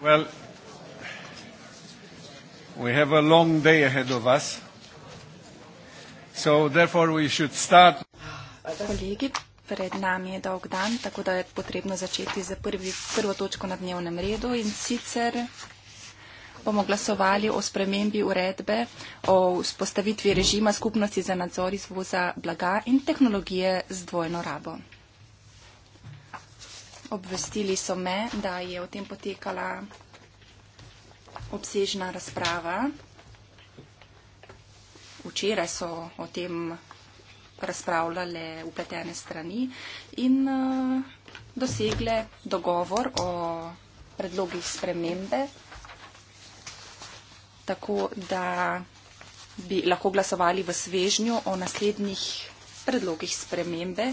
Well, we have a long day ahead of us. So therefore we should start. Kolegi, pred nami je dolg dan, tako da je potrebno začeti z prvi, prvo točko na dnevnem redu in sicer bomo glasovali o spremembi uredbe o vzpostavitvi režima skupnosti za nadzor izvoza blaga in tehnologije z dvojno rabo obvestili so me, da je o tem potekala obsežna razprava. Včeraj so o tem razpravljale upletene strani in uh, dosegle dogovor o predlogih spremembe, tako da bi lahko glasovali v svežnju o naslednjih predlogih spremembe.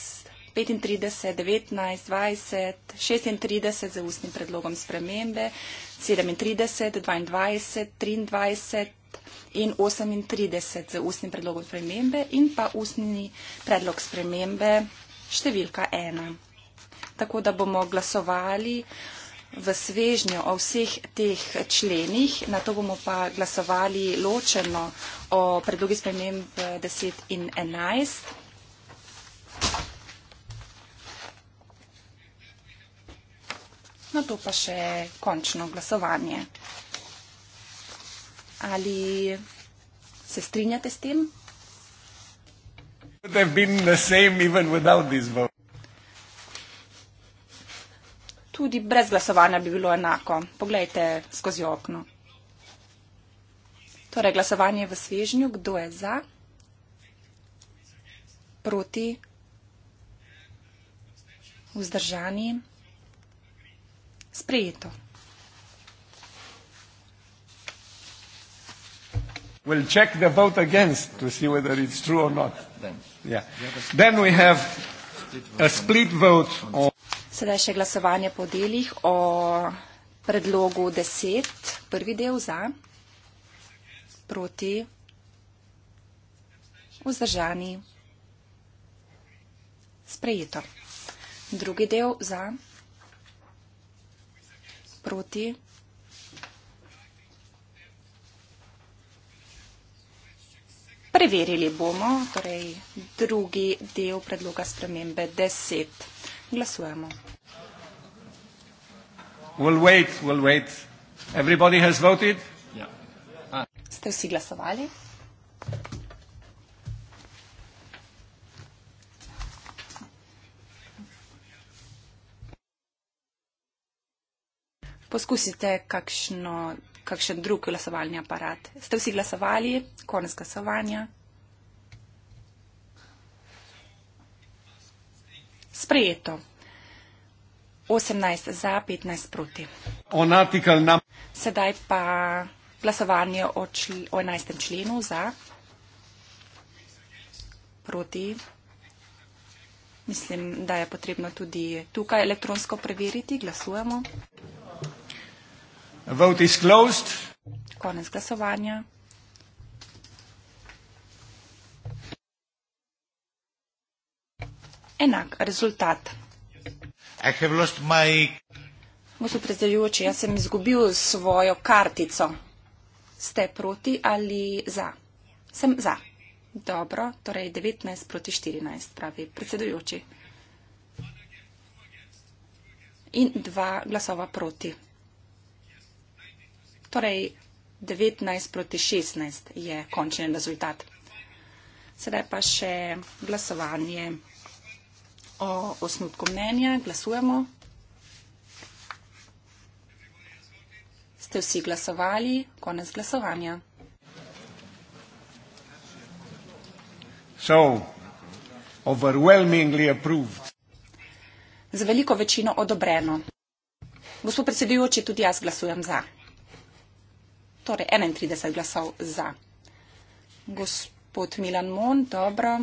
35, 19, 20, 36 z ustnim predlogom spremembe, 37, 22, 23 in 38 z ustnim predlogom spremembe in pa ustni predlog spremembe številka 1. Tako da bomo glasovali v svežnju o vseh teh členih, na to bomo pa glasovali ločeno o predlogi sprememb 10 in 11. na to pa še končno glasovanje. Ali se strinjate s tem? Would have been the same even without this vote. Tudi brez glasovanja bi bilo enako. Poglejte skozi okno. Torej, glasovanje v svežnju. Kdo je za? Proti? Vzdržani? sprejeto. We'll check the vote against to see whether it's true or not. Then, yeah. Then we have a split vote on. Sedaj še glasovanje po delih o predlogu 10, prvi del za, proti, vzdržani, sprejeto. Drugi del za proti. Preverili bomo, torej drugi del predloga spremembe 10. Glasujemo. We'll wait, we'll wait. Yeah. Ja. Ah. Ste vsi glasovali? poskusite kakšno, kakšen drug glasovalni aparat. Ste vsi glasovali? Konec glasovanja. Sprejeto. 18 za, 15 proti. Sedaj pa glasovanje o, čl o 11. členu za, proti. Mislim, da je potrebno tudi tukaj elektronsko preveriti. Glasujemo. Vote is closed. Konec glasovanja. Enak rezultat. I have lost my... Gospod predsedujoči, jaz sem izgubil svojo kartico. Ste proti ali za? Sem za. Dobro, torej 19 proti 14, pravi predsedujoči. In dva glasova proti. Torej 19 proti 16 je končni rezultat. Sedaj pa še glasovanje o osnutku mnenja. Glasujemo. Ste vsi glasovali? Konec glasovanja. So, overwhelmingly approved. Z veliko večino odobreno. Gospod predsedujoči, tudi jaz glasujem za torej 31 glasov za. Gospod Milan Mon, dobro.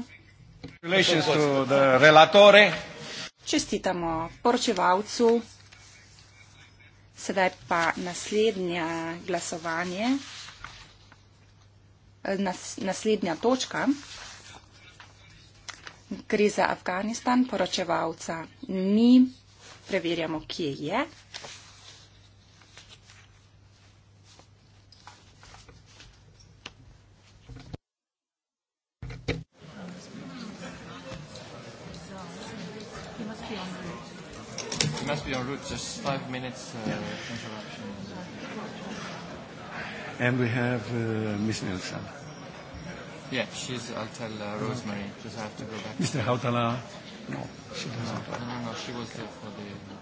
Čestitamo poročevalcu. Sedaj pa naslednja glasovanje, Nas, naslednja točka. Gre za Afganistan, poročevalca ni, preverjamo, kje je. must be en route, just five minutes uh, yeah. interruption. And we have uh, Miss Nielsen. Yeah, she's, I'll tell uh, Rosemary, just have to go back. Mr. Hautala? No, she doesn't. No, no, no, she was there for the... Uh,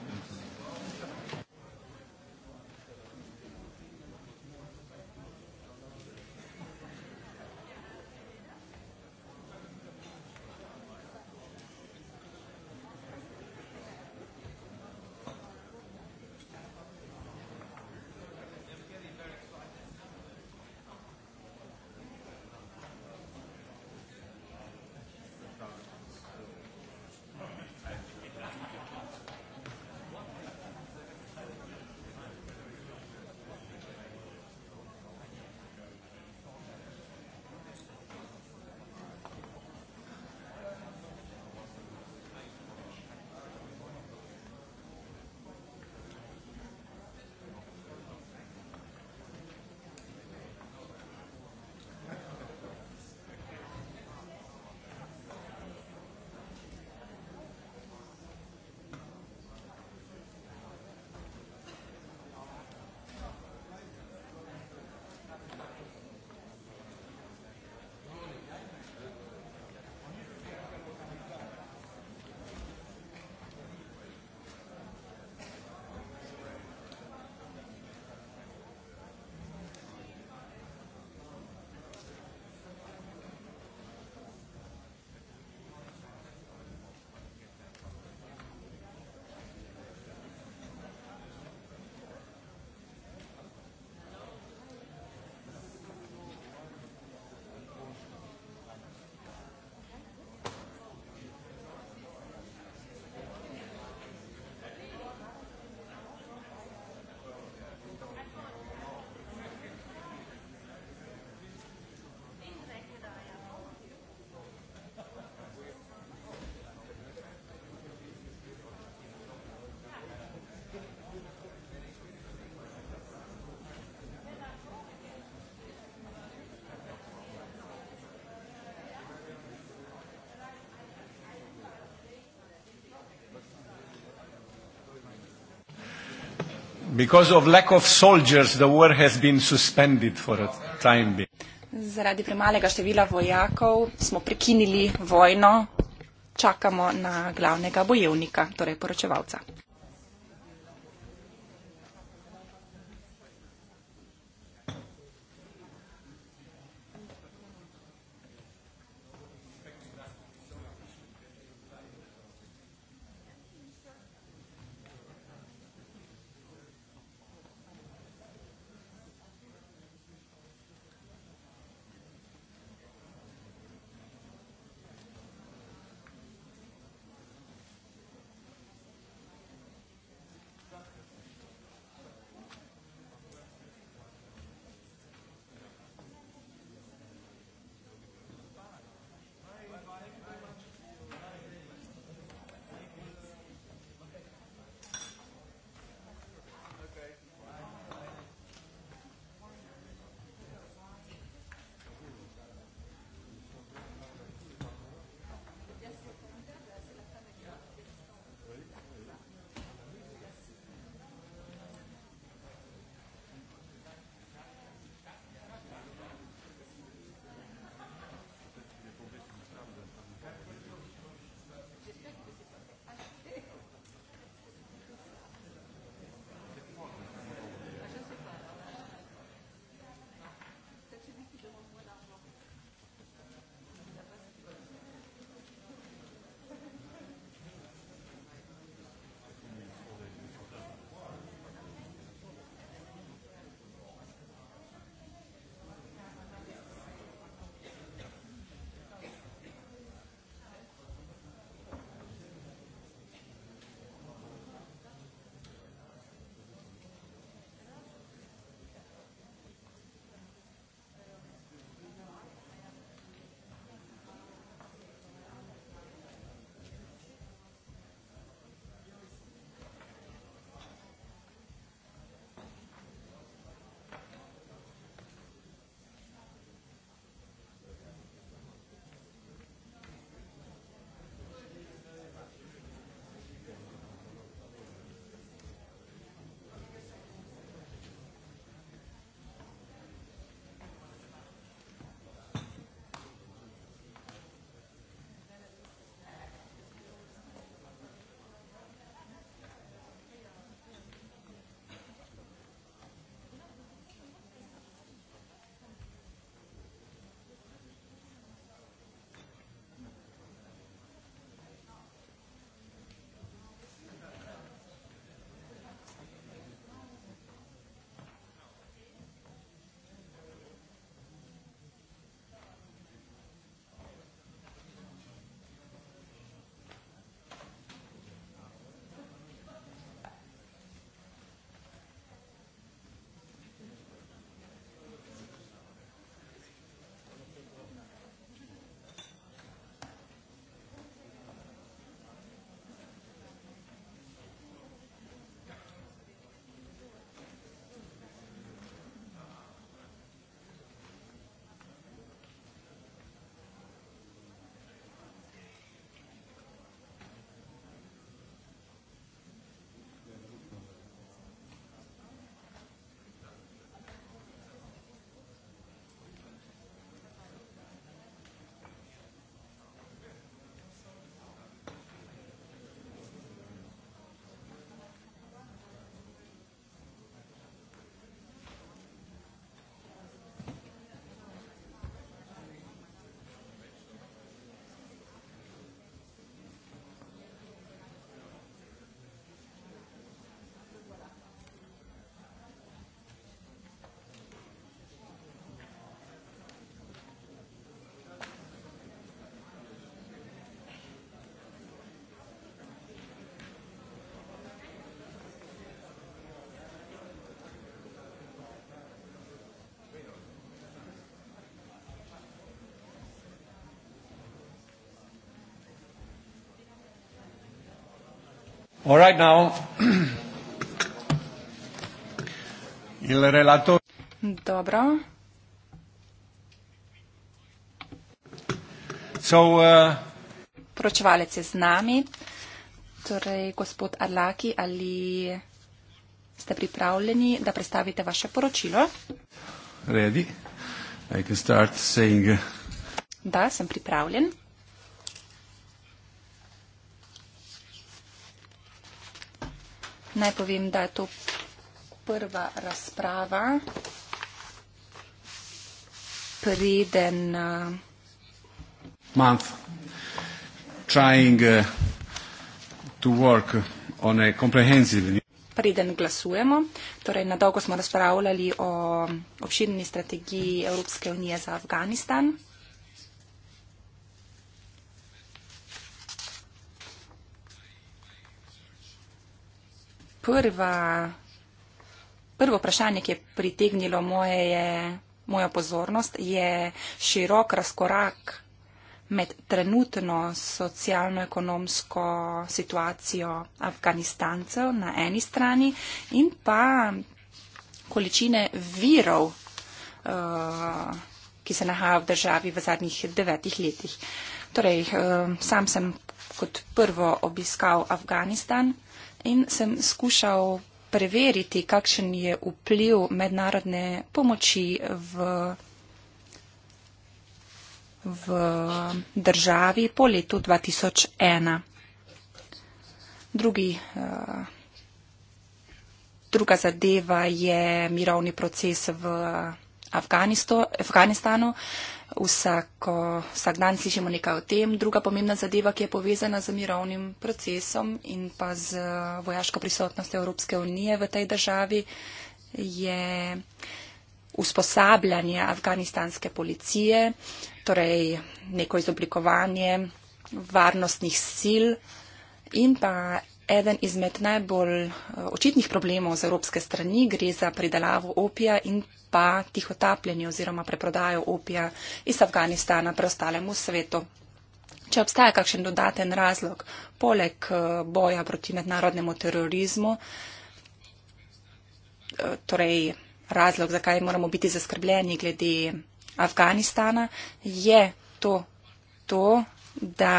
Because of lack of soldiers, the war has been suspended for a time being. Zaradi premalega števila vojakov smo prekinili vojno, čakamo na glavnega bojevnika, torej poročevalca. All right now. Il relato. Dobro. So, uh, Pročevalec je z nami. Torej, gospod Arlaki, ali ste pripravljeni, da predstavite vaše poročilo? Ready. I can start saying. Uh, da, sem pripravljen. Naj povem, da je to prva razprava, preden. Month trying uh, to work on a comprehensive. Preden glasujemo, torej na dolgo smo razpravljali o obširni strategiji Evropske unije za Afganistan. prva, prvo vprašanje, ki je pritegnilo moje, je, mojo pozornost, je širok razkorak med trenutno socialno-ekonomsko situacijo Afganistancev na eni strani in pa količine virov, uh, ki se nahajajo v državi v zadnjih devetih letih. Torej, uh, sam sem kot prvo obiskal Afganistan in sem skušal preveriti, kakšen je vpliv mednarodne pomoči v, v državi po letu 2001. Drugi, eh, druga zadeva je mirovni proces v Afganistanu. Afganistanu vsako, vsak dan slišimo nekaj o tem. Druga pomembna zadeva, ki je povezana z mirovnim procesom in pa z eh, vojaško prisotnostjo Evropske unije v tej državi, je usposabljanje afganistanske policije, torej neko izoblikovanje varnostnih sil in pa Eden izmed najbolj eh, očitnih problemov z evropske strani gre za pridelavo opija in pa tihotapljenje oziroma preprodajo opija iz Afganistana preostalemu svetu. Če obstaja kakšen dodaten razlog, poleg eh, boja proti mednarodnemu terorizmu, eh, torej razlog, zakaj moramo biti zaskrbljeni glede Afganistana, je to, to da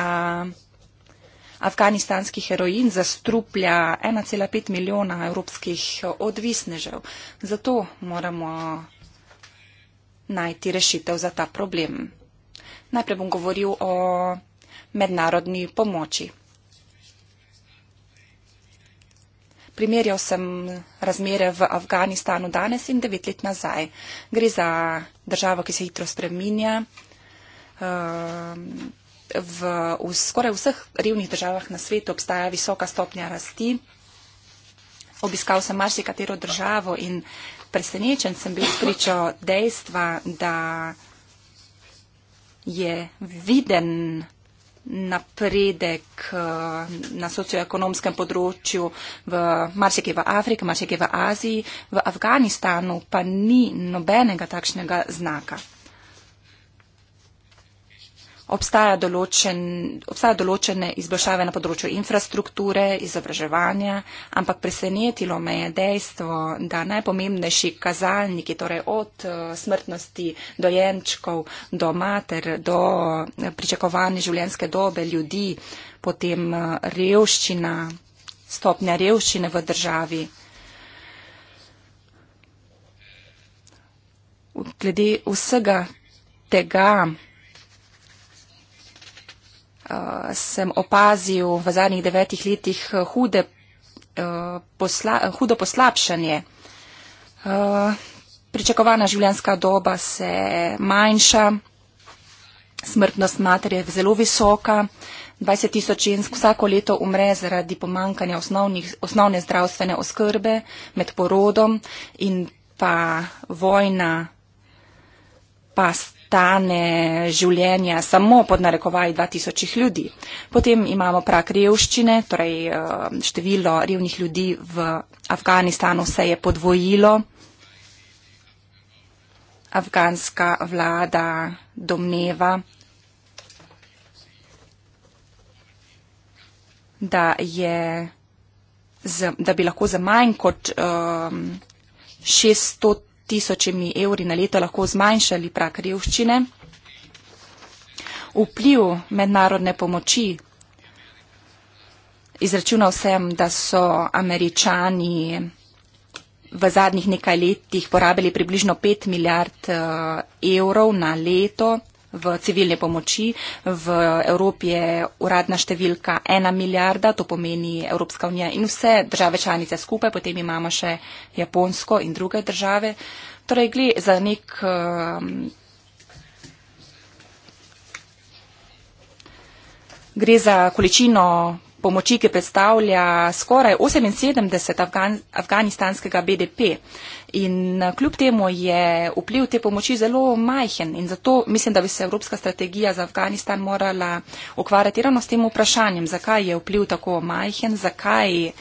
afganistanski heroin zastruplja 1,5 milijona evropskih eh, odvisnežev. Zato moramo najti rešitev za ta problem. Najprej bom govoril o mednarodni pomoči. Primerjal sem razmere v Afganistanu danes in devet let nazaj. Gre za državo, ki se hitro spreminja. Uh, v, v skoraj vseh revnih državah na svetu obstaja visoka stopnja rasti. Obiskal sem marsikatero državo in presenečen sem bil spričo dejstva, da je viden napredek eh, na socioekonomskem področju v marsikaj v Afriki, marsikaj v Aziji, v Afganistanu pa ni nobenega takšnega znaka obstaja določen, obstajajo določene izboljšave na področju infrastrukture, izobraževanja, ampak presenetilo me je dejstvo, da najpomembnejši kazalniki, torej od eh, smrtnosti dojenčkov do mater, do eh, pričakovane življenjske dobe ljudi, potem eh, revščina, stopnja revščine v državi. Glede vsega tega Eh, sem opazil v zadnjih devetih letih eh, hude, eh, posla, hudo poslabšanje. Pričakovana življenjska doba se manjša, smrtnost mater je zelo visoka, 20 tisoč žensk vsako leto umre zaradi pomankanja osnovnih, osnovne zdravstvene oskrbe med porodom in pa vojna, pa stane življenja samo pod narekovaj 2000 ljudi. Potem imamo prak revščine, torej eh, število revnih ljudi v Afganistanu se je podvojilo. Afganska vlada domneva, da, je, da bi lahko za manj kot um, eh, 600 tisočimi evri na leto lahko zmanjšali prak revščine. Vpliv mednarodne pomoči izračunal sem, da so američani v zadnjih nekaj letih porabili približno 5 milijard eh, evrov na leto v civilne pomoči. V Evropi je uradna številka ena milijarda, to pomeni Evropska unija in vse države članice skupaj, potem imamo še Japonsko in druge države. Torej, gli, za nek. Um, Gre za količino pomoči, ki predstavlja skoraj 78 Afgan Afganistanskega BDP. Uh, In eh, kljub temu je vpliv te pomoči zelo majhen in zato mislim, da bi se evropska strategija za Afganistan morala ukvarjati ravno s tem vprašanjem, zakaj je vpliv tako majhen, zakaj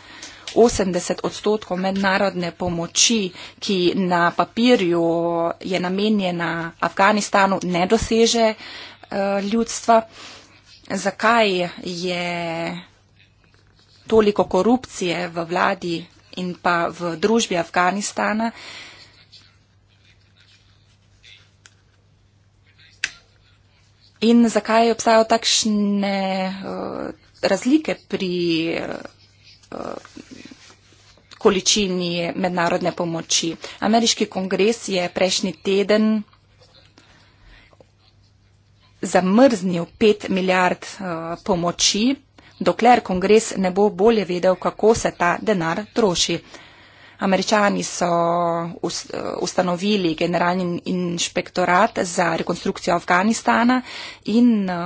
80 odstotkov mednarodne pomoči, ki na papirju je namenjena Afganistanu, ne doseže eh, ljudstva, zakaj je toliko korupcije v vladi in pa v družbi Afganistana. In zakaj obstajajo takšne uh, razlike pri uh, količini mednarodne pomoči? Ameriški kongres je prejšnji teden zamrznil 5 milijard uh, pomoči dokler kongres ne bo bolje vedel, kako se ta denar troši. Američani so ustanovili generalni inšpektorat za rekonstrukcijo Afganistana in eh,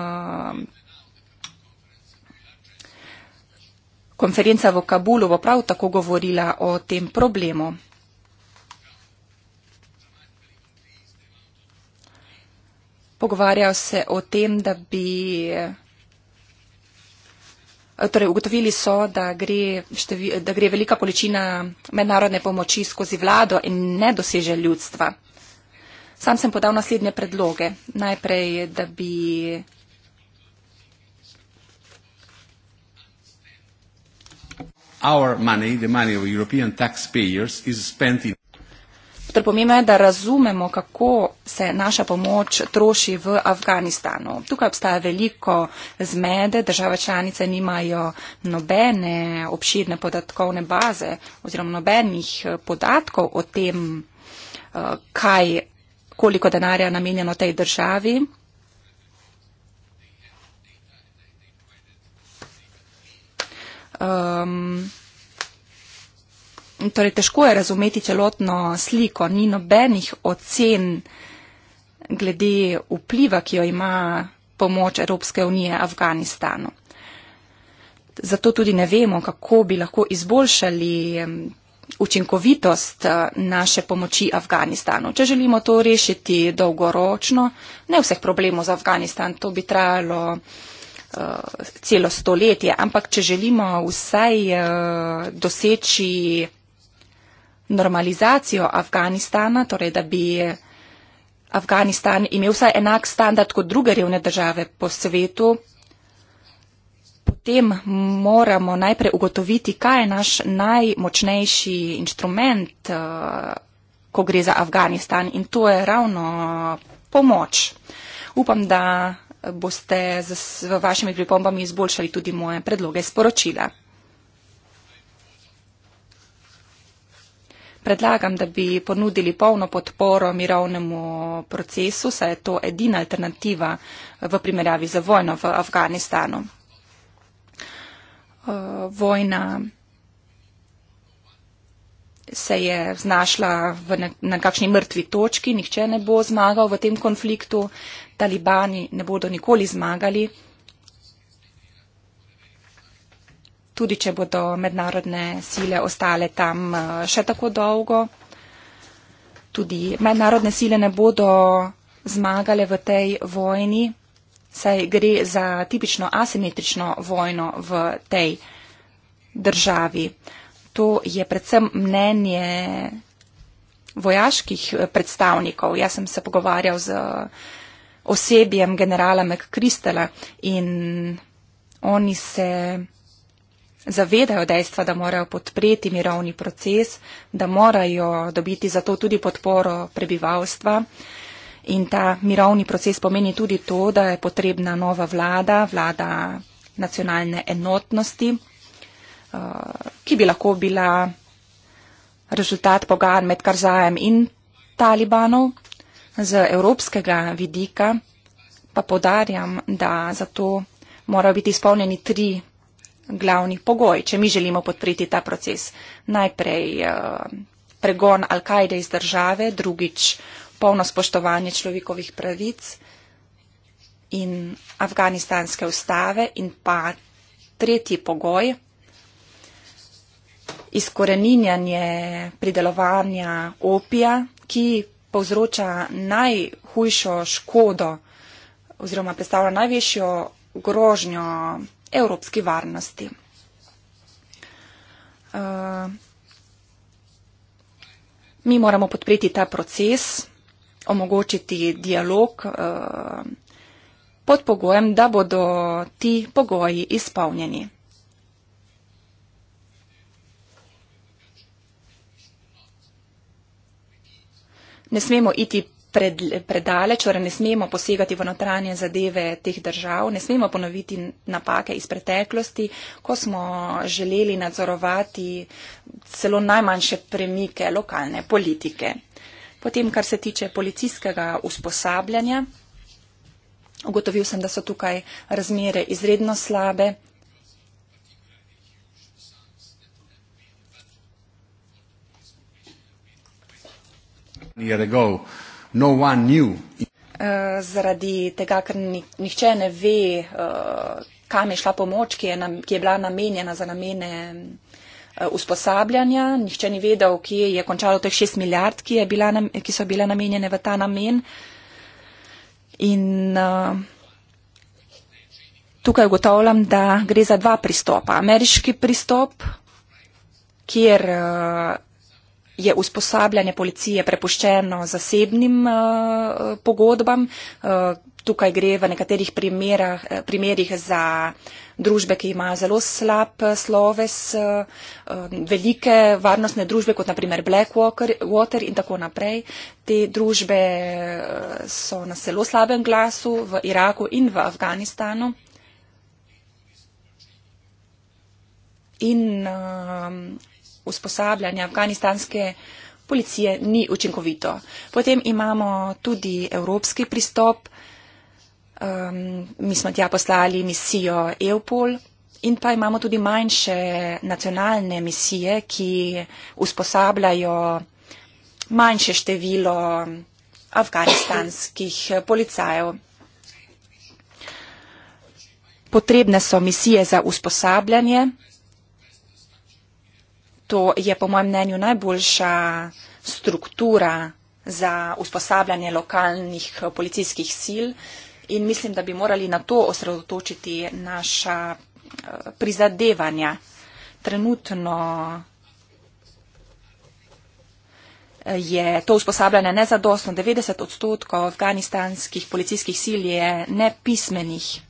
konferenca v Kabulu bo prav tako govorila o tem problemu. Pogovarjajo se o tem, da bi Torej, ugotovili so, da gre, števi, da gre velika količina mednarodne pomoči skozi vlado in ne doseže ljudstva. Sam sem podal naslednje predloge. Najprej, da bi. Our money, the money of European taxpayers, is spent in. Torej pomembno je, da razumemo, kako se naša pomoč troši v Afganistanu. Tukaj obstaja veliko zmede, države članice nimajo nobene obširne podatkovne baze oziroma nobenih eh, podatkov o tem, eh, kaj, koliko denarja je namenjeno tej državi. Um, torej težko je razumeti celotno sliko, ni nobenih ocen glede vpliva, ki jo ima pomoč Evropske unije Afganistanu. Zato tudi ne vemo, kako bi lahko izboljšali učinkovitost eh, naše pomoči Afganistanu. Če želimo to rešiti dolgoročno, ne vseh problemov za Afganistan, to bi trajalo uh, celo stoletje, ampak če želimo vsaj uh, doseči normalizacijo Afganistana, torej da bi Afganistan imel vsaj enak standard kot druge revne države po svetu, potem moramo najprej ugotoviti, kaj je naš najmočnejši inštrument, eh, ko gre za Afganistan in to je ravno pomoč. Upam, da boste z vašimi pripombami izboljšali tudi moje predloge sporočila. predlagam, da bi ponudili polno podporo mirovnemu procesu, saj je to edina alternativa eh, v primerjavi za vojno v Afganistanu. Eh, vojna se je znašla na kakšni mrtvi točki, nihče ne bo zmagal v tem konfliktu, talibani ne bodo nikoli zmagali. tudi če bodo mednarodne sile ostale tam eh, še tako dolgo. Tudi mednarodne sile ne bodo zmagale v tej vojni, saj gre za tipično asimetrično vojno v tej državi. To je predvsem mnenje vojaških eh, predstavnikov. Jaz sem se pogovarjal z osebjem generala McChrystala in oni se zavedajo dejstva, da morajo podpreti mirovni proces, da morajo dobiti za to tudi podporo prebivalstva. In ta mirovni proces pomeni tudi to, da je potrebna nova vlada, vlada nacionalne enotnosti, eh, ki bi lahko bila rezultat pogajanj med Karzajem in Talibanov. Z evropskega vidika pa podarjam, da zato morajo biti izpolnjeni tri glavni pogoj, če mi želimo podpreti ta proces. Najprej eh, pregon Al-Kaide iz države, drugič polno spoštovanje človekovih pravic in afganistanske ustave in pa tretji pogoj, izkoreninjanje pridelovanja opija, ki povzroča najhujšo škodo oziroma predstavlja največjo grožnjo evropski varnosti. Uh, mi moramo podpreti ta proces, omogočiti dialog uh, pod pogojem, da bodo ti pogoji izpolnjeni. Ne smemo iti pred, predaleč, torej ne smemo posegati v notranje zadeve teh držav, ne smemo ponoviti napake iz preteklosti, ko smo želeli nadzorovati celo najmanjše premike lokalne politike. Potem, kar se tiče policijskega usposabljanja, ugotovil sem, da so tukaj razmere izredno slabe. Years ago, no one knew. Eh, zaradi tega, ker nihče ne ve, eh, kam je šla pomoč, ki je, nam, ki je bila namenjena za namene eh, usposabljanja, nihče ni vedel, kje je končalo teh 6 milijard, ki, je bila, ki so bile namenjene v ta namen. In tukaj ugotavljam, da gre za dva pristopa. Ameriški pristop, kjer je usposabljanje policije prepuščeno zasebnim uh, pogodbam. Uh, tukaj gre v nekaterih primerah, eh, primerih za družbe, ki imajo zelo slab sloves, velike varnostne družbe, kot naprimer Blackwater in tako naprej. Te družbe so na zelo slabem glasu v Iraku in v Afganistanu. In usposabljanje afganistanske policije ni učinkovito. Potem imamo tudi evropski pristop. Um, mi smo tja poslali misijo EUPOL in pa imamo tudi manjše nacionalne misije, ki usposabljajo manjše število afganistanskih policajev. Potrebne so misije za usposabljanje to je po mojem mnenju najboljša struktura za usposabljanje lokalnih eh, policijskih sil in mislim, da bi morali na to osredotočiti naša eh, prizadevanja. Trenutno eh, je to usposabljanje nezadostno. 90 odstotkov afganistanskih policijskih sil je nepismenih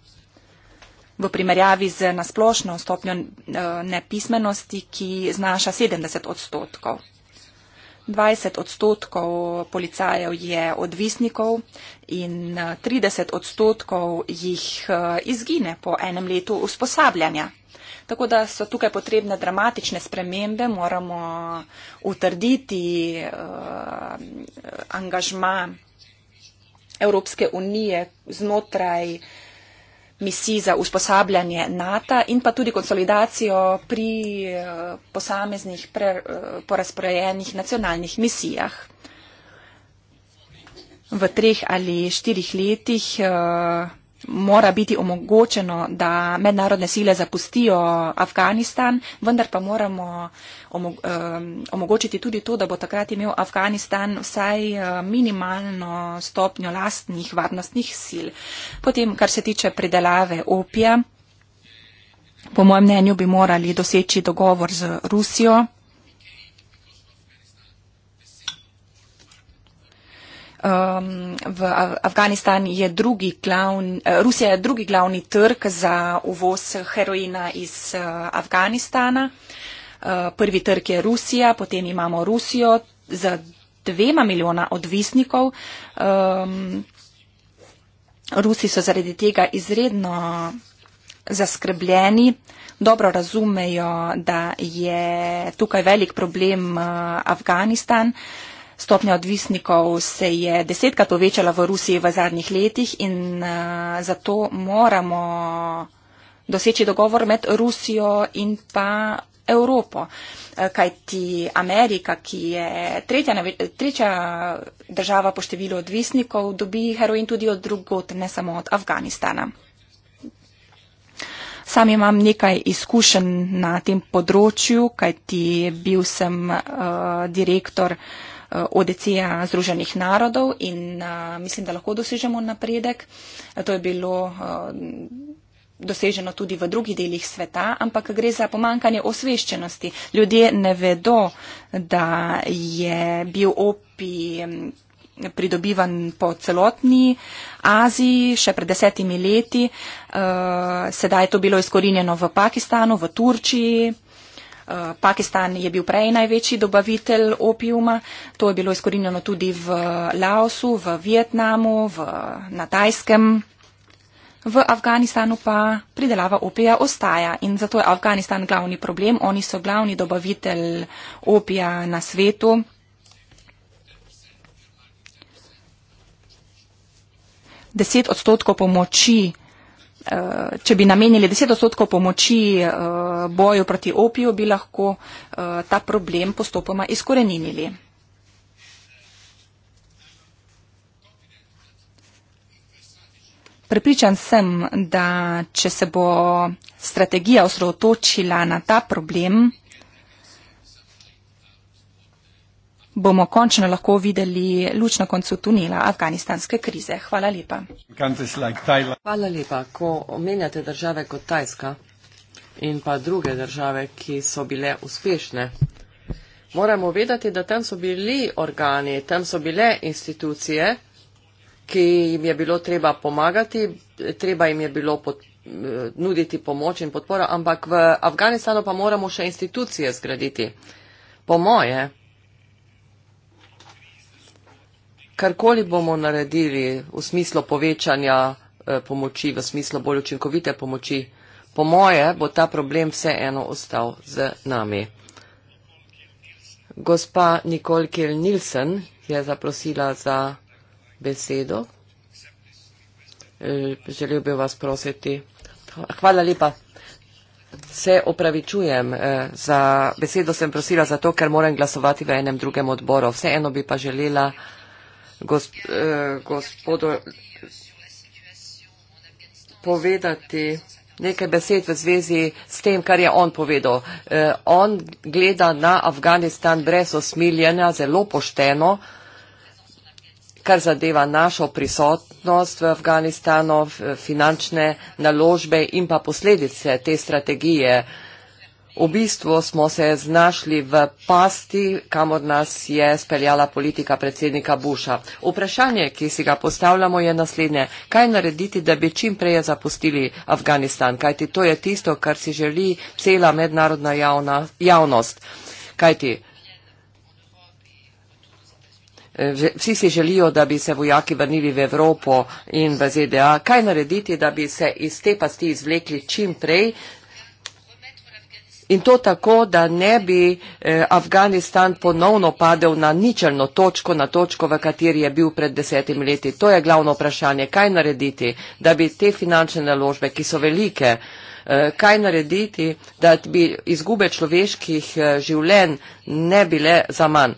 v primerjavi z nasplošno stopnjo eh, nepismenosti, ki znaša 70 odstotkov. 20 odstotkov policajev je odvisnikov in 30 eh, odstotkov jih eh, izgine po enem letu usposabljanja. Tako da so tukaj potrebne dramatične spremembe, moramo utrditi uh, angažma Evropske unije znotraj uh, misij za usposabljanje NATO in pa tudi konsolidacijo pri eh, posameznih pre, eh, porazporejenih nacionalnih misijah. V treh ali štirih letih eh, mora biti omogočeno, da mednarodne sile zapustijo Afganistan, vendar pa moramo omogočiti tudi to, da bo takrat imel Afganistan vsaj eh, minimalno stopnjo lastnih varnostnih sil. Potem, kar se tiče pridelave opija, po mojem mnenju bi morali doseči dogovor z Rusijo um, v Afganistan je drugi glavni, eh, Rusija je drugi glavni trg za uvoz heroina iz uh, Afganistana. Uh, prvi trg je Rusija, potem imamo Rusijo za dvema milijona odvisnikov. Um, Rusi so zaradi tega izredno zaskrbljeni, dobro razumejo, da je tukaj velik problem uh, Afganistan. Uh, Stopnja odvisnikov se je desetkrat povečala v Rusiji v zadnjih letih in uh, zato moramo doseči dogovor med Rusijo in pa Evropo. Eh, kaj ti Amerika, ki je tretja, tretja država po številu odvisnikov, dobi heroin tudi od drugot, ne samo od Afganistana. Sam imam nekaj izkušenj na tem področju, kaj ti bil sem uh, direktor uh, ODC-ja Združenih narodov in mislim, da lahko dosežemo napredek. To je bilo doseženo tudi v drugih delih sveta, ampak gre za pomankanje osveščenosti. Ljudje ne vedo, da je bil opi pridobivan po celotni Aziji, še pred desetimi leti. Sedaj je to bilo izkorinjeno v Pakistanu, v Turčiji. Eh, Pakistan je bil prej največji dobavitelj opiuma, to je bilo izkorinjeno tudi v Laosu, v Vietnamu, v, na Tajskem. V Afganistanu pa pridelava opija ostaja in zato je Afganistan glavni problem. Oni so glavni dobavitelj opija na svetu. Deset odstotkov pomoči Eh, če bi namenili 10 odstotkov pomoči eh, boju proti opiju, bi lahko eh, ta problem postopoma izkorenili. Prepričan sem, da če se bo strategija osredotočila na ta problem, bomo končno lahko videli luč na koncu tunela afganistanske krize. Hvala lepa. Hvala lepa. Ko omenjate države kot Tajska in pa druge države, ki so bile uspešne, moramo vedeti, da tam so bili organi, tam so bile institucije, ki jim je bilo treba pomagati, treba jim je bilo pod, eh, nuditi pomoč in podporo, ampak v Afganistanu pa moramo še institucije zgraditi. Po moje, karkoli bomo naredili v smislu povečanja eh, pomoči, v smislu bolj učinkovite pomoči, po moje bo ta problem vseeno ostal z nami. Gospa Nikol Kjell Nilsen je zaprosila za besedo. Eh, želel bi vas prositi. Hvala lepa. Se opravičujem eh, za besedo, sem prosila zato, ker moram glasovati v enem drugem odboru. Vseeno bi pa želela gosp, eh, gospodu povedati nekaj besed v zvezi s tem, kar je on povedal. Eh, on gleda na Afganistan brez osmiljenja, zelo pošteno, kar zadeva našo prisotnost v Afganistanu, eh, finančne naložbe in pa posledice te strategije. Eh, V bistvu smo se znašli v pasti, kamor nas je speljala politika predsednika Buša. Vprašanje, ki si ga postavljamo, je naslednje. Kaj narediti, da bi čim prej zapustili Afganistan? Kajti to je tisto, kar si želi cela mednarodna javna, javnost. Kajti vsi si želijo, da bi se vojaki vrnili v Evropo in v ZDA. Kaj narediti, da bi se iz te pasti izvlekli čim prej? In to tako, da ne bi eh, Afganistan ponovno padel na ničelno točko, na točko, v kateri je bil pred desetimi leti. To je glavno vprašanje, kaj narediti, da bi te finančne naložbe, ki so velike, eh, kaj narediti, da bi izgube človeških eh, življenj ne bile za manj.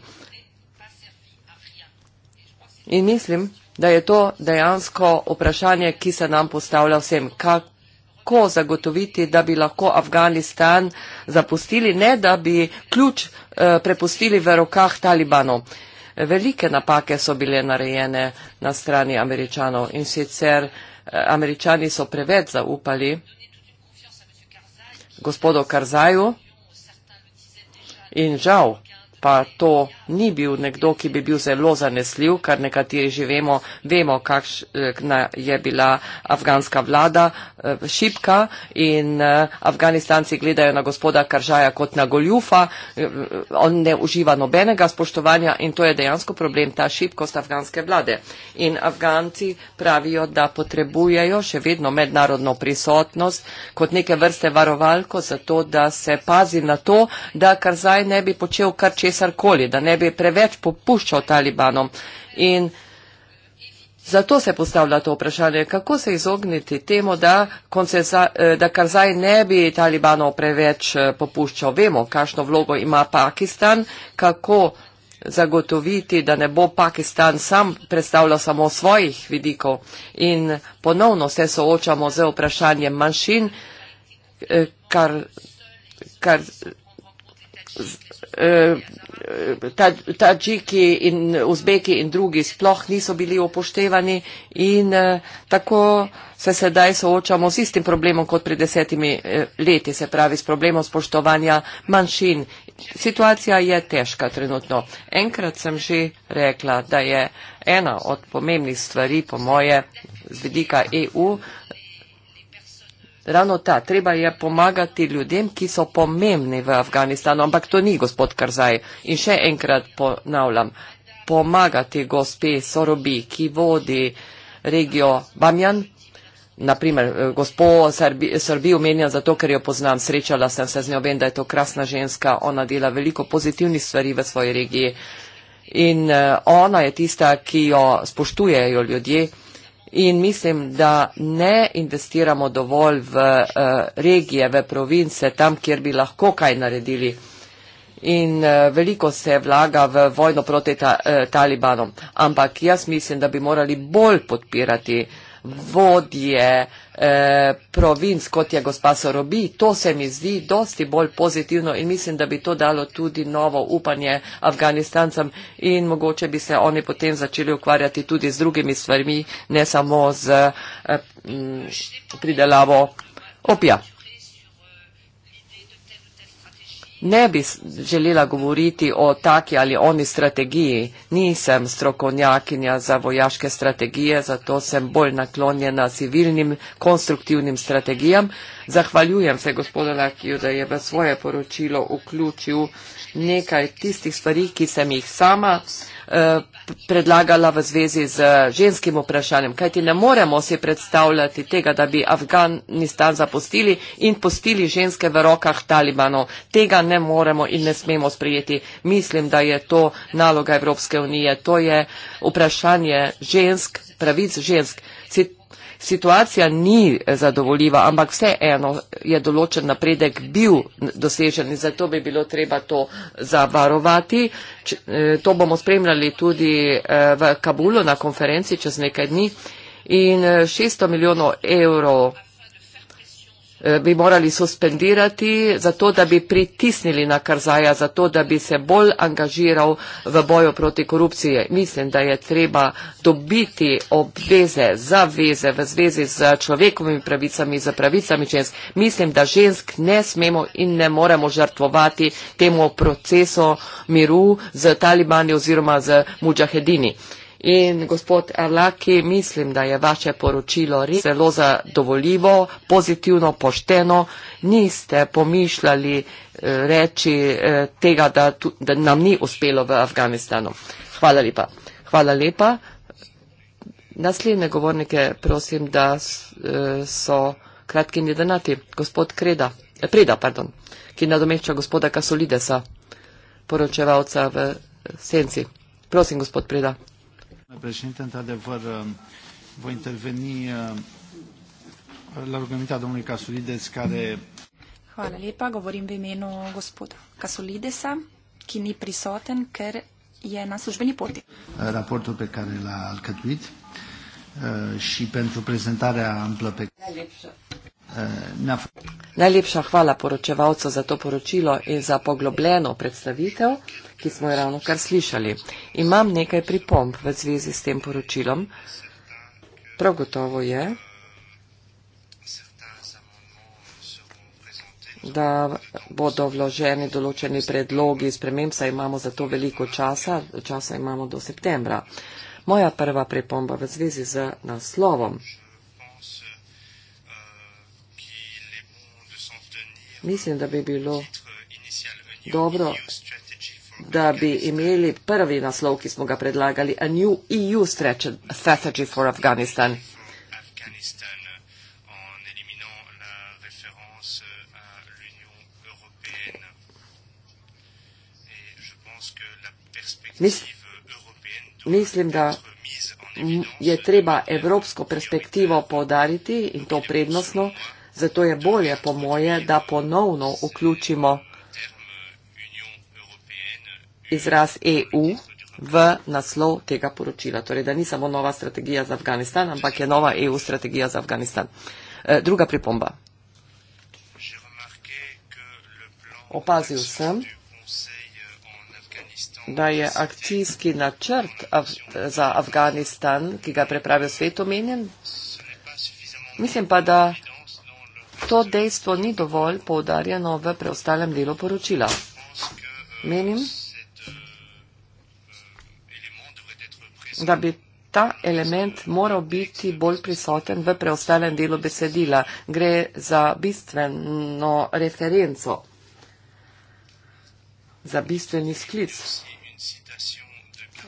In mislim, da je to dejansko vprašanje, ki se nam postavlja vsem. Kak, kako zagotoviti, da bi lahko Afganistan zapustili, ne da bi ključ eh, prepustili v rokah talibanov. Velike napake so bile narejene na strani američanov in sicer eh, američani so preved zaupali gospodo Karzaju in žal pa to ni bil nekdo, ki bi bil zelo zanesljiv, kar nekateri že vemo, vemo kakšna eh, je bila afganska vlada eh, šipka in eh, afganistanci gledajo na gospoda Karžaja kot na goljufa, on ne uživa nobenega spoštovanja in to je dejansko problem, ta šipkost afganske vlade. In afganci pravijo, da potrebujejo še vedno mednarodno prisotnost kot neke vrste varovalko, zato da se pazi na to, da Karzaj ne bi počel kar česar česarkoli, da ne bi preveč popuščal talibanom. In zato se postavlja to vprašanje, kako se izogniti temu, da, eh, da Karzaj ne bi talibanov preveč eh, popuščal. Vemo, kakšno vlogo ima Pakistan, kako zagotoviti, da ne bo Pakistan sam predstavljal samo svojih vidikov. In ponovno se soočamo z vprašanjem manjšin, eh, kar, kar Eh, tadžiki in uzbeki in drugi sploh niso bili upoštevani in eh, tako se sedaj soočamo s istim problemom kot pred desetimi eh, leti, se pravi s problemom spoštovanja manjšin. Situacija je težka trenutno. Enkrat sem že rekla, da je ena od pomembnih stvari po moje z vidika EU ravno ta, treba je pomagati ljudem, ki so pomembni v Afganistanu, ampak to ni gospod Karzaj. In še enkrat ponavljam, pomagati gospe Sorobi, ki vodi regijo Bamjan, naprimer eh, gospo Sorobi omenjam zato, ker jo poznam, srečala sem se z njo, vem, da je to krasna ženska, ona dela veliko pozitivnih stvari v svoji regiji. In eh, ona je tista, ki jo spoštujejo ljudje. In mislim, da ne investiramo dovolj v uh, regije, v province, tam, kjer bi lahko kaj naredili. In uh, veliko se vlaga v vojno proti ta, uh, talibanom. Ampak jaz mislim, da bi morali bolj podpirati uh, vodje eh, provinc, kot je gospasa Robi. To se mi zdi dosti bolj pozitivno in mislim, da bi to dalo tudi novo upanje Afganistancem in mogoče bi se oni potem začeli ukvarjati tudi z drugimi stvarmi, ne samo z eh, pridelavo opija. ne bi želela govoriti o taki ali oni strategiji. Nisem strokovnjakinja za vojaške strategije, zato sem bolj naklonjena civilnim konstruktivnim strategijam. Zahvaljujem se gospodu Lakiju, da je v svoje poročilo vključil nekaj tistih stvari, ki sem jih sama Eh, predlagala v zvezi z ženskim vprašanjem. Kajti ne moremo si predstavljati tega, da bi Afganistan zapustili in pustili ženske v rokah talibanov. Tega ne moremo in ne smemo sprijeti. Mislim, da je to naloga Evropske unije. To je vprašanje žensk, pravic žensk. Cit situacija ni zadovoljiva, ampak vseeno je določen napredek bil dosežen in zato bi bilo treba to zavarovati. E, to bomo spremljali tudi e, v Kabulu na konferenci čez nekaj dni in 600 e, milijonov evrov Eh, bi morali suspendirati, zato da bi pritisnili na Karzaja, zato da bi se bolj angažiral v boju proti korupciji. Mislim, da je treba dobiti obveze, zaveze v zvezi z človekovimi pravicami, z pravicami žensk. Mislim, da žensk ne smemo in ne moremo žrtvovati temu procesu miru z talibani oziroma z mudžahedini. In gospod Erlaki, mislim, da je vaše poročilo zelo zadovoljivo, pozitivno, pošteno. Niste pomišljali eh, reči eh, tega, da, da nam ni uspelo v Afganistanu. Hvala lepa. Hvala lepa. Naslednje govornike prosim, da eh, so kratki nedanati. Gospod Kreda, Preda, pardon, ki nadomešča gospoda Kasolidesa, poročevalca v Senci. Prosim, gospod Preda președinte, într-adevăr um, voi interveni um, la rugămintea domnului Casulides care... Hvala lepa, govorim v imenu gospoda Casulidesa, ki ni prisoten, ker je na službeni poti. Raportul pe care l-a alcătuit uh, și pentru prezentarea amplă pe... Najlepša na Facebooku. Najlepša hvala poročevalcu za to poročilo in za poglobljeno predstavitev, ki smo jo ravno kar slišali. Imam nekaj pripomb v zvezi s tem poročilom. Prav gotovo je, da bodo vloženi določeni predlogi sprememb, saj imamo za to veliko časa, časa imamo do septembra. Moja prva pripomba v zvezi z naslovom. Mislim, da bi bilo dobro, da bi imeli prvi naslov, ki smo ga predlagali, A New EU Strategy for Afghanistan. Mislim, da je treba evropsko perspektivo podariti in to prednostno Zato je bolje, po moje, da ponovno vključimo izraz EU v naslov tega poročila. Torej, da ni samo nova strategija za Afganistan, ampak je nova EU strategija za Afganistan. E, druga pripomba. Opazil sem, da je akcijski načrt Af za Afganistan, ki ga je prepravil svet omenjen, mislim pa, da To dejstvo ni dovolj poudarjeno v preostalem delu poročila. Menim, da bi ta element moral biti bolj prisoten v preostalem delu besedila. Gre za bistveno referenco, za bistveni sklic.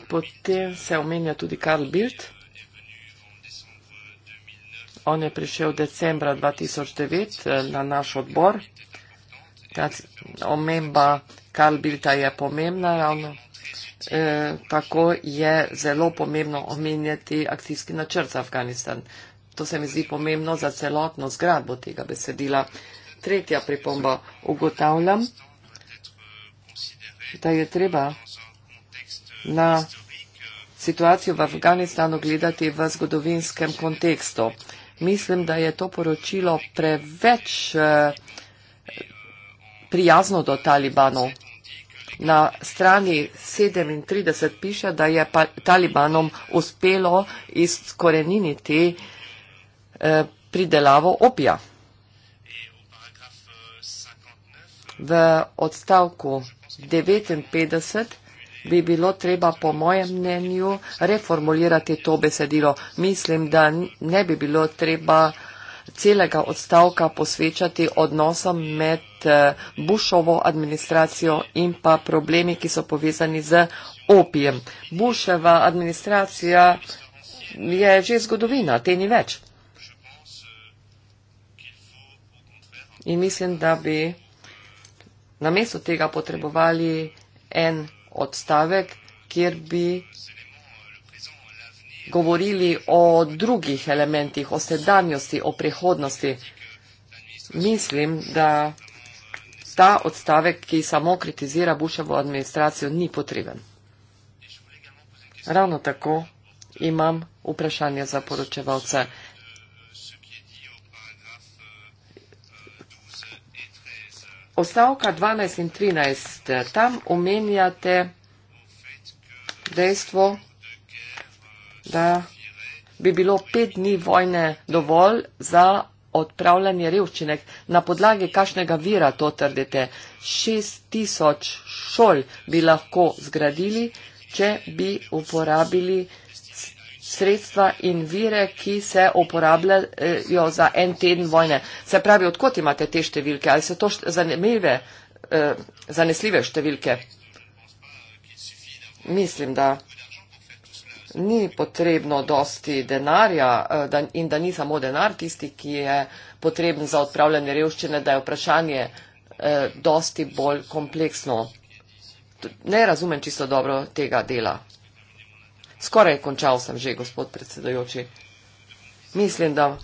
Potem se omenja tudi Karl Bildt. On je prišel decembra 2009 eh, na naš odbor. Ta omemba Karl Bilta je pomembna ravno. E, tako je zelo pomembno omenjati akcijski načrt za Afganistan. To se mi zdi pomembno za celotno zgradbo tega besedila. Tretja pripomba. Ugotavljam, da je treba na situacijo v Afganistanu gledati v zgodovinskem kontekstu mislim, da je to poročilo preveč eh, prijazno do talibanov. Na strani 37 piše, da je talibanom uspelo izkoreniniti eh, pridelavo opija. V odstavku 59 bi bilo treba, po mojem mnenju, reformulirati to besedilo. Mislim, da ne bi bilo treba celega odstavka posvečati odnosom med eh, Bušovo administracijo in pa problemi, ki so povezani z opijem. Buševa administracija je že zgodovina, te ni več. In mislim, da bi namesto tega potrebovali en odstavek, kjer bi govorili o drugih elementih, o sedanjosti, o prihodnosti. Mislim, da ta odstavek, ki samo kritizira Buševo administracijo, ni potreben. Ravno tako imam vprašanje za poročevalce. ostavka 12 in 13, tam omenjate dejstvo, da bi bilo pet dni vojne dovolj za odpravljanje revščine. Na podlagi kašnega vira to trdite? Šest tisoč šol bi lahko zgradili, če bi uporabili sredstva in vire, ki se uporabljajo za en teden vojne. Se pravi, odkot imate te številke? Ali so to zanimive, eh, zanesljive številke? Mislim, da ni potrebno dosti denarja eh, in da ni samo denar tisti, ki je potreben za odpravljanje revščine, da je vprašanje eh, dosti bolj kompleksno. Ne razumem čisto dobro tega dela. Skoraj končal sem že, gospod predsedojoči. Mislim, da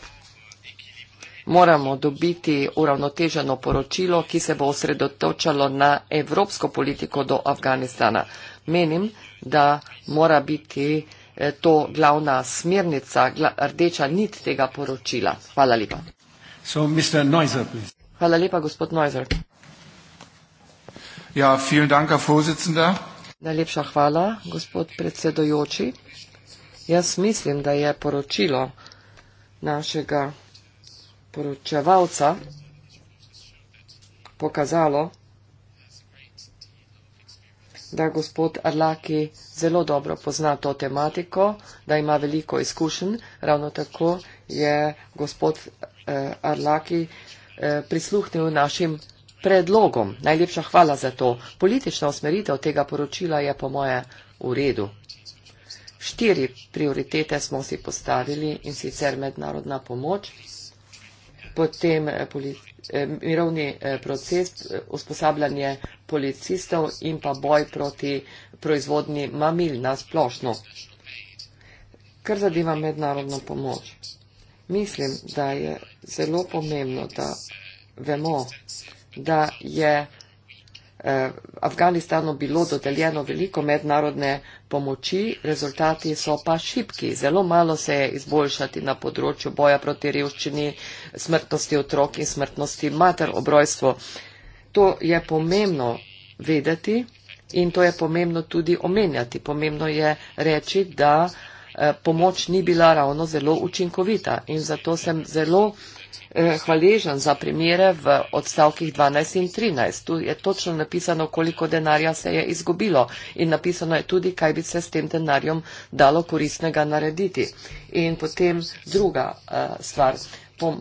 moramo dobiti uravnoteženo poročilo, ki se bo osredotočalo na evropsko politiko do Afganistana. Menim, da mora biti eh, to glavna smernica, rdeča nit tega poročila. Hvala lepa. So, Neuser, Hvala lepa, gospod Neuser. Ja, vielen Dank, Herr Vorsitzender. Najlepša hvala, gospod predsedojoči. Jaz mislim, da je poročilo našega poročevalca pokazalo, da gospod Arlaki zelo dobro pozna to tematiko, da ima veliko izkušenj. Ravno tako je gospod eh, Arlaki eh, prisluhnil našim predlogom. Najlepša hvala za to. Politična osmeritev tega poročila je po moje v redu. Štiri prioritete smo si postavili in sicer mednarodna pomoč, potem eh, eh, mirovni eh, proces, usposabljanje policistov in pa boj proti proizvodni mamil na splošno. Kar zadeva mednarodno pomoč. Mislim, da je zelo pomembno, da vemo, da je eh, Afganistanu bilo dodeljeno veliko mednarodne pomoči, rezultati so pa šipki. Zelo malo se je izboljšati na področju boja proti revščini, smrtnosti otrok in smrtnosti mater obrojstvo. To je pomembno vedeti in to je pomembno tudi omenjati. Pomembno je reči, da eh, pomoč ni bila ravno zelo učinkovita in zato sem zelo Eh, hvaležen za primere v odstavkih 12 in 13. Tu je točno napisano, koliko denarja se je izgubilo in napisano je tudi, kaj bi se s tem denarjem dalo koristnega narediti. In potem druga uh, stvar, pom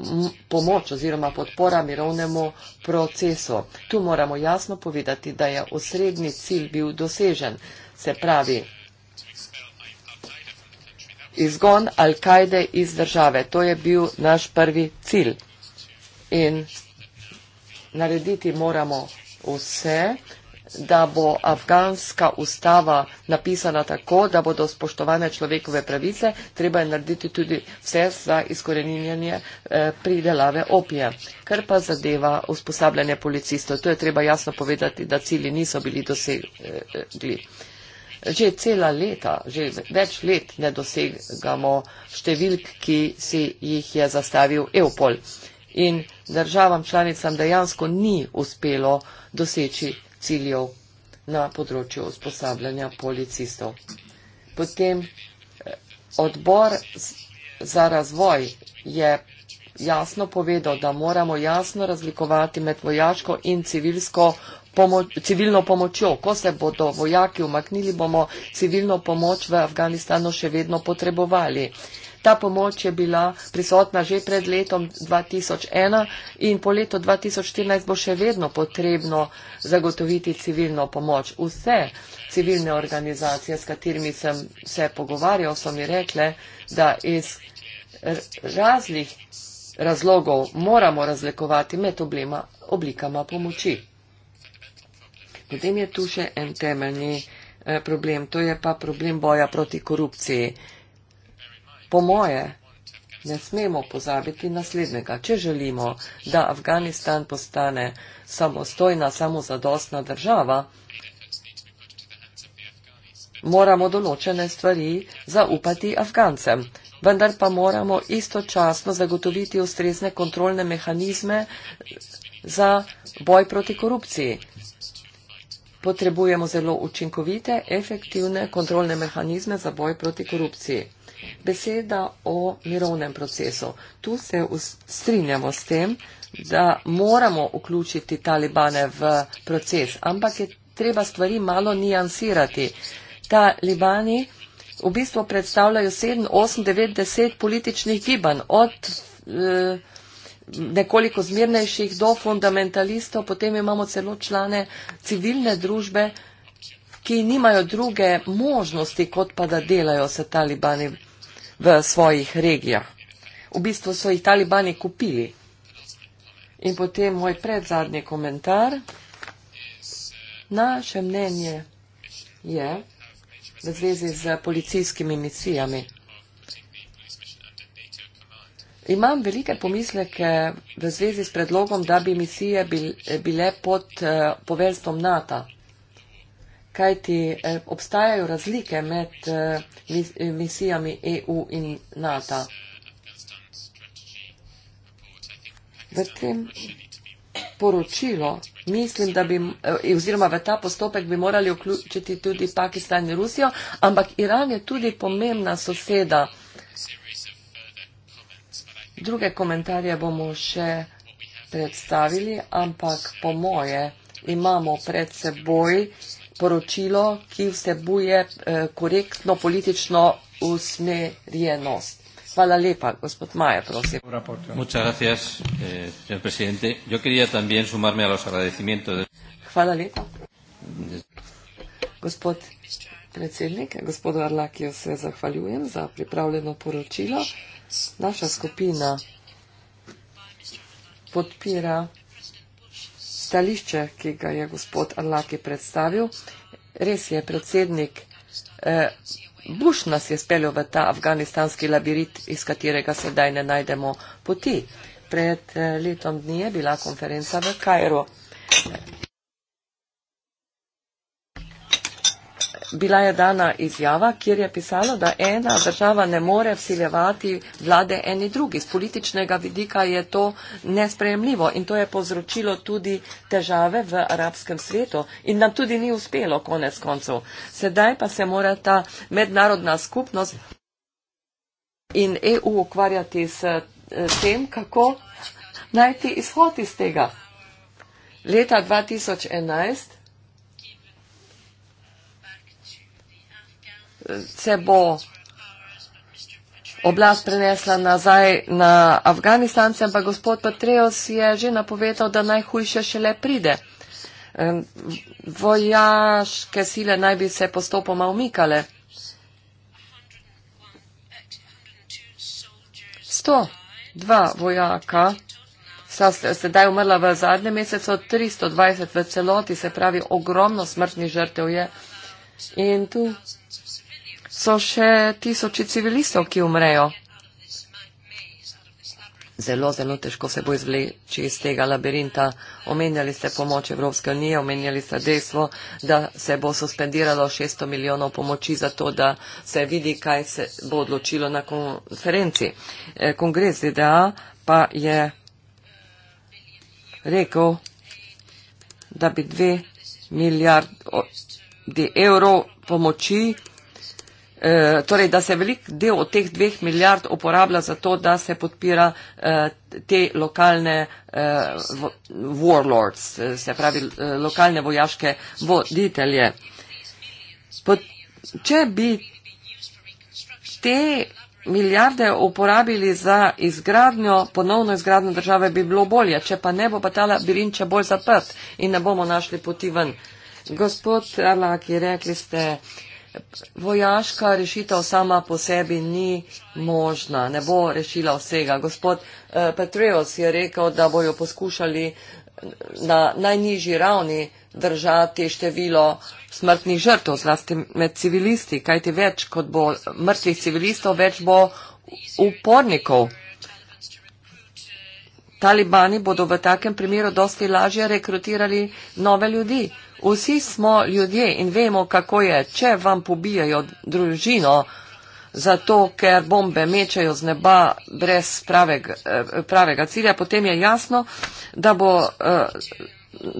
pomoč oziroma podpora mirovnemu procesu. Tu moramo jasno povedati, da je osrednji cilj bil dosežen. Se pravi, izgon Al-Kajde iz države. To je bil naš prvi cilj. In narediti moramo vse, da bo afganska ustava napisana tako, da bodo spoštovane človekove pravice, treba je narediti tudi vse za izkoreninjanje eh, pridelave opije. Ker pa zadeva usposabljanje policistov, to je treba jasno povedati, da cilji niso bili dosegli že cela leta, že več let ne dosegamo številk, ki si jih je zastavil Eupol. In državam članicam dejansko ni uspelo doseči ciljev na področju usposabljanja policistov. Potem eh, odbor za razvoj je jasno povedal, da moramo jasno razlikovati med vojaško in civilsko pomoč, civilno pomočjo. Ko se bodo vojaki umaknili, bomo civilno pomoč v Afganistanu še vedno potrebovali. Ta pomoč je bila prisotna že pred letom 2001 in po letu 2014 bo še vedno potrebno zagotoviti civilno pomoč. Vse civilne organizacije, s katerimi sem se pogovarjal, so mi rekle, da iz raznih razlogov moramo razlikovati med oblema oblikama pomoči. Potem je tu še en temeljni eh, problem, to je pa problem boja proti korupciji. Po moje ne smemo pozabiti naslednjega. Če želimo, da Afganistan postane samostojna, samozadostna država, moramo določene stvari zaupati Afgancem. Vendar pa moramo istočasno zagotoviti ustrezne kontrolne mehanizme za boj proti korupciji potrebujemo zelo učinkovite, efektivne kontrolne mehanizme za boj proti korupciji. Beseda o mirovnem procesu. Tu se strinjamo s tem, da moramo vključiti talibane v proces, ampak je treba stvari malo nijansirati. Talibani v bistvu predstavljajo 7, 8, 9, 10 političnih gibanj od. Eh, nekoliko zmirnejših do fundamentalistov, potem imamo celo člane civilne družbe, ki nimajo druge možnosti, kot pa da delajo se talibani v svojih regijah. V bistvu so jih talibani kupili. In potem moj predzadnji komentar. Naše mnenje je v zvezi z policijskimi misijami. Imam velike pomisleke v zvezi s predlogom, da bi misije bile pod eh, poveljstvom NATO. Kajti eh, obstajajo razlike med eh, misijami EU in NATO. V tem poročilo mislim, da bi, oziroma v ta postopek bi morali vključiti tudi Pakistan in Rusijo, ampak Iran je tudi pomembna soseda Druge komentarje bomo še predstavili, ampak po moje imamo pred seboj poročilo, ki vsebuje eh, korektno politično usmerjenost. Hvala lepa, gospod Maja, prosim. Eh, Hvala lepa. Gospod predsednik, gospodu Arlakiju se zahvaljujem za pripravljeno poročilo naša skupina podpira stališče, ki ga je gospod Anlaki predstavil. Res je, predsednik eh, Bush nas je speljal v ta afganistanski labirint, iz katerega sedaj ne najdemo poti. Pred eh, letom dni je bila konferenca v Kajru. bila je dana izjava, kjer je pisalo, da ena država ne more vsiljevati vlade eni drugi. Z političnega vidika je to nespremljivo in to je povzročilo tudi težave v arabskem svetu in nam tudi ni uspelo konec koncev. Sedaj pa se mora ta mednarodna skupnost in EU ukvarjati s eh, tem, kako najti izhod iz tega. Leta 2011 se bo oblast prenesla nazaj na Afganistance, ampak gospod Patreos je že napovedal, da najhujše šele pride. Vojaške sile naj bi se postopoma umikale. 102 vojaka so sedaj umrla v zadnjem mesecu, 320 v celoti, se pravi ogromno smrtnih žrtev je. In tu so še tisoči civilistov, ki umrejo. Zelo, zelo težko se bo izvleči iz tega labirinta. Omenjali ste pomoč Evropske unije, omenjali ste dejstvo, da se bo suspendiralo 600 milijonov pomoči za to, da se vidi, kaj se bo odločilo na konferenci. E, kongres ZDA pa je rekel, da bi 2 milijard evrov pomoči Eh, torej, da se velik del od teh dveh milijard uporablja za to, da se podpira eh, te lokalne eh, warlords, se pravi lokalne vojaške voditelje. Pod, če bi te milijarde uporabili za izgradnjo, ponovno izgradnjo države, bi bilo bolje. Če pa ne bo batala, bi Rinče bolj zaprt in ne bomo našli poti ven. Gospod Arlaki, rekli ste, uh, vojaška rešitev sama po sebi ni možna, ne bo rešila vsega. Gospod eh, Petreus je rekel, da bojo poskušali eh, na najnižji ravni držati število smrtnih žrtev, zlasti med civilisti, kajti več kot bo mrtvih civilistov, več bo upornikov. Talibani bodo v takem primeru dosti lažje rekrutirali nove ljudi. Vsi smo ljudje in vemo, kako je, če vam pobijajo družino, zato ker bombe mečajo z neba brez pravega, eh, pravega cilja, potem je jasno, da, bo, eh,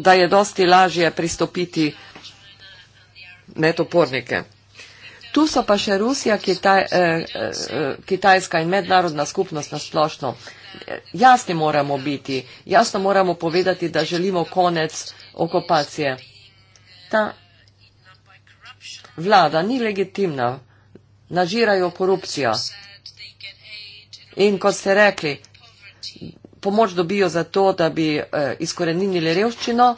da je dosti lažje pristopiti med opornike. Tu so pa še Rusija, Kitaj, eh, Kitajska in mednarodna skupnost na splošno jasni moramo biti, jasno moramo povedati, da želimo konec okupacije. Ta vlada ni legitimna, nažirajo korupcijo. In kot ste rekli, pomoč dobijo za to, da bi eh, izkoreninili revščino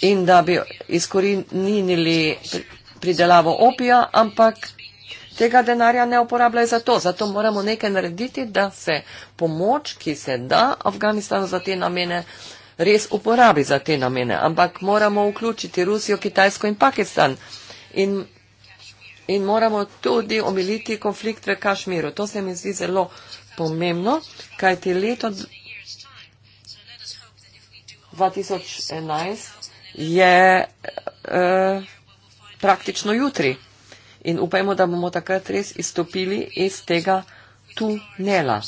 in da bi izkoreninili pridelavo opija, ampak tega denarja ne uporabljajo za to. Zato moramo nekaj narediti, da se pomoč, ki se da Afganistanu za te namene, res uporabi za te namene. Ampak moramo vključiti Rusijo, Kitajsko in Pakistan. In In moramo tudi omiliti konflikt v Kašmiru. To se mi zdi zelo pomembno, kaj ti leto 2011 je eh, praktično jutri in upajmo, da bomo takrat res izstopili iz tega tunela.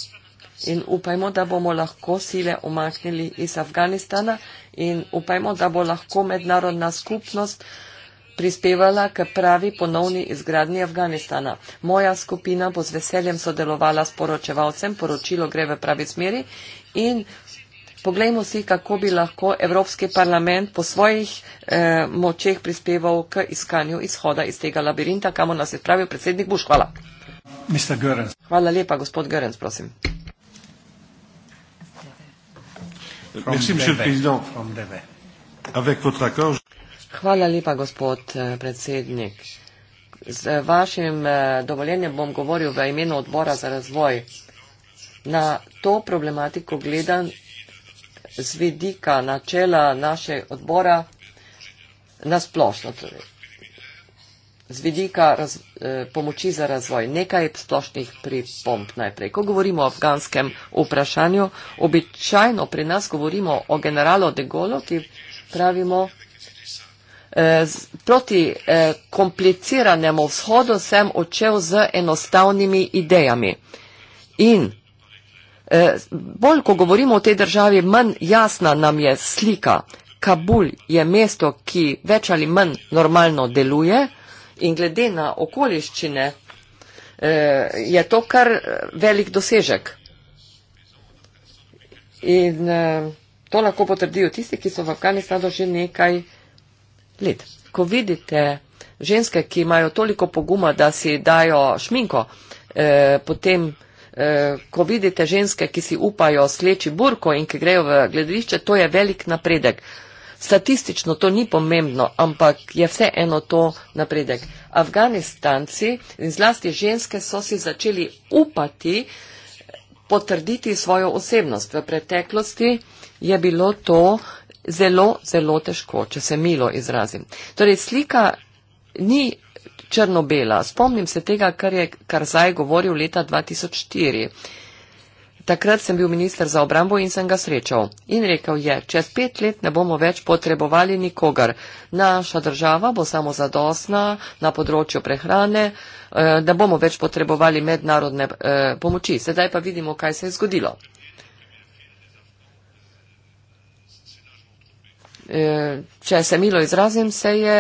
In upajmo, da bomo lahko sile omaknili iz Afganistana in upajmo, da bo lahko mednarodna skupnost prispevala k pravi ponovni izgradnji Afganistana. Moja skupina bo z veseljem sodelovala s poročevalcem, poročilo gre v pravi smeri in Poglejmo si, kako bi lahko Evropski parlament po svojih eh, močeh prispeval k iskanju izhoda iz tega labirinta, kamo nas je spravil predsednik Buš. Hvala. Hvala lepa, gospod Görens, prosim. Hvala lepa, gospod eh, predsednik. Z eh, vašim eh, dovoljenjem bom govoril v imenu odbora za razvoj. Na to problematiko gledam z vidika načela našeg odbora nasplošno, torej, z vidika raz, eh, pomoči za razvoj. Nekaj splošnih pripomp najprej. Ko govorimo o afganskem vprašanju, običajno pri nas govorimo o generalu De Golo, ki pravimo, eh, proti eh, kompliciranemu vzhodu sem odšel z enostavnimi idejami. In Eh, bolj ko govorimo o tej državi, manj jasna nam je slika. Kabul je mesto, ki več ali manj normalno deluje in glede na okoliščine eh, je to kar eh, velik dosežek. In to lahko potrdijo tisti, ki so v Afganistanu že nekaj let. Ko vidite ženske, ki imajo toliko poguma, da si dajo šminko, potem Eh, ko vidite ženske, ki si upajo sleči burko in ki grejo v gledališče, to je velik napredek. Statistično to ni pomembno, ampak je vse eno to napredek. Afganistanci in zlasti ženske so si začeli upati eh, potrditi svojo osebnost. V preteklosti je bilo to zelo, zelo težko, če se milo izrazim. Torej, slika ni črno-bela. Spomnim se tega, kar je Karzaj govoril leta 2004. Takrat sem bil minister za obrambo in sem ga srečal. In rekel je, čez pet let ne bomo več potrebovali nikogar. Naša država bo samo zadosna na področju prehrane, da eh, bomo več potrebovali mednarodne eh, pomoči. Sedaj pa vidimo, kaj se je zgodilo. Eh, če se milo izrazim, se je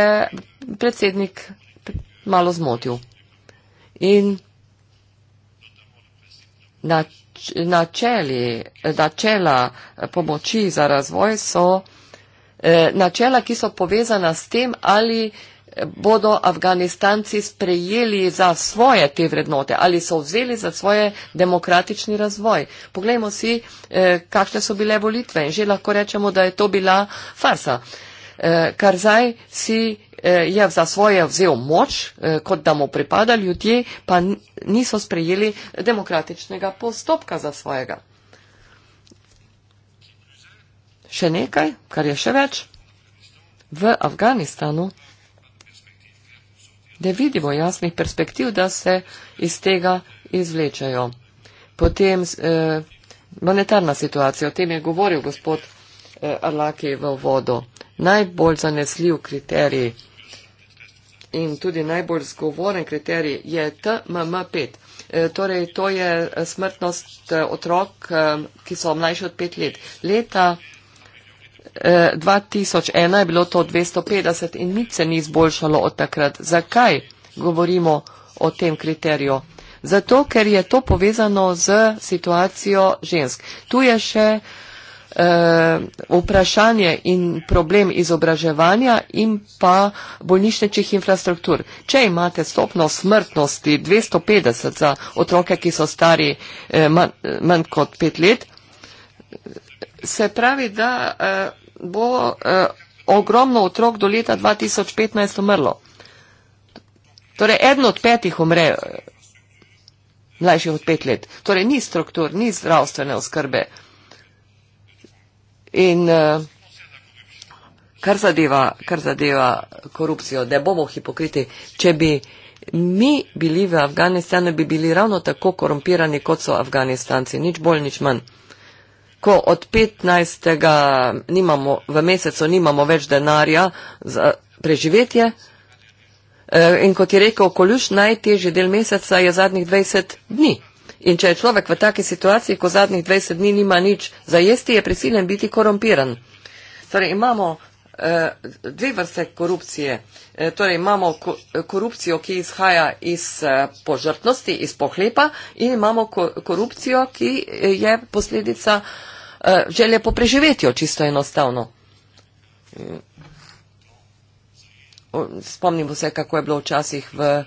predsednik malo zmotil. In načeli, načela pomoči za razvoj so eh, načela, ki so povezana s tem, ali bodo Afganistanci sprejeli za svoje te vrednote, ali so vzeli za svoje demokratični razvoj. Poglejmo si, eh, kakšne so bile volitve in že lahko rečemo, da je to bila farsa. Eh, Karzaj si Eh, je za svoje vzel moč, eh, kot da mu pripada, ljudje pa niso sprejeli demokratičnega postopka za svojega. Še nekaj, kar je še več. V Afganistanu ne vidimo jasnih perspektiv, da se iz tega izvlečajo. Potem eh, monetarna situacija, o tem je govoril gospod eh, Arlaki v vodo. Najbolj zanesljiv kriterij eh, in tudi najbolj zgovoren kriterij je TMM5. E, torej, to je smrtnost e, otrok, e, ki so mlajši od pet let. Leta 2001 je bilo to 250 in nič se ni izboljšalo od takrat. Zakaj govorimo o tem kriteriju? Zato, ker je to povezano z situacijo žensk. Tu je še uh, Eh, vprašanje in problem izobraževanja in pa bolnišničnih infrastruktur. Če imate stopno smrtnosti 250 za otroke, ki so stari eh, manj kot pet let, se pravi, da eh, bo ogromno otrok do leta 2015 umrlo. Torej, eno od petih umre mlajših od pet let. Torej, ni struktur, ni zdravstvene oskrbe. In eh, kar zadeva, kar zadeva korupcijo, da bomo hipokriti, če bi mi bili v Afganistanu, bi bili ravno tako korumpirani, kot so Afganistanci, nič bolj, nič manj. Ko od 15. Nimamo, v mesecu nimamo več denarja za preživetje eh, in kot je rekel, koljuš najtežji del meseca je zadnjih 20 dni. In če je človek v taki situaciji, ko zadnjih 20 dni nima nič za jesti, je prisilen biti korumpiran. Torej imamo eh, dve vrste korupcije. Eh, torej imamo korupcijo, ki izhaja iz eh, požrtnosti, iz pohlepa in imamo korupcijo, ki eh, je posledica eh, želje po preživetju, čisto enostavno. Mm. Spomnimo se, kako je bilo včasih v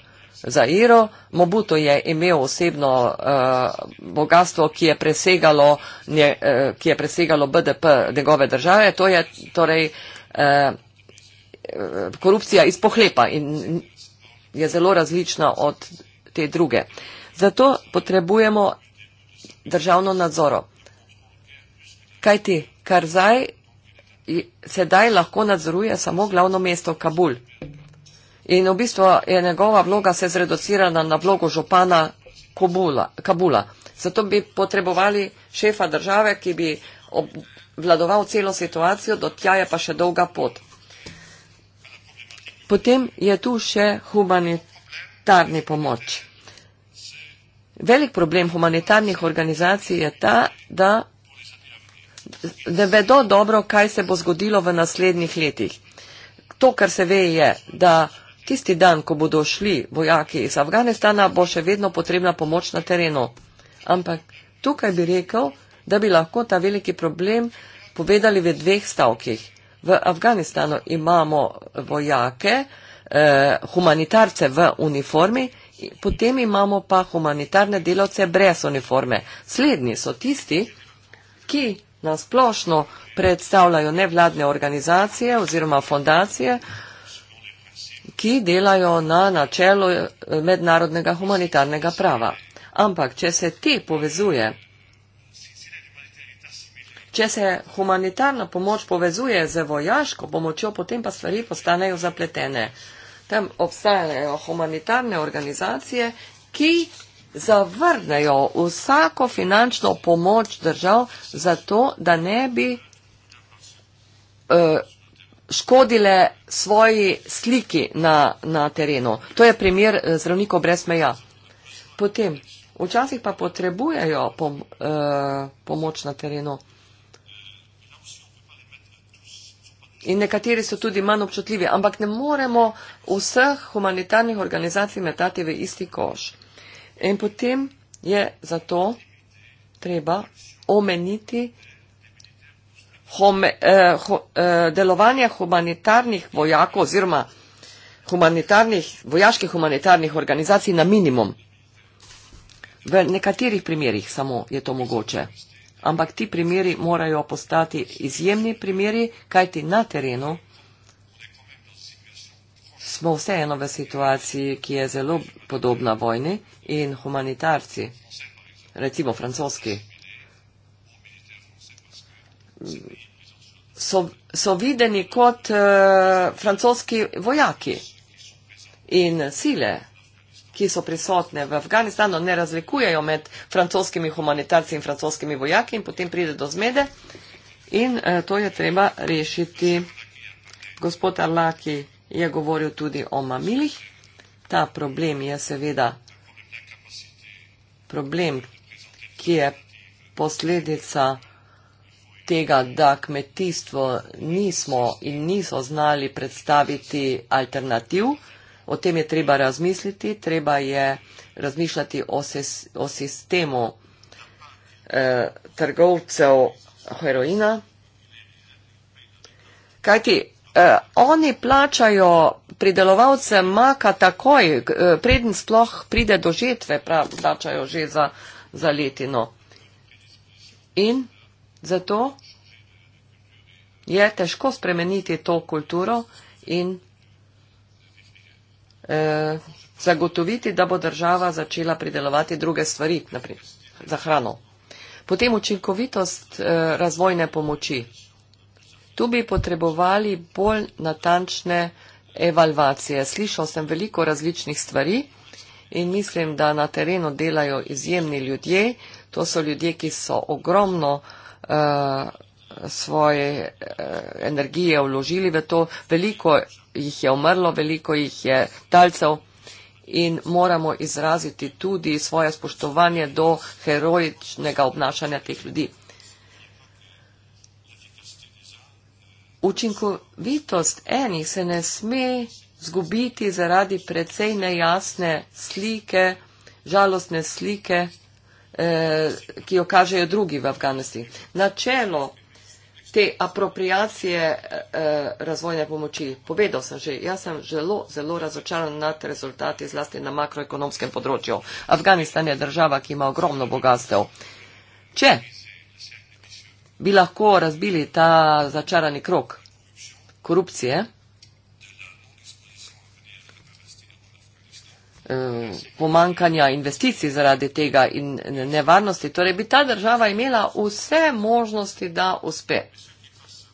Zairo. Mobutu je imel osebno uh, eh, bogatstvo, ki je presegalo, nje, uh, ki je presegalo BDP njegove države. To je torej uh, korupcija iz pohlepa in je zelo različna od te druge. Zato potrebujemo državno nadzoro. Kaj ti, kar zdaj, sedaj lahko nadzoruje samo glavno mesto Kabul. In v bistvu je njegova vloga se zreducirala na vlogo župana Kabula. Kabula. Zato bi potrebovali šefa države, ki bi obvladoval celo situacijo, do tja je pa še dolga pot. Potem je tu še humanitarni pomoč. Velik problem humanitarnih organizacij je ta, da ne vedo dobro, kaj se bo zgodilo v naslednjih letih. To, kar se ve, je, da Tisti dan, ko bodo šli vojaki iz Afganistana, bo še vedno potrebna pomoč na terenu. Ampak tukaj bi rekel, da bi lahko ta veliki problem povedali v dveh stavkih. V Afganistanu imamo vojake, eh, humanitarce v uniformi, potem imamo pa humanitarne delavce brez uniforme. Slednji so tisti, ki nasplošno predstavljajo nevladne organizacije oziroma fondacije, eh, ki delajo na načelu eh, mednarodnega humanitarnega prava. Ampak, če se te povezuje, če se humanitarna pomoč povezuje z vojaško pomočjo, potem pa stvari postanejo zapletene. Tam obstajajo humanitarne organizacije, ki zavrnejo vsako finančno pomoč držav zato, da ne bi. Uh, škodile svoji sliki na, na terenu. To je primer eh, zdravnikov brez meja. Potem, včasih pa potrebujejo pom, uh, pomoč na terenu. In nekateri so tudi manj občutljivi, ampak ne moremo vseh humanitarnih organizacij metati v isti koš. In potem je zato treba omeniti home, eh, ho, eh, delovanja humanitarnih vojakov oziroma humanitarnih, vojaških humanitarnih organizacij na minimum. V nekaterih primerjih samo je to mogoče, ampak ti primeri morajo postati izjemni primeri, kajti na terenu smo vseeno v situaciji, ki je zelo podobna vojni in humanitarci, recimo francoski so, so videni kot uh, francoski vojaki in sile, ki so prisotne v Afganistanu, ne razlikujejo med francoskimi humanitarci in francoskimi vojaki in potem pride do zmede in uh, to je treba rešiti. Gospod Arlaki je govoril tudi o mamilih. Ta problem je seveda problem, ki je posledica tega, da kmetijstvo nismo in niso znali predstaviti alternativ. O tem je treba razmisliti, treba je razmišljati o, ses, o sistemu eh, trgovcev heroina. Kajti eh, oni plačajo pridelovalce maka takoj, eh, preden sploh pride do žetve, plačajo že za, za letino. In Zato je težko spremeniti to kulturo in eh, zagotoviti, da bo država začela pridelovati druge stvari, naprimer za hrano. Potem učinkovitost eh, razvojne pomoči. Tu bi potrebovali bolj natančne evalvacije. Slišal sem veliko različnih stvari in mislim, da na terenu delajo izjemni ljudje. To so ljudje, ki so ogromno eh, Eh, svoje uh, energije vložili v to. Veliko jih je umrlo, veliko jih je talcev in moramo izraziti tudi svoje spoštovanje do heroičnega obnašanja teh ljudi. Učinkovitost enih se ne sme zgubiti zaradi precej nejasne slike, žalostne slike. Eh, ki jo kažejo drugi v Afganistanu. Načelo te apropriacije eh, razvojne pomoči, povedal sem že, jaz sem zelo, zelo razočaran nad rezultati zlasti na makroekonomskem področju. Afganistan je država, ki ima ogromno bogatstev. Če bi lahko razbili ta začarani krok korupcije, Eh, pomankanja investicij zaradi tega in nevarnosti. Torej bi ta država imela vse možnosti, da uspe.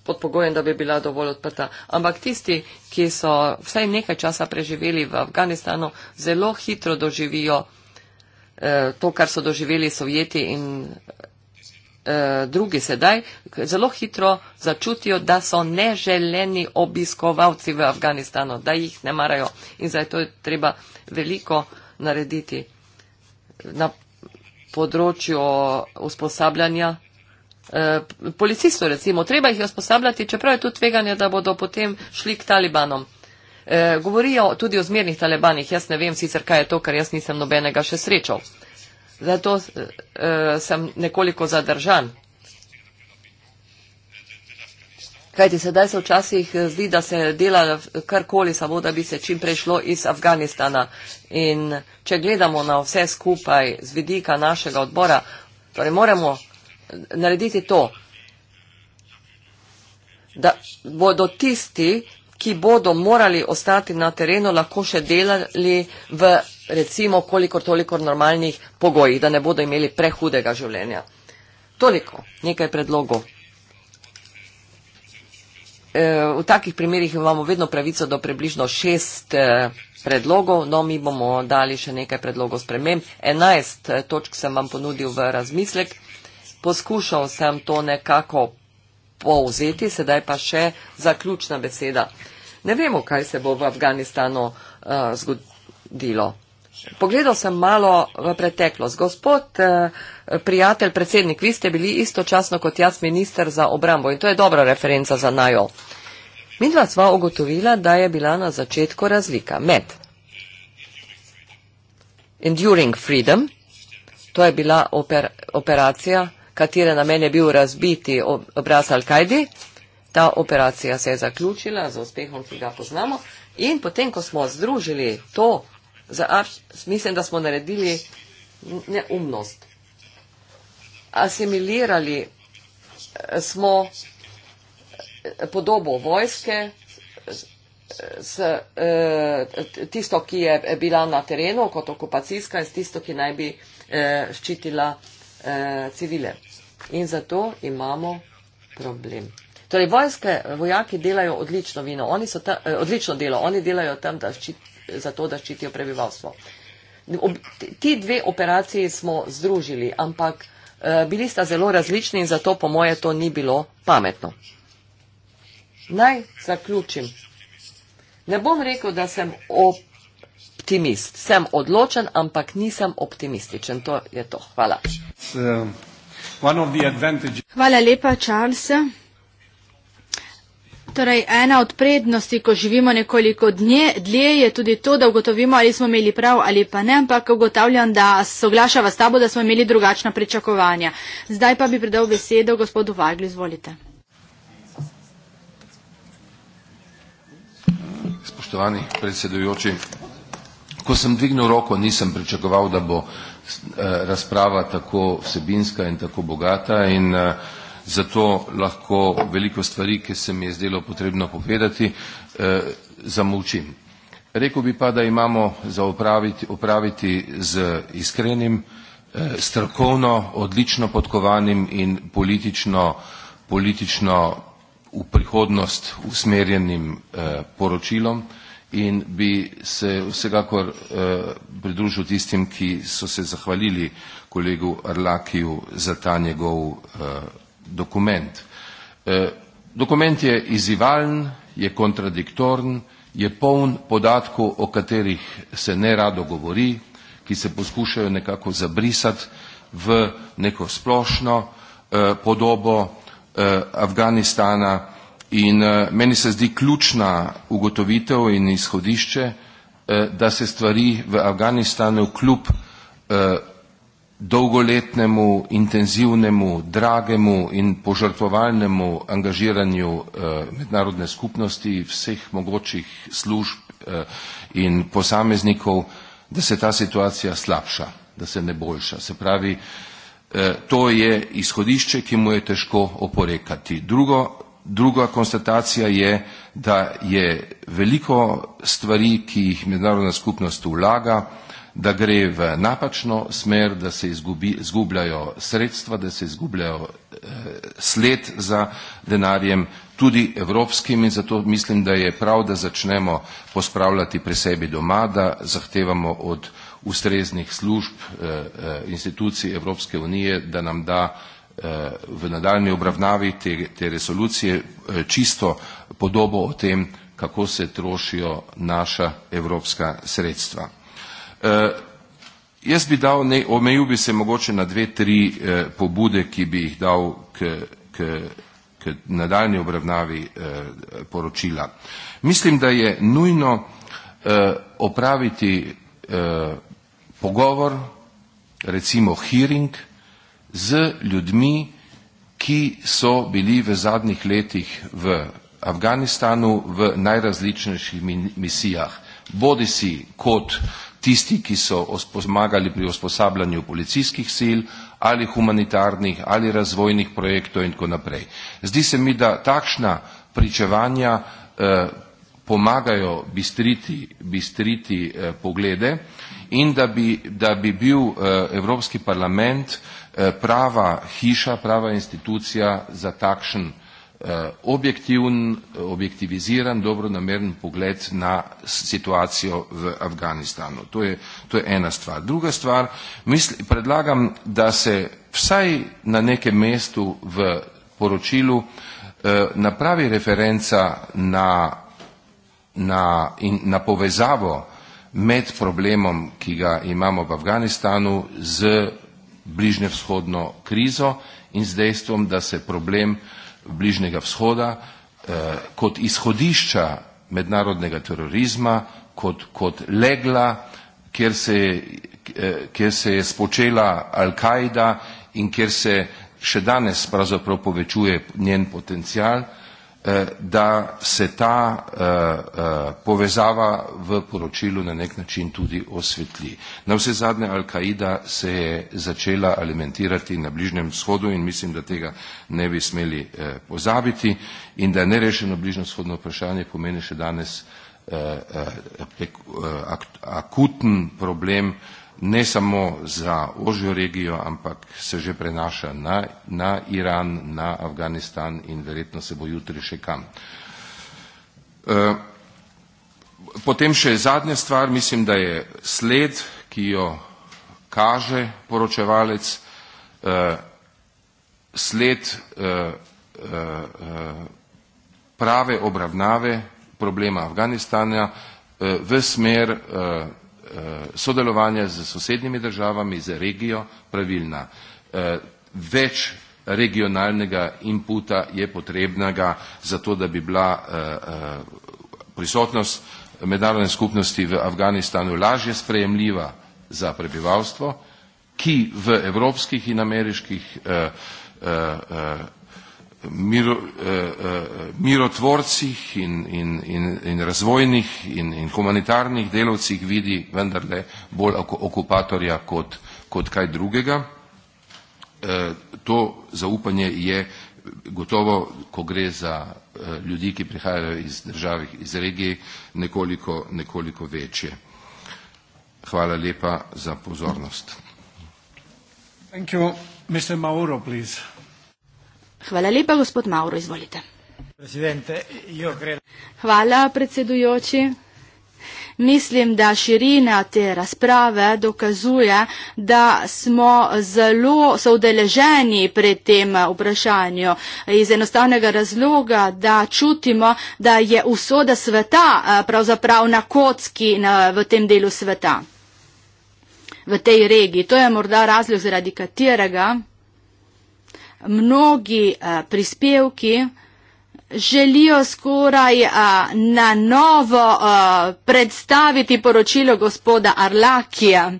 Pod pogojem, da bi bila dovolj odprta. Ampak tisti, ki so vsaj nekaj časa preživeli v Afganistanu, zelo hitro doživijo eh, to, kar so doživeli sovjeti in Eh, drugi sedaj zelo hitro začutijo, da so neželeni obiskovalci v Afganistanu, da jih ne marajo in zato je treba veliko narediti na področju usposabljanja. Eh, policistov recimo, treba jih usposabljati, čeprav je tu tveganje, da bodo potem šli k talibanom. Eh, govorijo tudi o zmernih talibanih, jaz ne vem sicer, kaj je to, ker jaz nisem nobenega še srečal. Zato uh, sem nekoliko zadržan. Kajti sedaj se včasih eh, zdi, da se dela karkoli, samo da bi se čim prej šlo iz Afganistana. In če gledamo na vse skupaj z vidika našega odbora, torej moramo eh, narediti to, da bodo tisti, ki bodo morali ostati na terenu, lahko še delali v recimo, kolikor toliko normalnih pogojih, da ne bodo imeli prehudega življenja. Toliko, nekaj predlogov. E, v takih primerjih imamo vedno pravico do približno šest e, predlogov, no mi bomo dali še nekaj predlogov sprememb. Enajst e, točk sem vam ponudil v razmislek, poskušal sem to nekako povzeti, sedaj pa še zaključna beseda. Ne vemo, kaj se bo v Afganistanu uh, zgodilo. Pogledal sem malo v preteklost. Gospod, eh, prijatelj, predsednik, vi ste bili istočasno kot jaz minister za obrambo in to je dobra referenca za najo. Mi dva sva ugotovila, da je bila na začetku razlika med Enduring Freedom, to je bila oper, operacija, katere namen je bil razbiti obraz Al-Kaidi, ta operacija se je zaključila z uspehom, ki ga poznamo, in potem, ko smo združili to, Mislim, da smo naredili neumnost. Asimilirali eh, smo eh, podobo vojske s eh, tisto, ki je bila na terenu kot okupacijska in s tisto, ki naj bi ščitila civile. In zato imamo problem. Torej, vojske, vojaki delajo odlično vino, oni so ta, odlično delo, oni delajo tam, da ščitijo za to, da ščitijo prebivalstvo. Ti dve operaciji smo združili, ampak eh, bili sta zelo različni in zato po moje to ni bilo pametno. Naj zaključim. Ne bom rekel, da sem optimist. Sem odločen, ampak nisem optimističen. To je to. Hvala. Eh, Hvala lepa, Charles. Torej, ena od prednosti, ko živimo nekoliko dnje, dlje, je tudi to, da ugotovimo, ali smo imeli prav ali pa ne, ampak ugotavljam, da soglašava s tabo, da smo imeli drugačna pričakovanja. Zdaj pa bi predal besedo gospodu Vaglu, izvolite. Spoštovani predsedujoči, ko sem dvignil roko, nisem pričakoval, da bo eh, razprava tako vsebinska in tako bogata. In, uh, zato lahko veliko stvari, ki se mi je zdelo potrebno povedati, eh, zamolčim. Rekl bi pa, da imamo za upraviti, upraviti z iskrenim, eh, strokovno, odlično podkovanim in politično, politično v prihodnost usmerjenim eh, poročilom in bi se vsekakor pridružil tistim, ki so se zahvalili kolegu Arlakiju za ta njegov dokument. Eh, dokument je izzivalen, je kontradiktoren, je poln podatkov, o katerih se ne rado govori, ki se poskušajo nekako zabrisati v neko splošno eh, podobo eh, Afganistana in meni se zdi ključna ugotovitev in izhodišče, da se stvari v Afganistanu kljub dolgoletnemu, intenzivnemu, dragemu in požrtovalnemu angažiranju eh, mednarodne skupnosti, vseh mogočih služb eh, in posameznikov, da se ta situacija slabša, da se ne boljša. Se pravi, eh, to je izhodišče, ki mu je težko oporekati. Drugo, druga konstatacija je, da je veliko stvari, ki jih mednarodna skupnost vlaga, da gre v napačno smer, da se izgubi, izgubljajo sredstva, da se izgubljajo eh, sled za denarjem, tudi evropskim in zato mislim, da je prav, da začnemo pospravljati pri sebi doma, da zahtevamo od ustreznih služb eh, eh institucij Evropske unije, da nam da eh, v nadaljni obravnavi te, te resolucije eh, čisto podobo o tem, kako se trošijo naša evropska sredstva. Eh, jaz bi dal, ne, omejil bi se mogoče na dve, tri eh, pobude, ki bi jih dal k, k, k nadaljni obravnavi eh, poročila. Mislim, da je nujno eh, opraviti eh, pogovor, recimo hearing, z ljudmi, ki so bili v zadnjih letih v Afganistanu v najrazličnejših misijah, bodi si kot eh, tisti, ki so pomagali pri usposabljanju policijskih sil ali humanitarnih ali razvojnih projektov in tako naprej. Zdi se mi, da takšna pričevanja eh, pomagajo bistriti, bistriti eh, poglede in da bi, da bi bil eh, Evropski parlament eh, prava hiša, prava institucija za takšen eh, Eh, objektivn, objektiviziran, dobronameren pogled na situacijo v Afganistanu. To je, to je ena stvar. Druga stvar, misli, predlagam, da se vsaj na nekem mestu v poročilu eh, napravi referenca na, na, in, na povezavo med problemom, ki ga imamo v Afganistanu, z bližnjevzhodno krizo in z dejstvom, da se problem eh, Bližnjega vzhoda eh, kot izhodišča mednarodnega terorizma, kot, kot legla, kjer se, eh, kjer se je spočela Al-Kaida in kjer se še danes pravzaprav povečuje njen potencial, Eh, da se ta eh, eh, povezava v poročilu na nek način tudi osvetli. Na vse zadnje Al-Kaida se je začela alimentirati na Bližnjem vzhodu in mislim, da tega ne bi smeli pozabiti in da nerešeno Bližnjo vzhodno vprašanje pomeni še danes akuten problem ne samo za ožjo regijo, ampak se že prenaša na, na Iran, na Afganistan in verjetno se bo jutri še kam. E, potem še zadnja stvar, mislim, da je sled, ki jo kaže poročevalec, e, sled e, prave obravnave problema Afganistana v smer Eh, sodelovanja z sosednjimi državami, z regijo pravilna. Eh, več regionalnega inputa je potrebnega za to, da bi bila eh, prisotnost mednarodne skupnosti v Afganistanu lažje sprejemljiva za prebivalstvo, ki v evropskih in ameriških miro, eh, eh, mirotvorcih in, in, in, in razvojnih in, in humanitarnih delovcih vidi vendarle bolj okupatorja kot, kot kaj drugega. Eh, to zaupanje je gotovo, ko gre za eh, ljudi, ki prihajajo iz držav, iz regije, nekoliko, nekoliko večje. Hvala lepa za pozornost. Thank you. Mr. Mauro, please. Hvala lepa, gospod Mauro, izvolite. Hvala, predsedujoči. Mislim, da širina te razprave dokazuje, da smo zelo soudeleženi pri tem eh, vprašanju iz enostavnega razloga, da čutimo, da je usoda sveta eh, pravzaprav na kocki na, v tem delu sveta, v tej regiji. To je morda razlog, zaradi katerega mnogi eh, prispevki želijo skoraj eh, na novo eh, predstaviti poročilo gospoda Arlakija.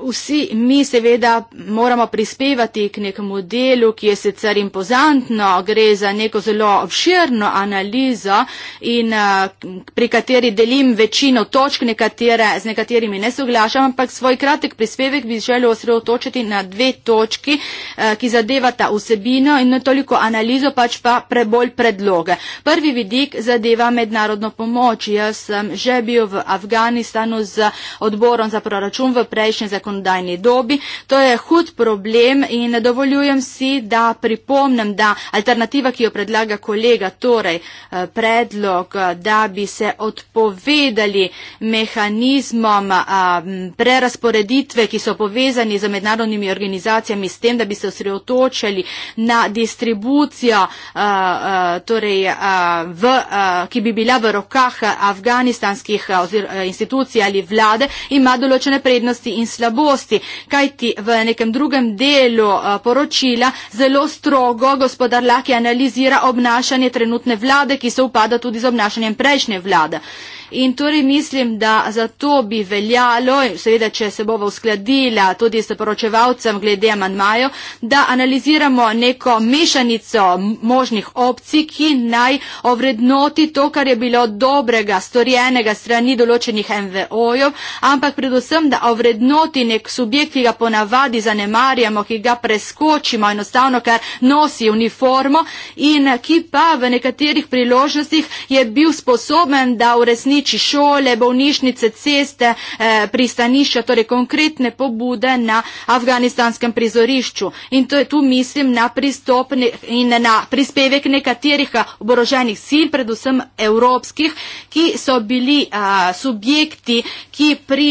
Vsi mi seveda moramo prispevati k nekemu delu, ki je sicer impozantno, gre za neko zelo obširno analizo in eh, pri kateri delim večino točk, nekatere, z nekaterimi ne soglašam, ampak svoj kratek prispevek bi želel osredotočiti na dve točki, eh, ki zadevata vsebino in ne toliko analizo, pač pa prebolj predloge. Prvi vidik zadeva mednarodno pomoč. Jaz sem že bil v Afganistanu z odborom za proračun v prejšnji zakonodaji zakonodajni dobi. To je hud problem in ne dovoljujem si, da pripomnem, da alternativa, ki jo predlaga kolega, torej eh, predlog, eh, da bi se odpovedali mehanizmom eh, prerasporeditve, ki so povezani z mednarodnimi organizacijami, s tem, da bi se osredotočali na distribucijo, torej, v, ki bi bila v rokah afganistanskih institucij ali vlade, ima določene prednosti in slabosti slabosti, kajti v nekem drugem delu eh, poročila zelo strogo gospodar Laki analizira obnašanje trenutne vlade, ki se upada tudi z obnašanjem prejšnje vlade. In torej mislim, da zato bi veljalo, seveda, če se bova uskladila tudi s poročevalcem glede amandmajo, da analiziramo neko mešanico možnih opcij, ki naj ovrednoti to, kar je bilo dobrega, storjenega strani določenih MVO-jev, ampak predvsem, da ovrednoti nek subjekt, ki ga ponavadi zanemarjamo, ki ga preskočimo enostavno, ker nosi uniformo in ki pa v nekaterih priložnostih je bil sposoben, da v resnici vrtiči, šole, bolnišnice, ceste, eh, pristanišča, torej konkretne pobude na afganistanskem prizorišču. In to je tu mislim na pristop in na prispevek nekaterih eh, oboroženih sil, predvsem evropskih, ki so bili eh, subjekti, ki pri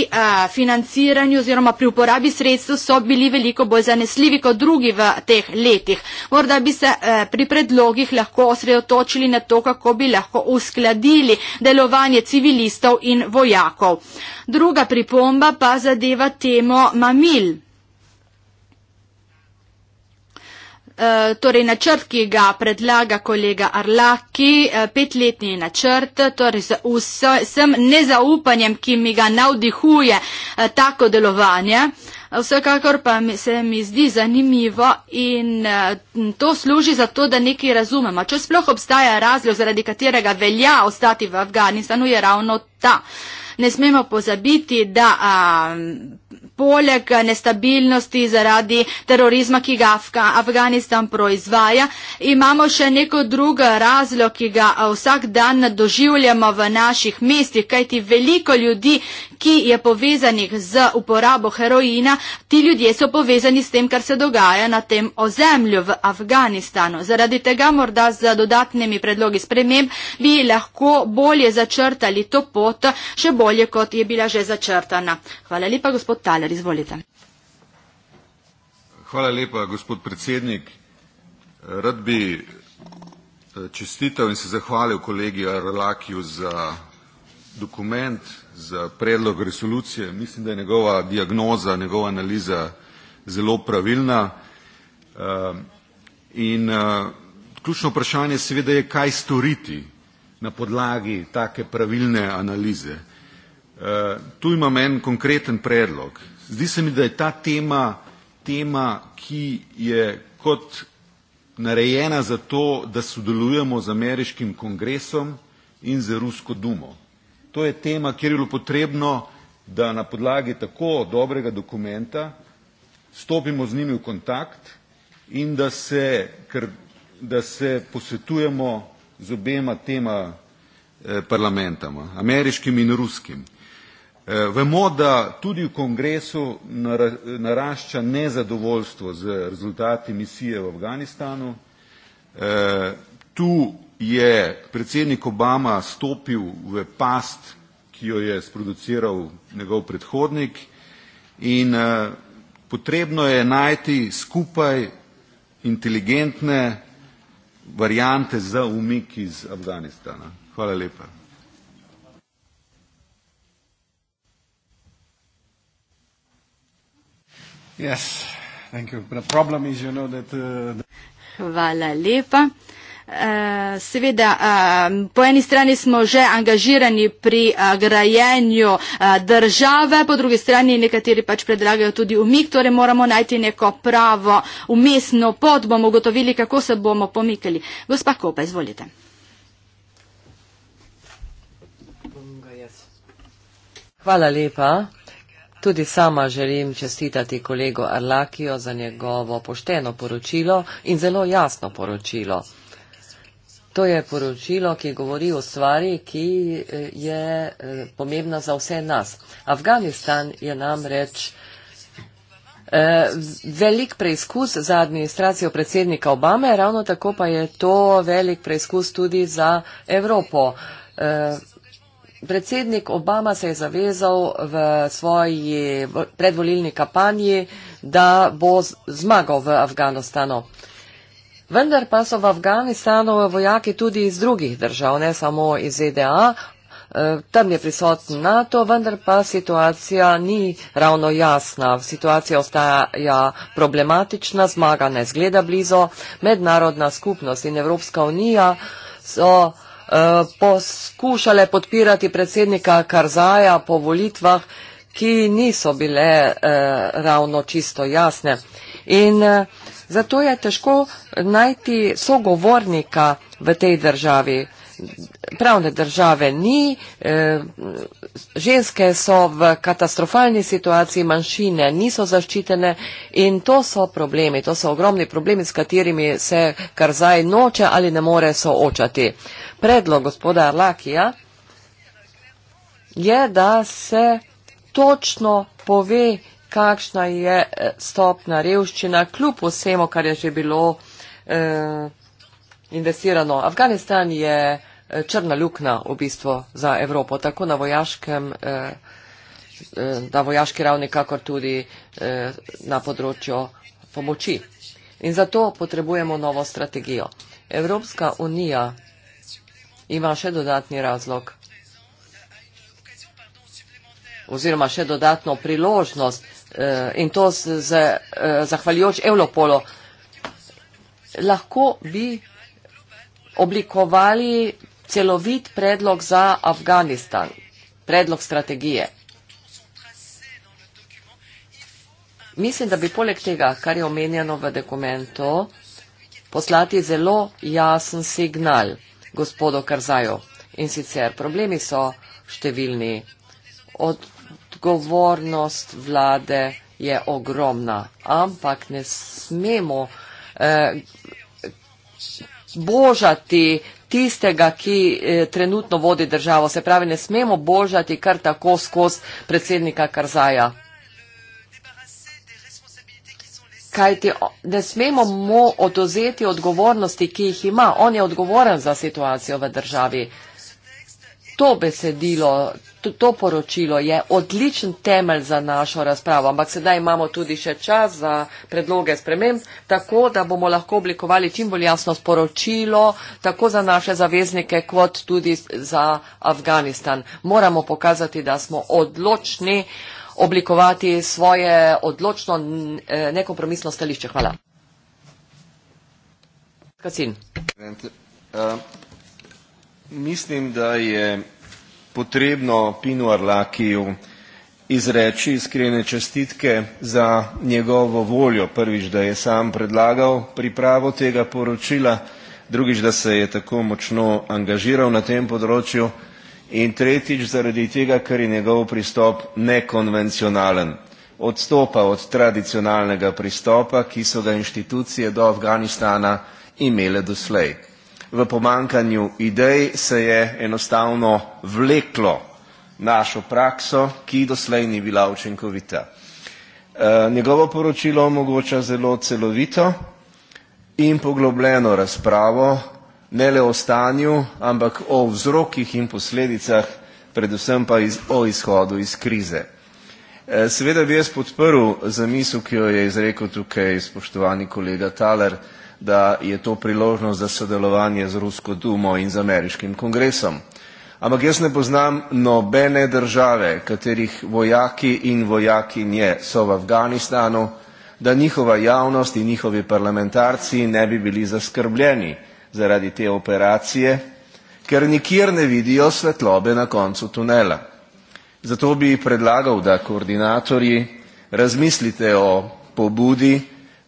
financiranju oziroma pri uporabi sredstv so bili veliko bolj zanesljivi kot drugi v teh letih. Morda bi se pri predlogih lahko osredotočili na to, kako bi lahko uskladili delovanje civilizacije civilistov in vojakov. Druga pripomba pa zadeva temo mamil. Eh, torej načrt, ki ga predlaga kolega Arlaki, eh, petletni načrt, torej z vsem nezaupanjem, ki mi ga navdihuje eh, tako delovanje. Vsekakor pa se mi zdi zanimivo in to služi za to, da nekaj razumemo. Če sploh obstaja razlog, zaradi katerega velja ostati v Afganistanu, je ravno ta. Ne smemo pozabiti, da a, poleg nestabilnosti zaradi terorizma, ki ga Afganistan proizvaja, imamo še neko drugo razlog, ki ga vsak dan doživljamo v naših mestih, kajti veliko ljudi ki je povezanih z uporabo heroina, ti ljudje so povezani s tem, kar se dogaja na tem ozemlju v Afganistanu. Zaradi tega morda z dodatnimi predlogi sprememb bi lahko bolje začrtali to pot, še bolje, kot je bila že začrtana. Hvala lepa, gospod Taler, izvolite. Hvala lepa, gospod predsednik. Rad bi eh, čestitev in se zahvalil kolegi Arlakiju za dokument, za predlog resolucije. Mislim, da je njegova diagnoza, njegova analiza zelo pravilna. Eh, in eh, ključno vprašanje seveda je, kaj storiti na podlagi take pravilne analize. Eh, tu imam en konkreten predlog. Zdi se mi, da je ta tema tema, ki je kot narejena za to, da sodelujemo z ameriškim kongresom in z rusko dumo to je tema, kjer je bilo potrebno, da na podlagi tako dobrega dokumenta stopimo z njimi v kontakt in da se, ker, da se posvetujemo z obema tema eh, parlamentama, ameriškim in ruskim. Eh, vemo, da tudi v kongresu narašča nezadovoljstvo z rezultati misije v Afganistanu. Eh, tu je predsednik Obama stopil v past, ki jo je sproduciral njegov predhodnik in eh, potrebno je najti skupaj inteligentne variante za umik iz Afganistana. Hvala lepa. Uh, Hvala lepa. Eh, seveda, eh, po eni strani smo že angažirani pri eh, grajenju države, po drugi strani nekateri pač predlagajo tudi umik, torej moramo najti neko pravo umestno pot, bomo ugotovili, kako se bomo pomikali. Gospa Kopa, izvolite. Hvala lepa. Tudi sama želim čestitati kolego Arlakijo za njegovo pošteno poročilo in zelo jasno poročilo. To je poročilo, ki govori o stvari, ki eh, je eh, pomembna za vse nas. Afganistan je namreč eh, velik preizkus za administracijo predsednika Obame, ravno tako pa je to velik preizkus tudi za Evropo. Predsednik Obama se je zavezal v svoji predvolilni kampanji, da bo zmagal v Afganistanu. Vendar pa so v Afganistanu vojaki tudi iz drugih držav, ne samo iz ZDA. Eh, tam je prisotno NATO, vendar pa situacija ni ravno jasna. Situacija ostaja problematična, zmaga ne zgleda blizu. Mednarodna skupnost in Evropska unija so uh, poskušale podpirati predsednika Karzaja po volitvah, ki niso bile uh, ravno čisto jasne. In, uh, Zato je težko najti sogovornika v tej državi. Pravne države ni, eh, ženske so v katastrofalni situaciji, manjšine niso zaščitene in to so problemi, to so ogromni problemi, s katerimi se kar zdaj noče ali ne more soočati. Predlog gospoda Arlakija je, da se točno pove kakšna je eh, stopna revščina, kljub vsemu, kar je že bilo eh, investirano. Afganistan je eh, črna lukna v bistvu za Evropo, tako na vojaškem, eh, eh, na vojaški ravni, kakor tudi eh, na področju pomoči. In zato potrebujemo novo strategijo. Evropska unija ima še dodatni razlog oziroma še dodatno priložnost Eh, in to z, z, eh, zahvaljujoč Evropolo, lahko bi oblikovali celovit predlog za Afganistan, predlog strategije. Mislim, da bi poleg tega, kar je omenjeno v dokumentu, poslati zelo jasen signal gospodo Karzaju. In sicer problemi so številni, od odgovornost vlade je ogromna, ampak ne smemo eh, božati tistega, ki eh, trenutno vodi državo. Se pravi, ne smemo božati kar tako skozi predsednika Karzaja. Kaj ti ne smemo mu odozeti odgovornosti, ki jih ima. On je odgovoren za situacijo v državi. Eh, to besedilo, to, to poročilo je odličen temelj za našo razpravo, ampak sedaj imamo tudi še čas za predloge sprememb, tako da bomo lahko oblikovali čim bolj jasno sporočilo, tako za naše zaveznike, kot tudi za Afganistan. Moramo pokazati, da smo odločni oblikovati svoje odločno e, nekompromisno stališče. Hvala. Kacin. Uh. Mislim, da je potrebno Pinu Arlakiju izreči iskrene čestitke za njegovo voljo. Prvič, da je sam predlagal pripravo tega poročila, drugič, da se je tako močno angažiral na tem področju in tretjič, zaradi tega, ker je njegov pristop nekonvencionalen. Odstopa od tradicionalnega pristopa, ki so ga inštitucije do Afganistana imele doslej v pomankanju idej se je enostavno vleklo našo prakso, ki doslej ni bila učinkovita. E, njegovo poročilo omogoča zelo celovito in poglobljeno razpravo, ne le o stanju, ampak o vzrokih in posledicah, predvsem pa o izhodu iz krize. E, seveda bi jaz podprl zamisl, ki jo je izrekel tukaj spoštovani kolega Taler, da je to priložnost za sodelovanje z Rusko Dumo in z ameriškim kongresom. Ampak jaz ne poznam nobene države, katerih vojaki in vojakinje so v Afganistanu, da njihova javnost in njihovi parlamentarci ne bi bili zaskrbljeni zaradi te operacije, ker nikjer ne vidijo svetlobe na koncu tunela. Zato bi predlagal, da koordinatorji razmislite o pobudi,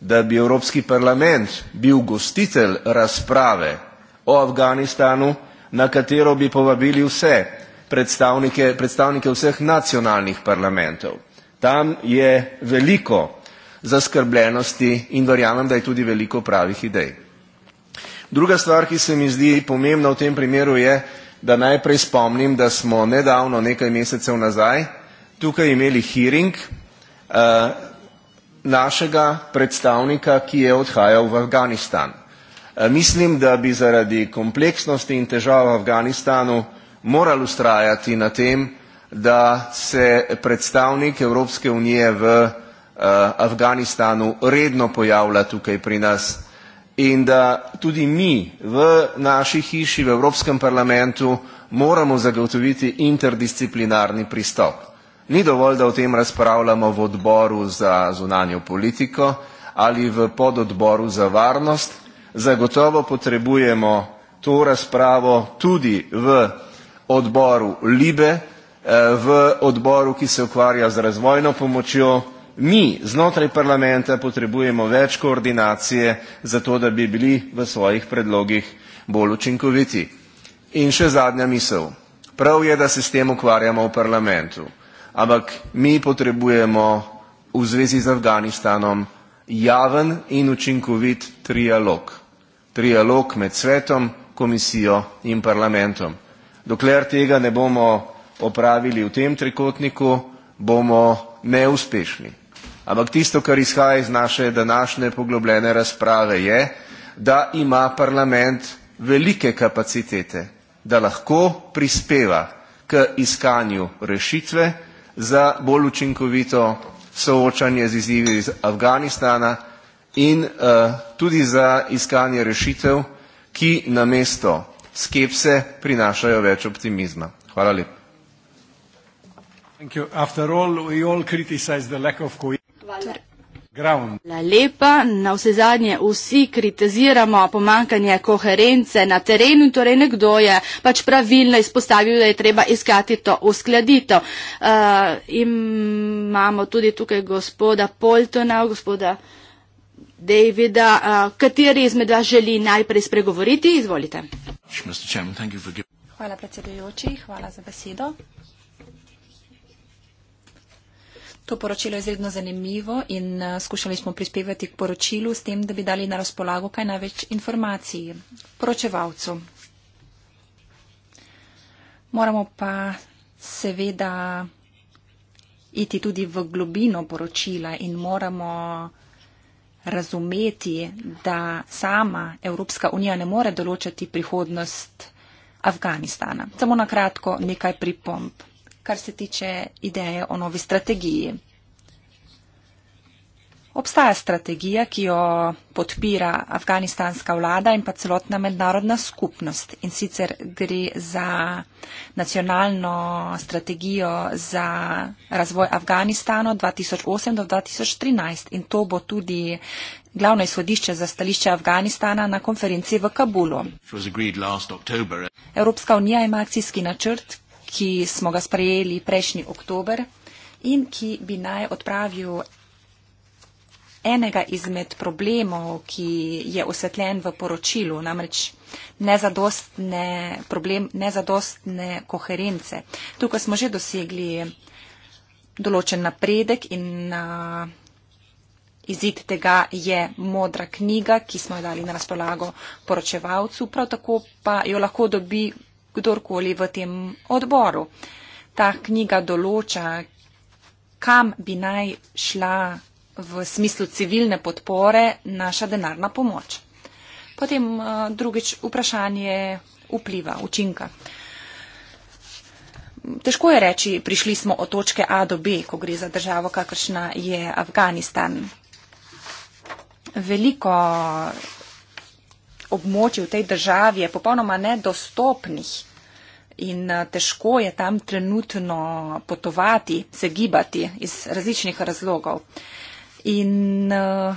da bi Evropski parlament bil gostitelj razprave o Afganistanu, na katero bi povabili vse predstavnike, predstavnike vseh nacionalnih parlamentov. Tam je veliko zaskrbljenosti in verjamem, da je tudi veliko pravih idej. Druga stvar, ki se mi zdi pomembna v tem primeru, je, da najprej spomnim, da smo nedavno, nekaj mesecev nazaj, tukaj imeli hearing, eh, našega predstavnika, ki je odhajal v Afganistan. E, mislim, da bi zaradi kompleksnosti in težav v Afganistanu moral ustrajati na tem, da se predstavnik Evropske unije v e, Afganistanu redno pojavlja tukaj pri nas in da tudi mi v naši hiši v Evropskem parlamentu moramo zagotoviti interdisciplinarni pristop. Ni dovolj, da o tem razpravljamo v odboru za zunanjo politiko ali v pododboru za varnost. Zagotovo potrebujemo to razpravo tudi v odboru Libe, eh, v odboru, ki se ukvarja z razvojno pomočjo. Mi znotraj parlamenta potrebujemo več koordinacije, zato da bi bili v svojih predlogih bolj učinkoviti. In še zadnja misel. Prav je, da se s tem ukvarjamo v parlamentu ampak mi potrebujemo v zvezi z Afganistanom javen in učinkovit trialog. Trialog med svetom, komisijo in parlamentom. Dokler tega ne bomo opravili v tem trikotniku, bomo neuspešni. Ampak tisto, kar izhaja iz naše današnje poglobljene razprave, je, da ima parlament velike kapacitete, da lahko prispeva k iskanju rešitve, za bolj učinkovito soočanje z izzivi iz Afganistana in uh, tudi za iskanje rešitev, ki na mesto skepse prinašajo več optimizma. Hvala lepa ground. La lepa, na vse zadnje vsi kritiziramo pomankanje koherence na terenu, torej nekdo je pač pravilno izpostavil, da je treba iskati to uskladito. Uh, eh, imamo tudi tukaj gospoda Poltona, gospoda Davida, uh, kateri izmed vas želi najprej spregovoriti? Izvolite. Hvala predsedujoči, hvala za besedo. To poročilo je izredno zanimivo in eh, skušali smo prispevati k poročilu s tem, da bi dali na razpolago kaj največ informacij poročevalcu. Moramo pa seveda iti tudi v globino poročila in moramo razumeti, da sama Evropska unija ne more določati prihodnost Afganistana. Samo na kratko nekaj pripomp kar se tiče ideje o novi strategiji. Obstaja strategija, ki jo podpira afganistanska vlada in pa celotna mednarodna skupnost. In sicer gre za nacionalno strategijo za razvoj Afganistana 2008 do 2013. In to bo tudi glavno izhodišče za stališče Afganistana na konferenci v Kabulu. Evropska unija ima akcijski načrt, ki smo ga sprejeli prejšnji oktober in ki bi naj odpravil enega izmed problemov, ki je osvetljen v poročilu, namreč nezadostne, problem nezadostne koherence. Tukaj smo že dosegli določen napredek in izid tega je modra knjiga, ki smo jo dali na razpolago poročevalcu, prav tako pa jo lahko dobi kdorkoli v tem odboru. Ta knjiga določa, kam bi naj šla v smislu civilne podpore naša denarna pomoč. Potem eh, drugič vprašanje vpliva, učinka. Težko je reči, prišli smo od točke A do B, ko gre za državo, kakršna je Afganistan. Veliko območij v tej državi je popolnoma nedostopnih in eh, težko je tam trenutno potovati, se gibati iz različnih razlogov. In eh,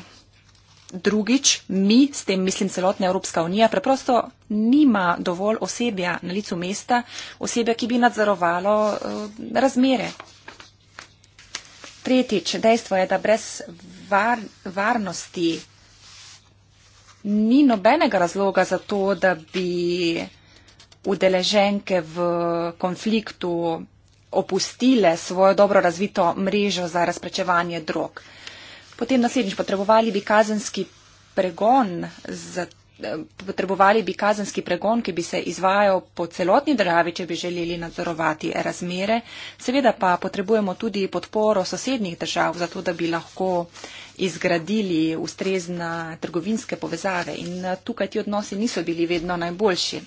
drugič, mi, s tem mislim celotna Evropska unija, preprosto nima dovolj osebja na licu mesta, osebja, ki bi nadzorovalo eh, razmere. Tretjič, dejstvo je, da brez varnosti ni nobenega razloga za to, da bi udeleženke v konfliktu opustile svojo dobro razvito mrežo za razprečevanje drog. Potem naslednjič potrebovali bi kazenski pregon, za, potrebovali bi kazenski pregon, ki bi se izvajal po celotni državi, če bi želeli nadzorovati razmere. Seveda pa potrebujemo tudi podporo sosednjih držav, zato da bi lahko uh, izgradili ustrezne trgovinske povezave in eh, tukaj ti odnosi niso bili vedno najboljši.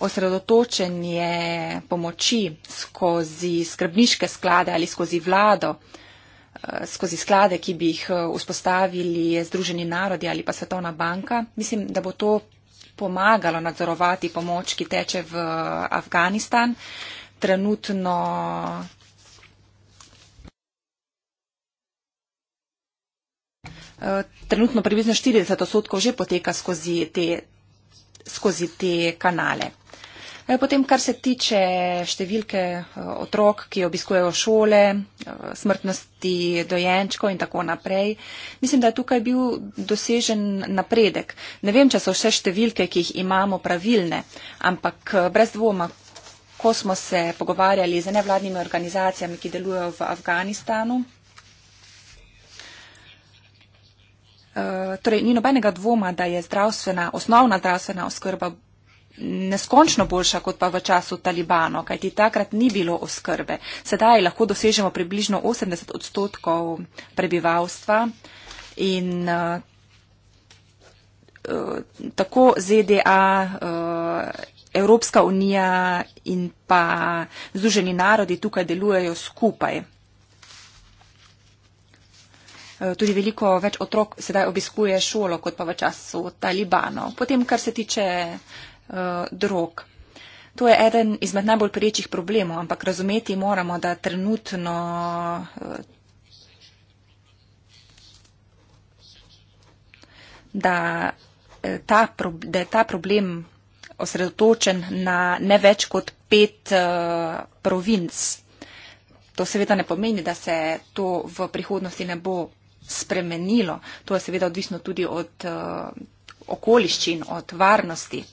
Osredotočenje pomoči skozi skrbniške sklade ali skozi vlado, eh, skozi sklade, ki bi jih eh, vzpostavili Združeni narodi ali pa Svetovna banka, mislim, da bo to pomagalo nadzorovati pomoč, ki teče v Afganistan. Trenutno Eh, trenutno približno 40 odstotkov že poteka skozi te, skozi te kanale. Eh, potem, kar se tiče številke eh, otrok, ki obiskujejo šole, smrtnosti dojenčkov in tako naprej, mislim, da je tukaj bil dosežen napredek. Ne vem, če so vse številke, ki jih imamo, pravilne, ampak brez dvoma, ko smo se pogovarjali z nevladnimi organizacijami, ki delujejo v Afganistanu, Eh, torej ni nobenega dvoma, da je zdravstvena, osnovna zdravstvena oskrba neskončno boljša kot pa v času Talibano, kajti takrat ni bilo oskrbe. Sedaj lahko dosežemo približno 80 odstotkov prebivalstva in uh, tako ZDA, uh, Evropska unija in pa Združeni narodi tukaj delujejo skupaj. Eh, tudi veliko več otrok sedaj obiskuje šolo, kot pa v času Talibano. Potem, kar se tiče uh, drog. To je eden izmed najbolj prejčih problemov, ampak razumeti moramo, da trenutno. Uh, Da, ta, da je ta problem osredotočen na ne več kot pet uh, provinc. To seveda ne pomeni, da se to v prihodnosti ne bo spremenilo. To je seveda odvisno tudi od uh, okoliščin, od varnosti.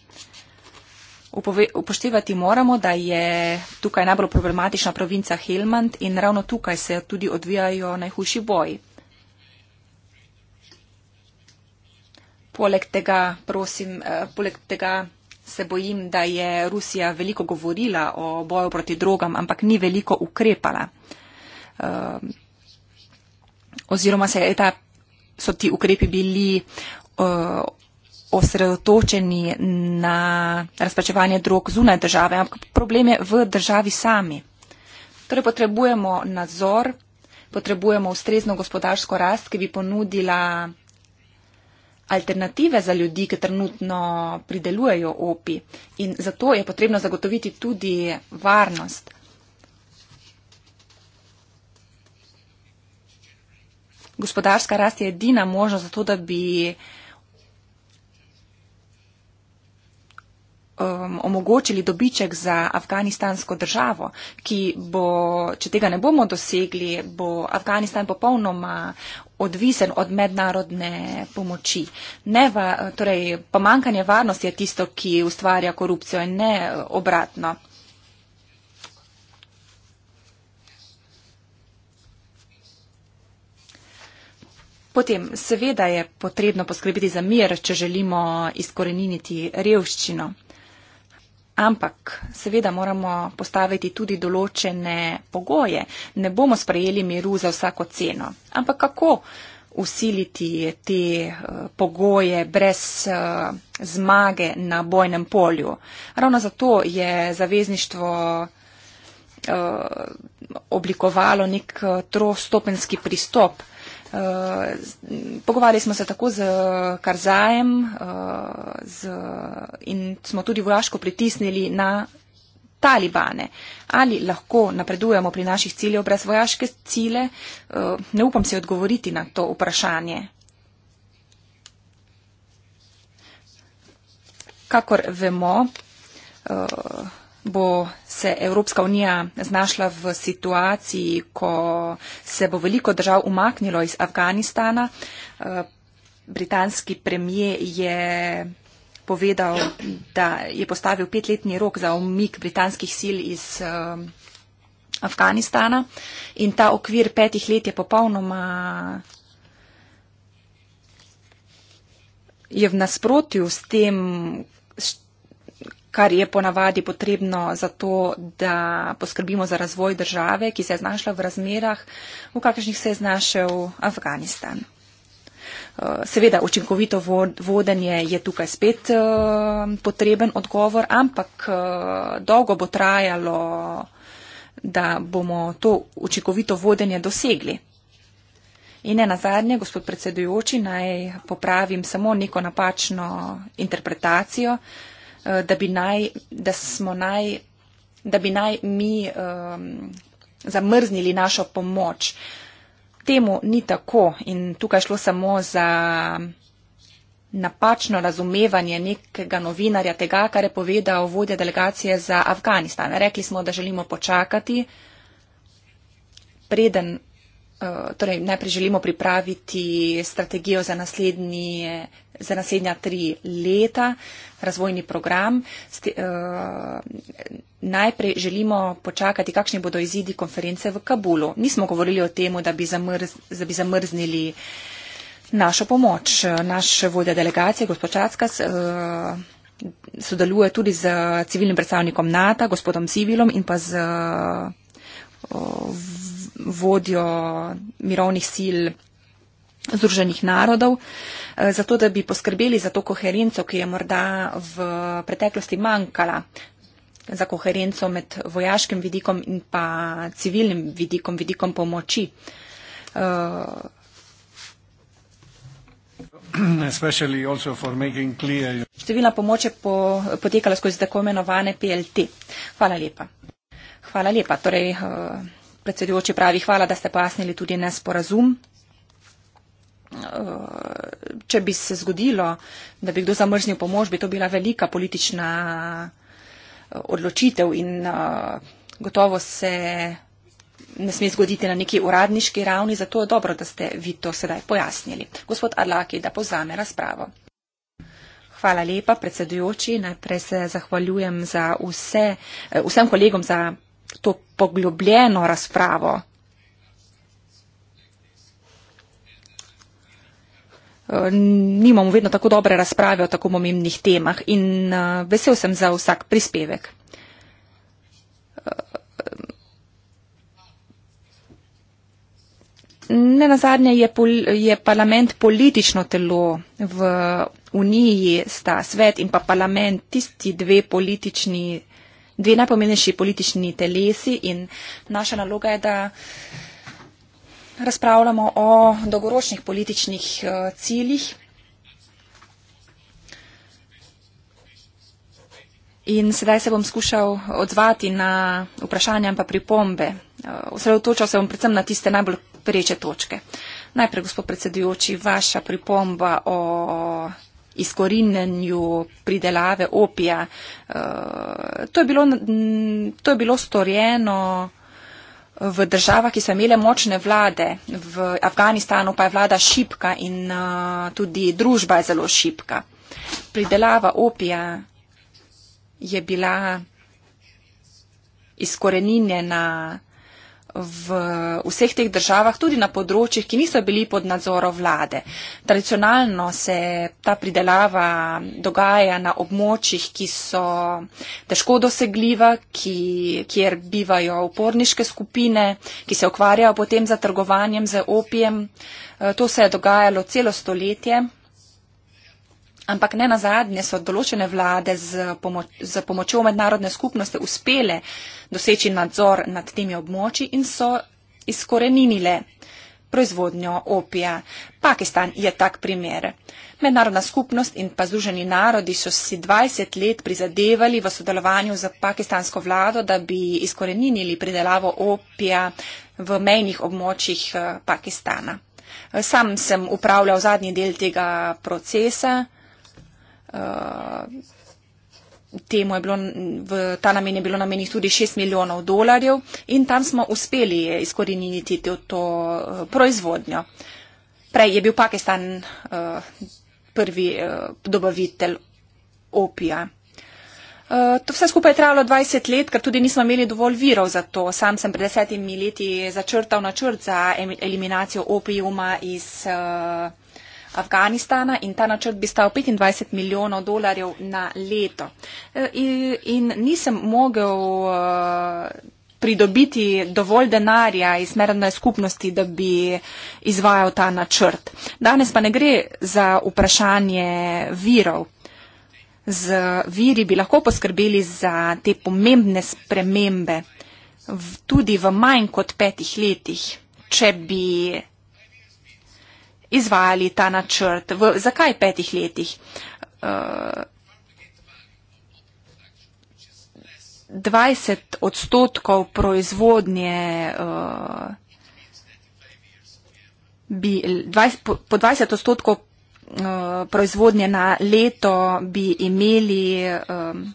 Upove, upoštevati moramo, da je tukaj najbolj problematična provinca Helmand in ravno tukaj se tudi odvijajo najhujši boji. Poleg tega, prosim, uh, poleg tega se bojim, da je Rusija veliko govorila o boju proti drogam, ampak ni veliko ukrepala. Uh, oziroma se je ta, so ti ukrepi bili uh, osredotočeni na razpačevanje drog zunaj države, ampak problem je v državi sami. Torej potrebujemo nadzor, potrebujemo ustrezno gospodarsko rast, ki bi ponudila alternative za ljudi, ki trenutno pridelujejo opi. In zato je potrebno zagotoviti tudi varnost. gospodarska rast je edina možnost za to, da bi um, omogočili dobiček za afganistansko državo, ki bo, če tega ne bomo dosegli, bo Afganistan popolnoma odvisen od mednarodne pomoči. Va, torej, pomankanje varnosti je tisto, ki ustvarja korupcijo in ne obratno. Potem, seveda je potrebno poskrbeti za mir, če želimo izkoreniniti revščino. Ampak, seveda moramo postaviti tudi določene pogoje. Ne bomo sprejeli miru za vsako ceno. Ampak kako usiliti te eh, pogoje brez eh, zmage na bojnem polju? Ravno zato je zavezništvo eh, oblikovalo nek trostopenski pristop Eh, pogovarjali smo se tako z eh, Karzajem eh, z, in smo tudi vojaško pritisnili na talibane. Ali lahko napredujemo pri naših ciljev brez vojaške cile? Ne upam se odgovoriti na to vprašanje. Kakor vemo, bo se Evropska unija znašla v situaciji, ko se bo veliko držav umaknilo iz Afganistana. Eh, britanski premije je povedal, da je postavil petletni rok za umik britanskih sil iz eh, Afganistana in ta okvir petih let je popolnoma je v nasprotju s tem, kar je ponavadi potrebno za to, da poskrbimo za razvoj države, ki se je znašla v razmerah, v kakršnih se je znašel Afganistan. Eh, seveda, učinkovito vodenje je tukaj spet eh, potreben odgovor, ampak eh, dolgo bo trajalo, da bomo to učinkovito vodenje dosegli. In ne nazadnje, gospod predsedujoči, naj popravim samo neko napačno interpretacijo. Eh, da bi naj, da smo naj, da bi naj mi um, zamrznili našo pomoč. Temu ni tako in tukaj šlo samo za napačno razumevanje nekega novinarja tega, kar je povedal vodja delegacije za Afganistan. Rekli smo, da želimo počakati, preden Eh, torej najprej želimo pripraviti strategijo za, naslednje, za naslednja tri leta, razvojni program. Sti, uh, eh, najprej želimo počakati, kakšni bodo izidi konference v Kabulu. Nismo govorili o tem, da, da bi zamrznili našo pomoč. Naš vodja delegacije, gospod Čackas, uh, sodeluje tudi z civilnim predstavnikom NATO, gospodom Civilom in pa z. Uh, vodjo mirovnih sil Združenih narodov, eh, zato da bi poskrbeli za to koherenco, ki je morda v preteklosti manjkala za koherenco med vojaškim vidikom in pa civilnim vidikom, vidikom pomoči. Eh, Številna pomoč je po, potekala skozi tako imenovane PLT. Hvala lepa. Hvala lepa. Torej, uh, predsedujoči pravi, hvala, da ste pojasnili tudi nesporazum. Eh, če bi se zgodilo, da bi kdo zamrznil pomoč, bi to bila velika politična eh, odločitev in eh, gotovo se ne sme zgoditi na neki uradniški ravni, zato je dobro, da ste vi to sedaj pojasnili. Gospod Adlaki, da povzame razpravo. Hvala lepa, predsedujoči. Najprej se zahvaljujem za vse, vsem kolegom za to poglobljeno razpravo. E, nimamo vedno tako dobre razprave o tako pomembnih temah in e, vesel sem za vsak prispevek. E, ne na zadnje je, pol, je parlament politično telo. V Uniji sta svet in pa parlament tisti dve politični dve najpomembnejši politični telesi in naša naloga je, da razpravljamo o dolgoročnih političnih eh, ciljih. In sedaj se bom skušal odzvati na vprašanja in pa pripombe. Eh, osredotočal se bom predvsem na tiste najbolj preče točke. Najprej, gospod predsedujoči, vaša pripomba o izkorinjenju pridelave opija. Eh, to je, bilo, to je bilo storjeno v državah, ki so imele močne vlade. V Afganistanu pa je vlada šipka in eh, tudi družba je zelo šipka. Pridelava opija je bila izkorenjena v vseh teh državah, tudi na področjih, ki niso bili pod nadzorom vlade. Tradicionalno se ta pridelava dogaja na območjih, ki so težko dosegljiva, ki, kjer bivajo uporniške skupine, ki se ukvarjajo potem za trgovanjem z opijem. Eh, to se je dogajalo celo stoletje. Ampak ne nazadnje so določene vlade z, pomoč, z pomočjo mednarodne skupnosti uspele doseči nadzor nad temi območji in so izkoreninile proizvodnjo opija. Pakistan je tak primer. Mednarodna skupnost in pa Združeni narodi so si 20 let prizadevali v sodelovanju z pakistansko vlado, da bi izkoreninili pridelavo opija v mejnih območjih eh, Pakistana. Eh, sam sem upravljal zadnji del tega procesa. Eh, temu je bilo, v ta namen je bilo namenih tudi 6 milijonov dolarjev in tam smo uspeli izkoreniniti to, to eh, proizvodnjo. Prej je bil Pakistan eh, prvi dobavitelj opija. To vse skupaj je trajalo 20 let, ker tudi nismo imeli dovolj virov za to. Sam sem pred desetimi leti začrtal načrt za eliminacijo opijuma iz Afganistana in ta načrt bi stal 25 milijonov dolarjev na leto. E, in nisem mogel e, pridobiti dovolj denarja iz merne skupnosti, da bi izvajal ta načrt. Danes pa ne gre za vprašanje virov. Z viri bi lahko poskrbeli za te pomembne spremembe tudi v manj kot petih letih, če bi izvajali ta načrt, v, zakaj petih letih. Uh, eh, 20 odstotkov proizvodnje uh, bi, 20, po, po 20 odstotkov uh, proizvodnje na leto bi imeli. Uh,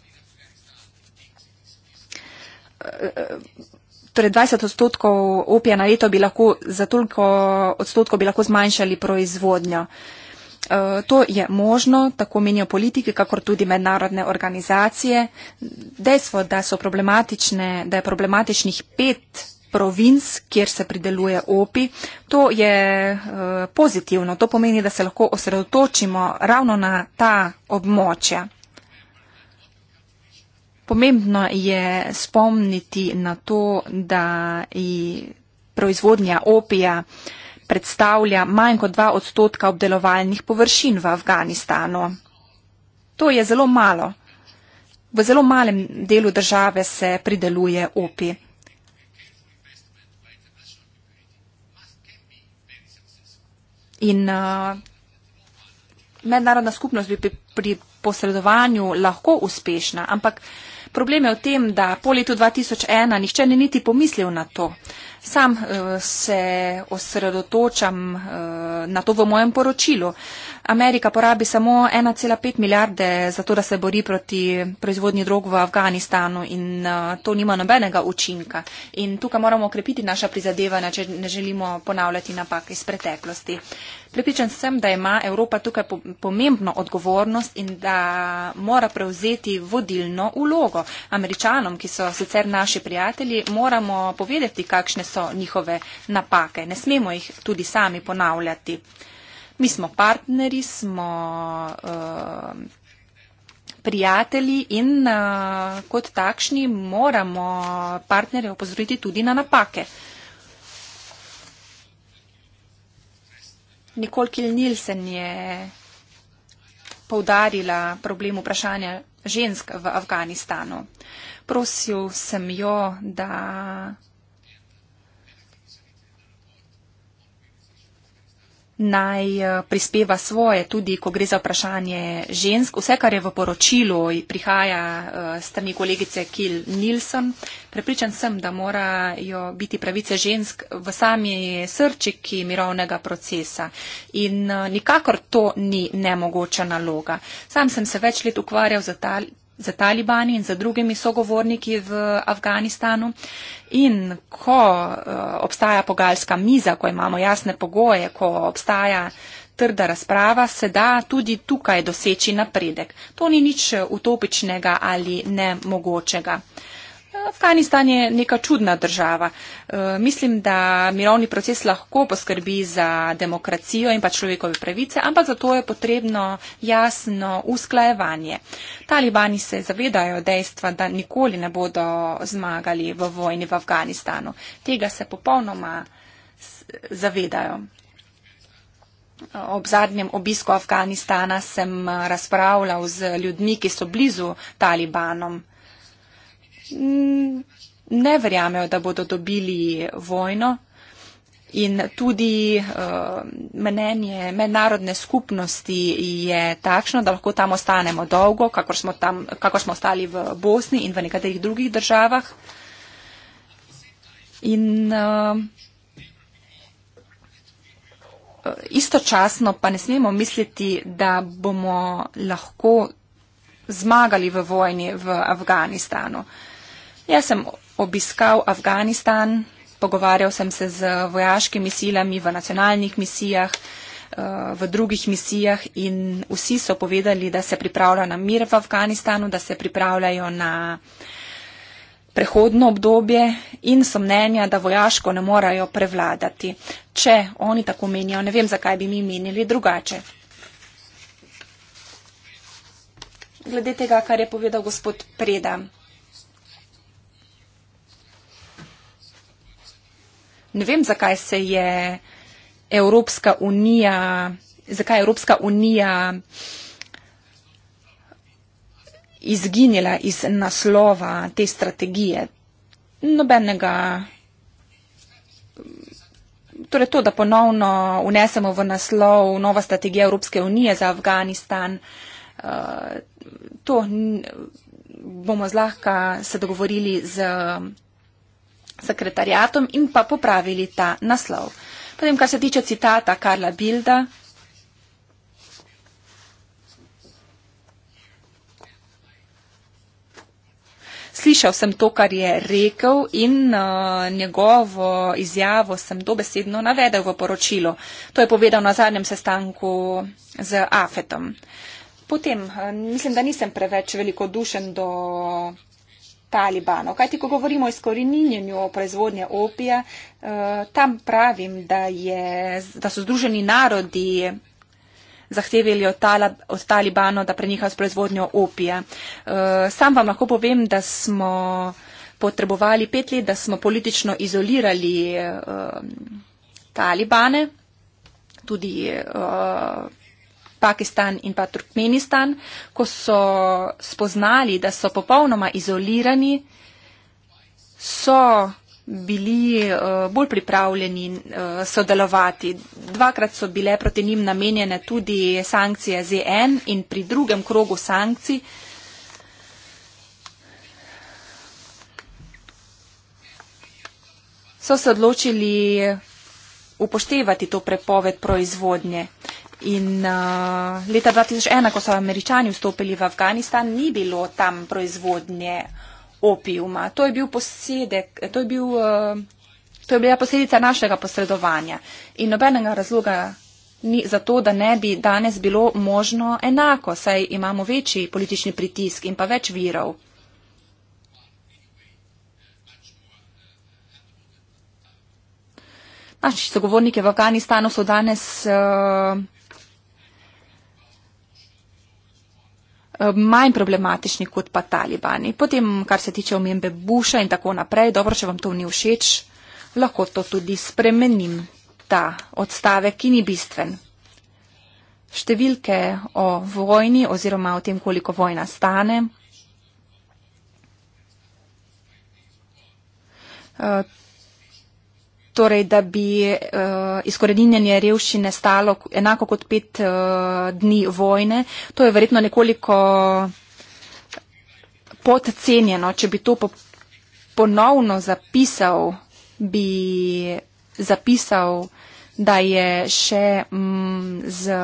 torej 20 odstotkov opija na leto bi lahko, za toliko odstotkov bi lahko zmanjšali proizvodnjo. E, to je možno, tako menijo politiki, kakor tudi mednarodne organizacije. Dejstvo, da, so problematične, da je problematičnih pet provinc, kjer se prideluje opi, to je e, pozitivno. To pomeni, da se lahko osredotočimo ravno na ta območja. Pomembno je spomniti na to, da je proizvodnja opija predstavlja manj kot 2 odstotka obdelovalnih površin v Afganistanu. To je zelo malo. V zelo malem delu države se prideluje opi. In uh, mednarodna skupnost bi pri posredovanju lahko uspešna, ampak uh, Problem je v tem, da po letu 2001 nihče ni niti pomislil na to. Sam eh, se osredotočam eh, na to v mojem poročilu. Amerika porabi samo 1,5 milijarde za to, da se bori proti proizvodnji drog v Afganistanu in uh, to nima nobenega učinka. In tukaj moramo okrepiti naša prizadevanja, če ne želimo ponavljati napak iz preteklosti. Pripričan sem, da ima Evropa tukaj pomembno odgovornost in da mora prevzeti vodilno ulogo. Američanom, ki so sicer naši prijatelji, moramo povedati, kakšne so njihove napake. Ne smemo jih tudi sami ponavljati. Mi smo partneri, smo uh, prijatelji in uh, kot takšni moramo partnerje opozoriti tudi na napake. Nikol Kilnilsen je povdarila problem vprašanja žensk v Afganistanu. Prosil sem jo, da naj eh, prispeva svoje, tudi ko gre za vprašanje žensk. Vse, kar je v poročilu, prihaja eh, strani kolegice Kil Nilsson. Prepričan sem, da morajo biti pravice žensk v sami srčiki mirovnega procesa. In eh, nikakor to ni nemogoča naloga. Sam sem se več let ukvarjal z za talibani in za drugimi sogovorniki v Afganistanu. In ko uh, obstaja pogalska miza, ko imamo jasne pogoje, ko obstaja trda razprava, se da tudi tukaj doseči napredek. To ni nič eh, utopičnega ali nemogočega. Uh, Afganistan je neka čudna država. E, mislim, da mirovni proces lahko poskrbi za demokracijo in pa človekove pravice, ampak za to je potrebno jasno usklajevanje. Talibani se zavedajo dejstva, da nikoli ne bodo zmagali v vojni v Afganistanu. Tega se popolnoma zavedajo. Ob zadnjem obisku Afganistana sem e, razpravljal z ljudmi, ki so blizu Talibanom ne verjamejo, da bodo dobili vojno. In tudi uh, mnenje mednarodne skupnosti je takšno, da lahko tam ostanemo dolgo, kakor smo, tam, kakor smo ostali v Bosni in v nekaterih drugih državah. In uh, istočasno pa ne smemo misliti, da bomo lahko zmagali v vojni v Afganistanu. Uh, Jaz sem obiskal Afganistan, pogovarjal sem se z vojaškimi silami v nacionalnih misijah, eh, v drugih misijah in vsi so povedali, da se pripravlja na mir v Afganistanu, da se pripravljajo na prehodno obdobje in so mnenja, da vojaško ne morajo prevladati. Če oni tako menijo, ne vem, zakaj bi mi menili drugače. Glede tega, kar je povedal gospod Preda. ne vem, zakaj se je Evropska unija, zakaj je Evropska unija izginila iz naslova te strategije. Nobenega. Torej to, da ponovno unesemo v naslov nova strategija Evropske unije za Afganistan, eh, to bomo zlahka se dogovorili z sekretarjatom in pa popravili ta naslov. Potem, kar se tiče citata Karla Bilda, slišal sem to, kar je rekel in uh, njegovo izjavo sem dobesedno navedel v poročilo. To je povedal na zadnjem sestanku z Afetom. Potem, uh, mislim, da nisem preveč velikodušen do talibanov. Kajti, ko govorimo o izkoreninjenju proizvodnje opija, eh, tam pravim, da, je, da so združeni narodi zahtevali od, talab, od talibanov, da prenehajo s proizvodnjo opija. Eh, sam vam lahko povem, da smo potrebovali pet let, da smo politično izolirali eh, talibane, tudi Pakistan in pa Turkmenistan, ko so spoznali, da so popolnoma izolirani, so bili uh, bolj pripravljeni uh, sodelovati. Dvakrat so bile proti njim namenjene tudi sankcije ZN in pri drugem krogu sankcij. so se odločili upoštevati to prepoved proizvodnje. In uh, leta 2001, ko so američani vstopili v Afganistan, ni bilo tam proizvodnje opijuma. To je, bil posedek, to, je bil, uh, to je bila posledica našega posredovanja. In nobenega razloga ni za to, da ne bi danes bilo možno enako, saj imamo večji politični pritisk in pa več virov. Naši sogovorniki v Afganistanu so danes. Uh, Eh, manj problematični kot pa talibani. Potem, kar se tiče omembe Buša in tako naprej, dobro, če vam to ni všeč, lahko to tudi spremenim, ta odstavek, ki ni bistven. Številke o vojni oziroma o tem, koliko vojna stane. Uh, torej da bi uh, izkoreninjanje revščine stalo enako kot pet uh, dni vojne, to je verjetno nekoliko podcenjeno. Če bi to po ponovno zapisal, bi zapisal, da je še mm, z.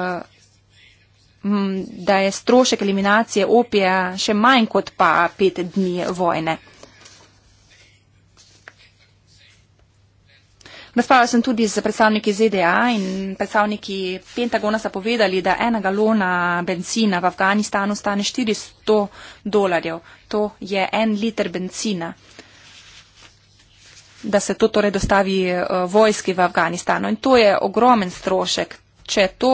Mm, da je strošek eliminacije opija še manj kot pa pet dni vojne. Razpravljal sem tudi z predstavniki ZDA in predstavniki Pentagona so povedali, da ena galona benzina v Afganistanu stane 400 dolarjev. To je en liter benzina da se to torej dostavi eh, vojski v Afganistanu. In to je ogromen strošek. Če to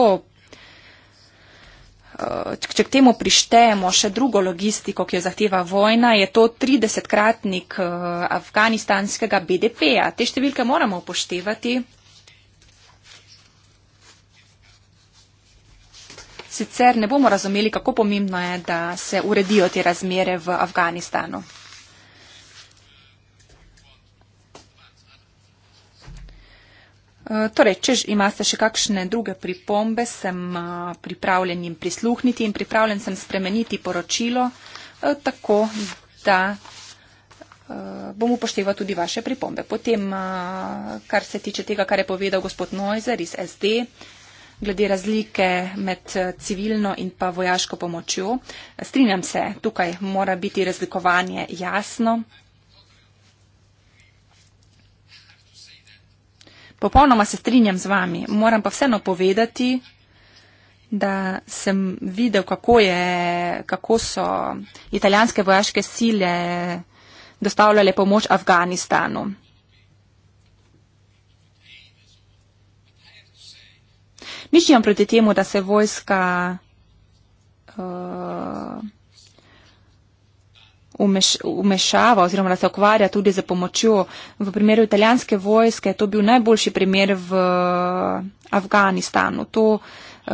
če k temu prištejemo še drugo logistiko, ki jo zahteva vojna, je to 30-kratnik eh, afganistanskega BDP-ja. Te številke moramo upoštevati. Sicer ne bomo razumeli, kako pomembno je, da se uredijo te razmere v Afganistanu. Eh, torej, če imate še kakšne druge pripombe, sem eh, pripravljen jim prisluhniti in pripravljen sem spremeniti poročilo eh, tako, da bom upošteval tudi vaše pripombe. Potem, kar se tiče tega, kar je povedal gospod Neuser iz SD, glede razlike med civilno in pa vojaško pomočjo, strinjam se, tukaj mora biti razlikovanje jasno. Popolnoma se strinjam z vami, moram pa vseeno povedati, da sem videl, kako, je, kako so italijanske vojaške sile dostavljale pomoč Afganistanu. Mišljam proti temu, da se vojska. Uh, umeš, umešava oziroma da se ukvarja tudi za pomočjo. V primeru italijanske vojske je to bil najboljši primer v eh, Afganistanu. To, uh,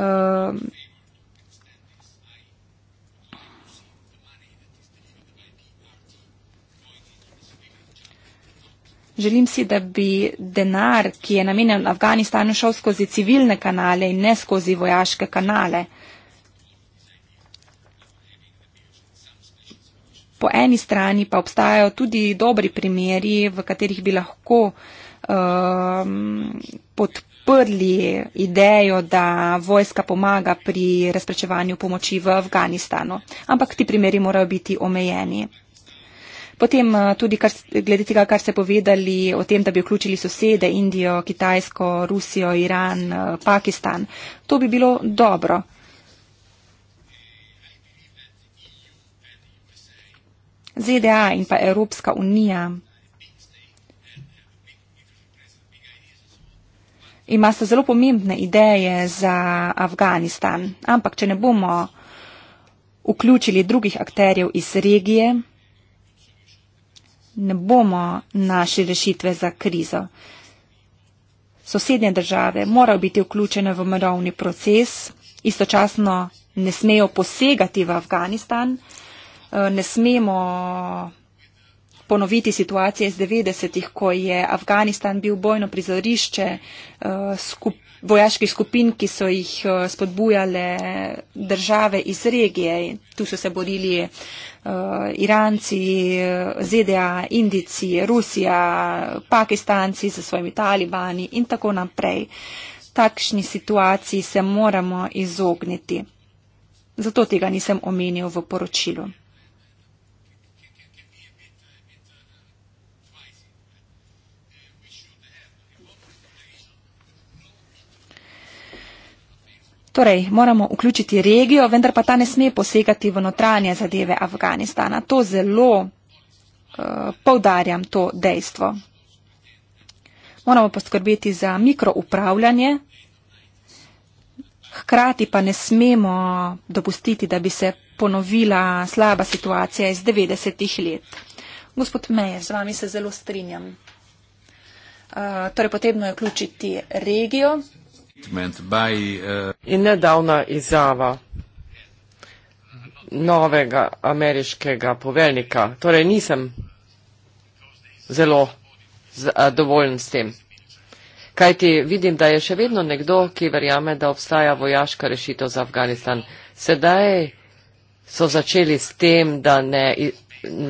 želim si, da bi denar, ki je namenjen Afganistanu, šel skozi civilne kanale in ne skozi vojaške kanale. po eni strani pa obstajajo tudi dobri primeri, v katerih bi lahko um, podprli idejo, da vojska pomaga pri razprečevanju pomoči v Afganistanu. Ampak ti primeri morajo biti omejeni. Potem uh, tudi kar, glede tega, kar ste povedali o tem, da bi vključili sosede Indijo, Kitajsko, Rusijo, Iran, uh, Pakistan. To bi bilo dobro, ZDA in pa Evropska unija. Imate zelo pomembne ideje za Afganistan, ampak če ne bomo vključili drugih akterjev iz regije, ne bomo našli rešitve za krizo. Sosednje države morajo biti vključene v mirovni proces, istočasno ne smejo posegati v Afganistan, Eh, ne smemo ponoviti situacije iz 90-ih, ko je Afganistan bil bojno prizorišče eh, skup, vojaških skupin, ki so jih eh, spodbujale države iz regije. Tu so se borili Iranci, ZDA, Indici, Rusija, Pakistanci z svojimi talibani in tako naprej. Takšni situaciji se moramo izogniti. Zato tega nisem omenil v poročilu. Torej, moramo vključiti regijo, vendar pa ta ne sme posegati v notranje zadeve Afganistana. To zelo uh, eh, povdarjam to dejstvo. Moramo poskrbeti za mikroupravljanje, hkrati pa ne smemo dopustiti, da bi se ponovila slaba situacija iz 90-ih let. Gospod Meje, z vami se zelo strinjam. Uh, torej, potrebno je vključiti regijo. Uh, In nedavna izjava novega ameriškega poveljnika. Torej nisem zelo dovoljen s tem. Kajti vidim, da je še vedno nekdo, ki verjame, da obstaja vojaška rešitev za Afganistan. Sedaj so začeli s tem, da ne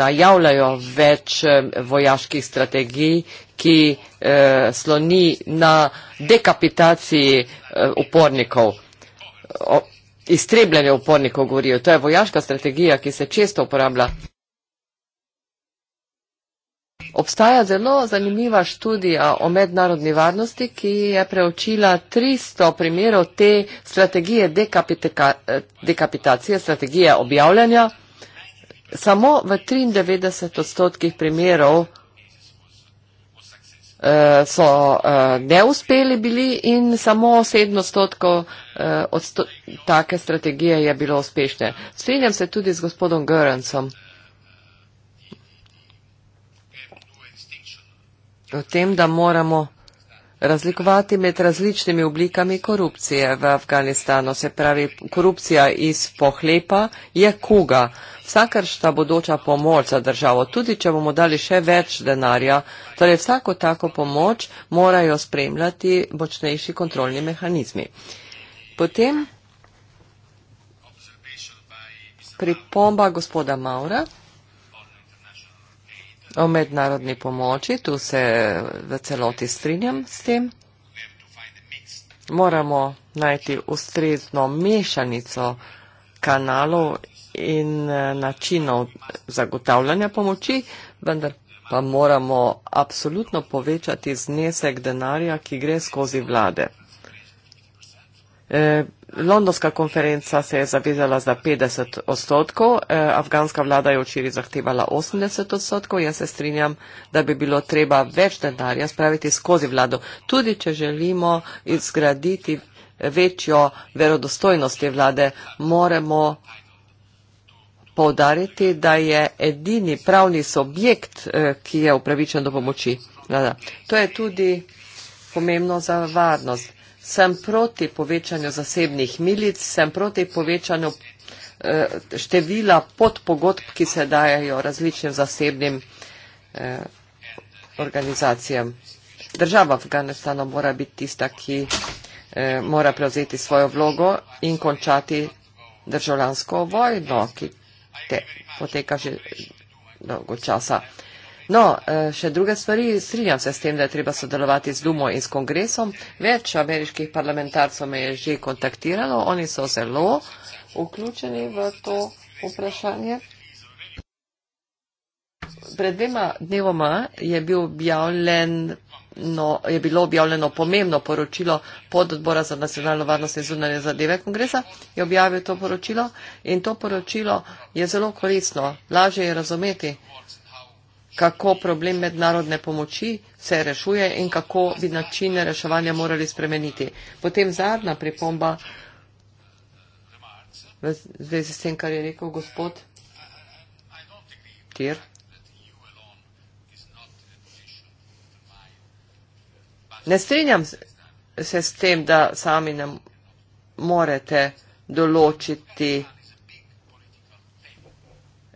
najavljajo več eh, vojaških strategij ki eh, sloni na dekapitaciji eh, upornikov, o, istrebljanje upornikov govorijo. To je vojaška strategija, ki se često uporablja. Obstaja zelo zanimiva študija o mednarodni varnosti, ki je preučila 300 primerov te strategije eh, dekapitacije, strategije objavljanja. Samo v 93 odstotkih primerov uh, so uh, neuspeli bili in samo 7 odstotkov uh, eh, od sto take strategije je bilo uspešne. Strinjam se tudi z gospodom Görencom. O tem, da moramo razlikovati med različnimi oblikami korupcije v Afganistanu. Se pravi, korupcija iz pohlepa je kuga. Vsakršta bodoča pomoč za državo, tudi če bomo dali še več denarja, torej vsako tako pomoč morajo spremljati močnejši kontrolni mehanizmi. Potem pripomba gospoda Maura. O mednarodni pomoči, tu se v celoti strinjam s tem. Moramo najti ustrezno mešanico kanalov in eh, načinov zagotavljanja pomoči, vendar pa moramo absolutno povečati znesek denarja, ki gre skozi vlade. Eh, Londonska konferenca se je zavezala za 50 odstotkov, eh, afganska vlada je včeraj zahtevala 80 odstotkov. Jaz se strinjam, da bi bilo treba več denarja spraviti skozi vlado, tudi če želimo izgraditi večjo verodostojnost te vlade, moramo povdariti, da je edini pravni subjekt, eh, ki je upravičen do pomoči. Da, da. To je tudi pomembno za varnost sem proti povečanju zasebnih milic, sem proti povečanju eh, števila podpogodb, ki se dajajo različnim zasebnim eh, organizacijam. Država Afganistano mora biti tista, ki eh, mora prevzeti svojo vlogo in končati državljansko vojno, ki poteka že dolgo časa. No, e, še druge stvari, strinjam se s tem, da je treba sodelovati z Dumo in s kongresom. Več ameriških parlamentarcev me je že kontaktiralo, oni so zelo vključeni v to vprašanje. Pred dvema dnevoma je, bil objavljeno, je bilo objavljeno pomembno poročilo pod odbora za nacionalno varnost in zunanje zadeve kongresa. Je objavil to poročilo in to poročilo je zelo koristno, lažje je razumeti kako problem mednarodne pomoči se rešuje in kako bi načine reševanja morali spremeniti. Potem zadnja pripomba v zvezi s tem, kar je rekel gospod Tir. Ne strinjam se s tem, da sami ne morete določiti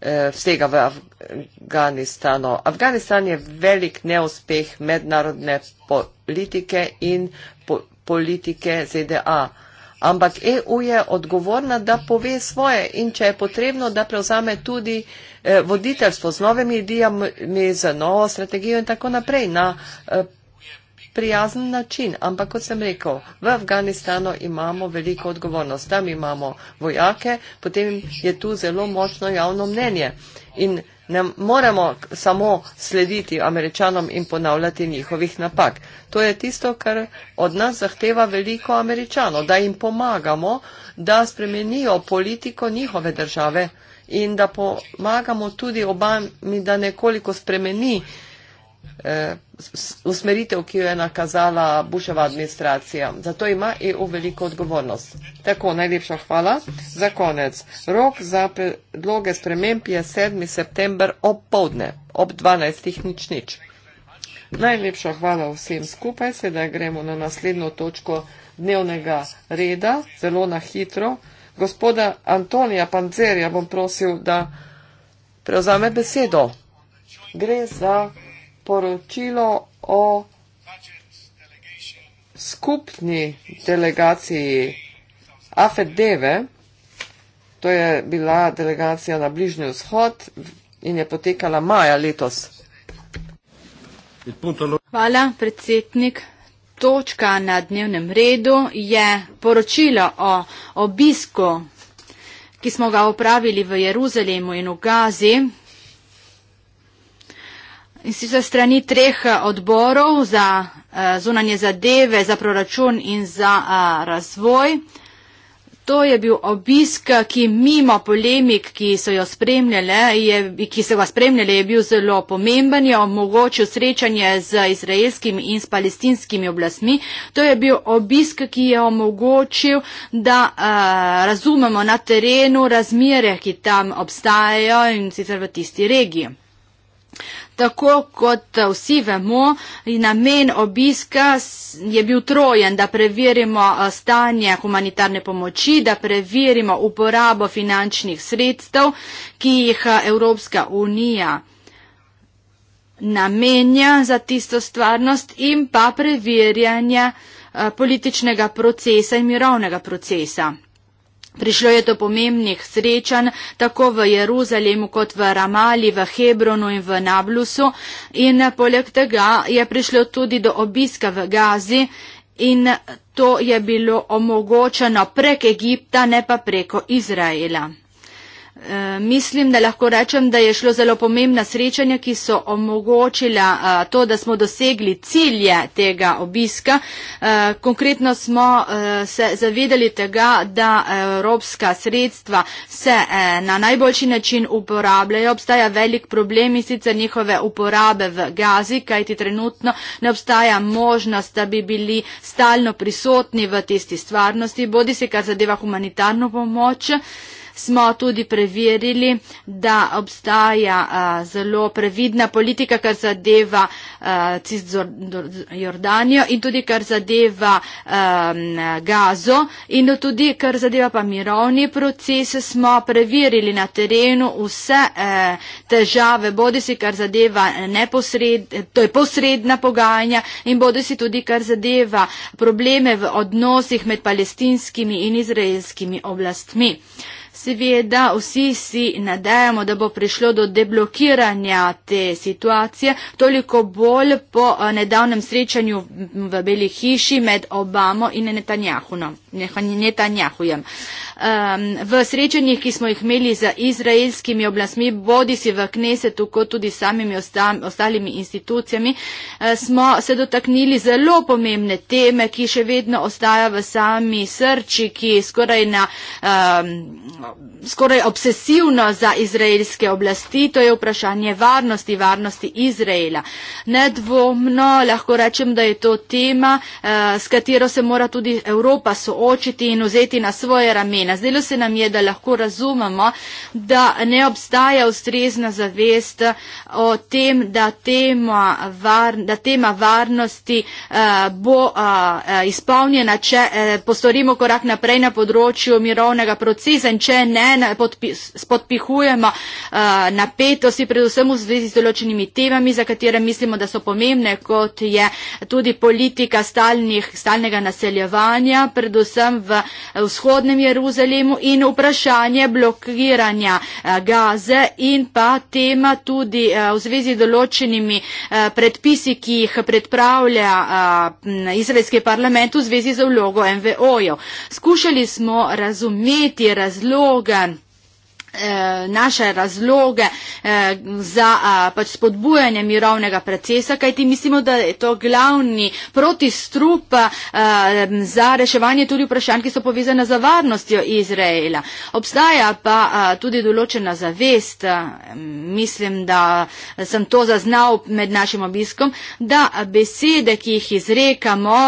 Eh, vsega v Afganistanu. Afganistan je velik neuspeh mednarodne politike in po politike ZDA. Ampak EU je odgovorna, da pove svoje in če je potrebno, da prevzame tudi eh, voditeljstvo z novimi idijami, z novo strategijo in tako naprej na eh, prijazen način, ampak kot sem rekel, v Afganistanu imamo veliko odgovornost. Tam imamo vojake, potem je tu zelo močno javno mnenje in ne moremo samo slediti američanom in ponavljati njihovih napak. To je tisto, kar od nas zahteva veliko američanov, da jim pomagamo, da spremenijo politiko njihove države in da pomagamo tudi obam, da nekoliko spremeni Eh, usmeritev, ki jo je nakazala Buševa administracija. Zato ima EU veliko odgovornost. Tako, najlepša hvala. Za konec. Rok za predloge sprememb je 7. september ob povdne, ob 12. nič nič. Najlepša hvala vsem skupaj, sedaj gremo na naslednjo točko dnevnega reda, zelo na hitro. Gospoda Antonija Panzerja bom prosil, da prevzame besedo. Gre za poročilo o skupni delegaciji AFED-deve, to je bila delegacija na Bližnji vzhod in je potekala maja letos. Hvala, predsednik. Točka na dnevnem redu je poročilo o obisku, ki smo ga upravili v Jeruzalemu in v Gazi, In si za strani treh eh, odborov za eh, zunanje zadeve, za proračun in za eh, razvoj. To je bil obisk, ki mimo polemik, ki so jo spremljale, je, ki so ga spremljale, je bil zelo pomemben, je omogočil srečanje z izraelskimi in s palestinskimi oblastmi. To je bil obisk, ki je omogočil, da uh, razumemo na terenu razmere, ki tam obstajajo in sicer v tisti regiji tako kot vsi vemo, namen obiska je bil trojen, da preverimo eh, stanje humanitarne pomoči, da preverimo uporabo finančnih sredstev, ki jih eh, Evropska unija namenja za tisto stvarnost in pa preverjanje eh, političnega procesa in mirovnega procesa. Prišlo je do pomembnih srečanj tako v Jeruzalemu kot v Ramali, v Hebronu in v Nablusu in poleg tega je prišlo tudi do obiska v Gazi in to je bilo omogočeno prek Egipta, ne pa preko Izraela. Eh, mislim, da lahko rečem, da je šlo zelo pomembna srečanja, ki so omogočila eh, to, da smo dosegli cilje tega obiska. Eh, konkretno smo se zavedali tega, da evropska sredstva se na najboljši način uporabljajo. Obstaja velik problem in sicer njihove uporabe v gazi, kajti trenutno ne obstaja možnost, da bi bili stalno prisotni v tisti stvarnosti, bodi se kar zadeva humanitarno pomoč smo tudi preverili, da obstaja zelo previdna politika, kar zadeva Cisjordanijo in tudi kar zadeva gazo in tudi kar zadeva pa mirovni proces, smo preverili na terenu vse težave, bodi si kar zadeva neposred, to je posredna pogajanja in bodi si tudi kar zadeva probleme v odnosih med palestinskimi in izraelskimi oblastmi. Uh, Seveda vsi si nadejamo, da bo prišlo do deblokiranja te situacije, toliko bolj po eh, nedavnem srečanju v Beli hiši med Obamo in Netanjahujem. Ehm, v srečanjih, ki smo jih imeli z izraelskimi oblastmi, bodi si v Knesetu, kot tudi samimi ostalimi institucijami, eh, smo se dotaknili zelo pomembne teme, ki še vedno ostaja v sami srči, ki skoraj na um, skoraj obsesivno za izraelske oblasti, to je vprašanje varnosti, varnosti Izraela. Nedvomno lahko rečem, da je to tema, eh, s katero se mora tudi Evropa soočiti in vzeti na svoje ramena. Zdelo se nam je, da lahko razumemo, da ne obstaja ustrezna zavest eh, o tem, da tema, var, da tema varnosti eh, bo izpolnjena, če postorimo korak naprej na področju mirovnega procesa če ne, ne podpi, spodpihujemo uh, napetosti, predvsem v zvezi z določenimi temami, za katere mislimo, da so pomembne, kot je tudi politika stalnih, stalnega naseljevanja, predvsem v eh, vzhodnem Jeruzalemu in vprašanje blokiranja uh, gaze in pa tema tudi uh, v zvezi z določenimi uh, predpisi, ki jih predpravlja uh, izraelski parlament v zvezi z vlogo MVO-jo. Skušali smo razumeti razlog, organ. Eh, naše razloge eh, za eh, pač spodbujanje mirovnega procesa, kajti mislimo, da je to glavni protistrup za reševanje tudi vprašanj, ki so povezane za varnostjo Izraela. Obstaja pa tudi določena zavest, mislim, da sem to zaznal med našim obiskom, da besede, ki jih izrekamo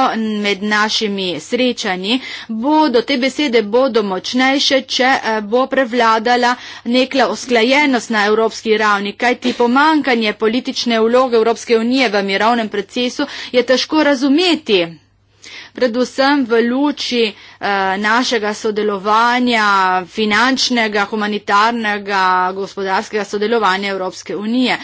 med našimi srečanji, bodo, te besede bodo močnejše, če bo prevladala neka usklajenost na evropski ravni, kajti pomankanje politične vloge Evropske unije v mirovnem procesu je težko razumeti. Predvsem v luči eh, našega sodelovanja, finančnega, humanitarnega, gospodarskega sodelovanja Evropske unije.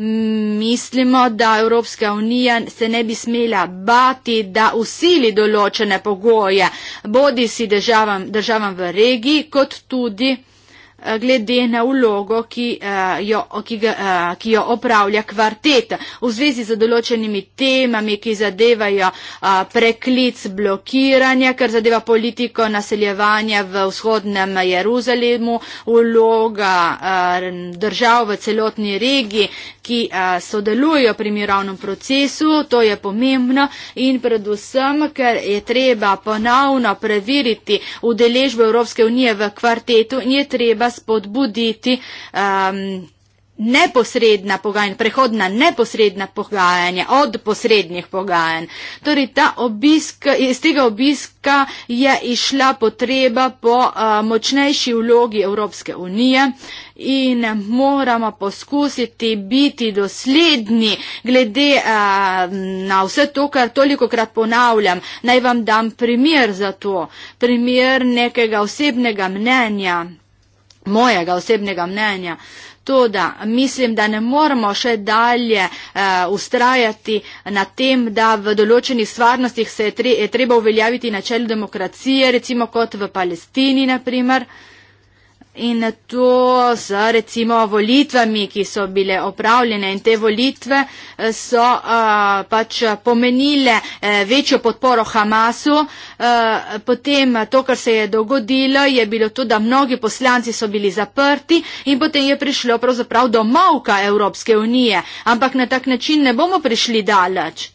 Mislimo, da Evropska unija se ne bi smela bati, da usili določene pogoje, bodi si državam, državam v regiji, kot tudi. Eh, glede na vlogo, ki eh, jo, ki, eh, ki jo opravlja kvartet. V zvezi z določenimi temami, ki zadevajo preklic blokiranja, kar zadeva politiko naseljevanja v vzhodnem Jeruzalemu, vloga držav v celotni regiji, ki sodelujo pri mirovnem procesu, to je pomembno in predvsem, ker je treba ponovno preveriti udeležbo Evropske unije v kvartetu in je treba spodbuditi um, neposredna pogajanja, prehod na neposredna pogajanja od posrednjih pogajanj. Torej, obisk, iz tega obiska je išla potreba po uh, močnejši vlogi Evropske unije in moramo poskusiti biti dosledni glede uh, na vse to, kar toliko krat ponavljam. Naj vam dam primer za to, primer nekega osebnega mnenja mojega osebnega mnenja. Toda mislim, da ne moremo še dalje uh, eh, ustrajati na tem, da v določenih stvarnostih se je, tre, je treba uveljaviti načel demokracije, recimo kot v Palestini, naprimer. Uh, In to s recimo volitvami, ki so bile opravljene in te volitve eh, so uh, pač pomenile uh, večjo podporo Hamasu. Uh, potem to, kar se je dogodilo, je bilo to, da mnogi poslanci so bili zaprti in potem je prišlo pravzaprav do mavka Evropske unije. Ampak na tak način ne bomo prišli daleč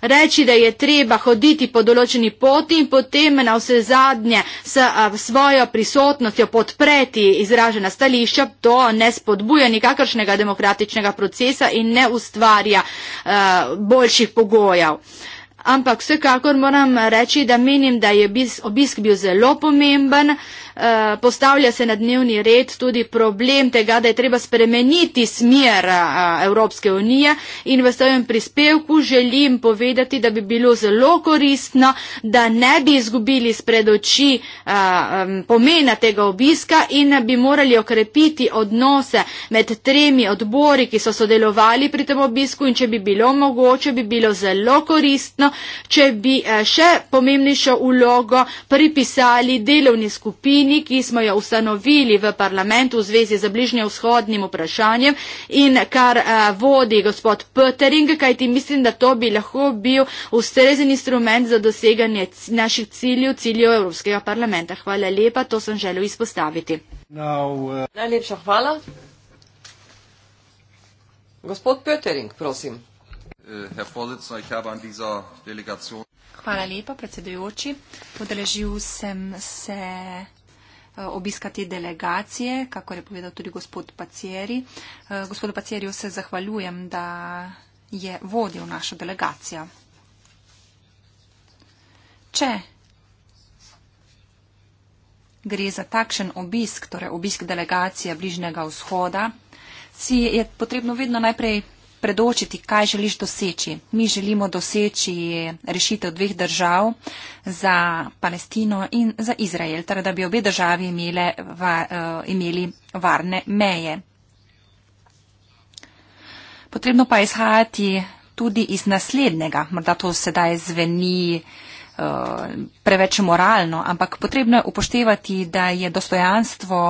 reči, da je treba hoditi po določeni poti in potem na vse zadnje s svojo prisotnostjo podpreti izražena stališča, to ne spodbuja nikakršnega demokratičnega procesa in ne ustvarja boljših pogojev. Ampak vsekakor moram reči, da menim, da je obisk bil zelo pomemben. Eh, postavlja se na dnevni red tudi problem tega, da je treba spremeniti smer eh, Evropske unije in v svojem prispevku želim povedati, da bi bilo zelo koristno, da ne bi izgubili spred oči eh, pomena tega obiska in bi morali okrepiti odnose med tremi odbori, ki so sodelovali pri tem obisku in če bi bilo mogoče, bi bilo zelo koristno, če bi eh, še pomembnejšo ulogo pripisali delovni skupini, ki smo jo ustanovili v parlamentu v zvezi z bližnjo vzhodnim vprašanjem in kar eh, vodi gospod Pöttering, kajti mislim, da to bi lahko bil ustrezen instrument za doseganje naših ciljev, ciljev Evropskega parlamenta. Hvala lepa, to sem želel izpostaviti. Now, uh... Najlepša hvala. Gospod Pöttering, prosim. Äh, Herr Vorsitzender, ich habe an dieser Delegation Hvala lepa, predsedujoči. Podeležil sem se äh, obiska te delegacije, kako je povedal tudi gospod Pacieri. Äh, gospodu Pacieriju se zahvaljujem, da je vodil našo delegacijo. Če gre za takšen obisk, torej obisk delegacije Bližnjega vzhoda, si je potrebno vedno najprej predočiti, kaj želiš doseči. Mi želimo doseči rešitev dveh držav za Palestino in za Izrael, torej da bi obe državi imele, va, eh, imeli varne meje. Potrebno pa je izhajati tudi iz naslednjega, morda to sedaj zveni eh, preveč moralno, ampak potrebno je upoštevati, da je dostojanstvo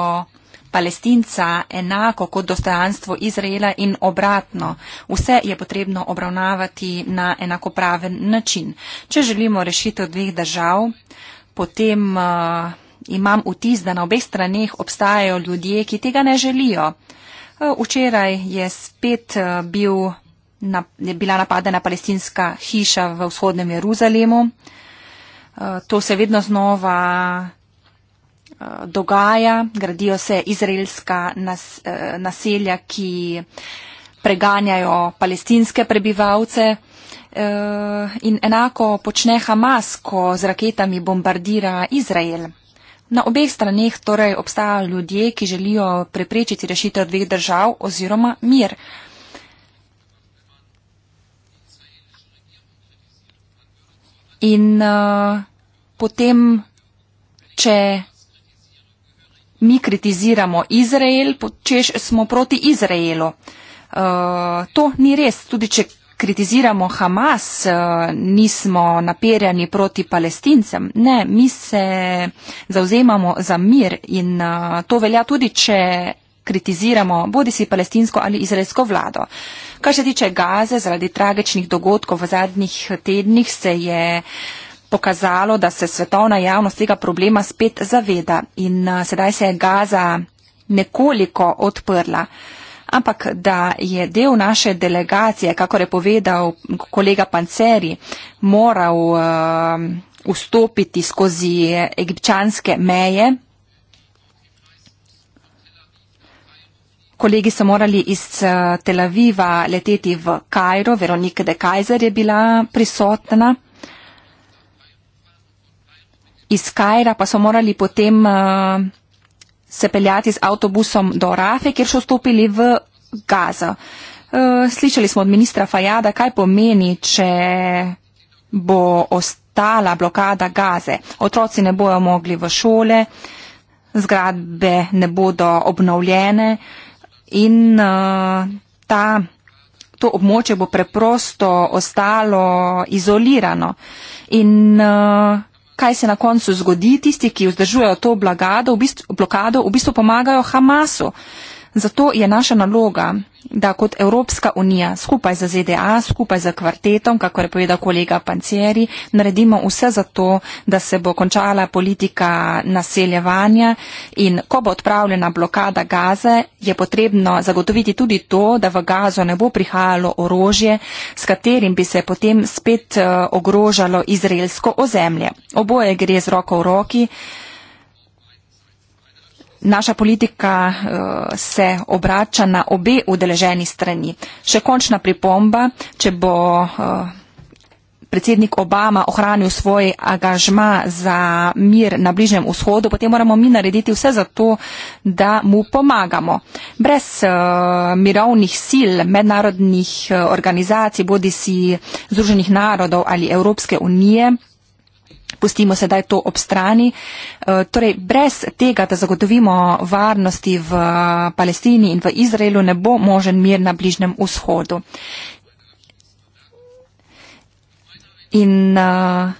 palestinca enako kot dostojanstvo Izraela in obratno. Vse je potrebno obravnavati na enakopraven način. Če želimo rešitev dveh držav, potem uh, imam vtis, da na obeh straneh obstajajo ljudje, ki tega ne želijo. Eh, včeraj je spet eh, bil, na, je bila napadena palestinska hiša v vzhodnem Jeruzalemu. To se vedno znova Eh, dogaja, gradijo se izraelska nas, eh, naselja, ki preganjajo palestinske prebivalce. Eh, in enako počne Hamas, ko z raketami bombardira Izrael. Na obeh straneh torej obstajajo ljudje, ki želijo preprečiti rešitev dveh držav oziroma mir. In uh, potem, če mi kritiziramo Izrael, češ smo proti Izraelu. Uh, to ni res. Tudi če kritiziramo Hamas, uh, nismo naperjani proti palestincem. Ne, mi se zauzemamo za mir in uh, to velja tudi, če kritiziramo bodi si palestinsko ali izraelsko vlado. Kar se tiče Gaze, zaradi tragičnih dogodkov v zadnjih tednih se je uh, pokazalo, da se svetovna javnost tega problema spet zaveda in sedaj se je Gaza nekoliko odprla. Ampak da je del naše delegacije, kako je povedal kolega Panceri, moral uh, vstopiti skozi egipčanske meje. Kolegi so morali iz Tel Aviva leteti v Kajro, Veronika de Kajzer je bila prisotna iz Kajra pa so morali potem uh, se peljati z avtobusom do Rafe, kjer so vstopili v Gaza. Uh, slišali smo od ministra Fajada, kaj pomeni, če bo ostala blokada Gaze. Otroci ne bojo mogli v šole, zgradbe ne bodo obnovljene in uh, ta. To območje bo preprosto ostalo izolirano. In kaj se na koncu zgodi, tisti, ki vzdržujejo to blagado, v bistvu, blokado, v bistvu pomagajo Hamasu. Zato je naša naloga, da kot Evropska unija skupaj z ZDA, skupaj z kvartetom, kako je povedal kolega Pancieri, naredimo vse za to, da se bo končala politika naseljevanja in ko bo odpravljena blokada gaze, je potrebno zagotoviti tudi to, da v gazo ne bo prihajalo orožje, s katerim bi se potem spet eh, ogrožalo izraelsko ozemlje. Oboje gre z roko v roki naša politika eh, se obrača na obe udeleženi strani. Še končna pripomba, če bo eh, predsednik Obama ohranil svoj agažma za mir na Bližnjem vzhodu, potem moramo mi narediti vse za to, da mu pomagamo. Brez uh, mirovnih sil, mednarodnih organizacij, bodi si Združenih narodov ali Evropske unije, pustimo sedaj to ob strani. Eh, torej, brez tega, da zagotovimo varnosti v eh, Palestini in v Izraelu, ne bo možen mir na Bližnem vzhodu. In eh,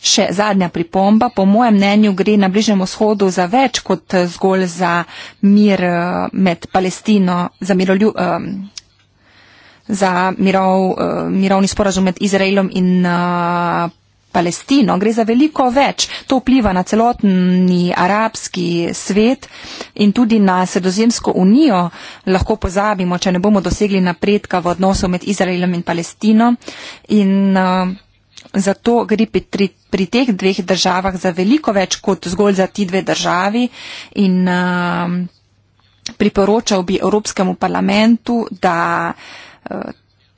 še zadnja pripomba. Po mojem mnenju gre na Bližnem vzhodu za več kot zgolj za mir med Palestino, za miroljub. Um, za mirov, mirovni sporazum med Izraelom in Palestino, gre za veliko več. To vpliva na celotni arabski svet in tudi na Sredozemsko unijo. Lahko pozabimo, če ne bomo dosegli napredka v odnosu med Izraelom in Palestino. In uh, zato gre pri, pri, pri teh dveh državah za veliko več kot zgolj za ti dve državi. In uh, priporočal bi Evropskemu parlamentu, da uh,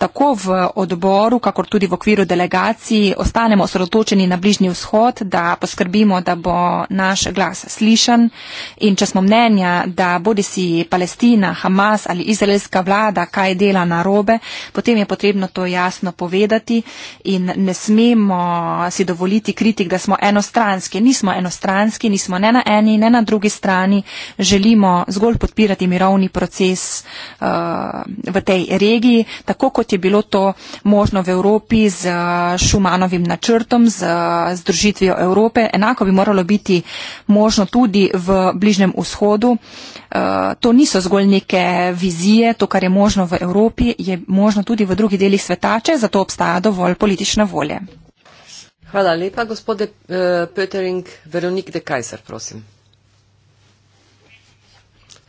tako v odboru, kakor tudi v okviru delegaciji ostanemo osredotočeni na bližnji vzhod, da poskrbimo, da bo naš glas slišen in če smo mnenja, da bodi si Palestina, Hamas ali izraelska vlada kaj dela na robe, potem je potrebno to jasno povedati in ne smemo si dovoliti kritik, da smo enostranski. Nismo enostranski, nismo ne na eni, ne na drugi strani, želimo zgolj podpirati mirovni proces uh, v tej regiji, tako kot je bilo to možno v Evropi z eh, Šumanovim načrtom, z združitvijo Evrope. Enako bi moralo biti možno tudi v Bližnjem vzhodu. Eh, to niso zgolj neke vizije, to, kar je možno v Evropi, je možno tudi v drugih delih sveta, če za to obstaja dovolj politične volje. Hvala lepa, gospode eh, Petering. Veronik de Kajser, prosim.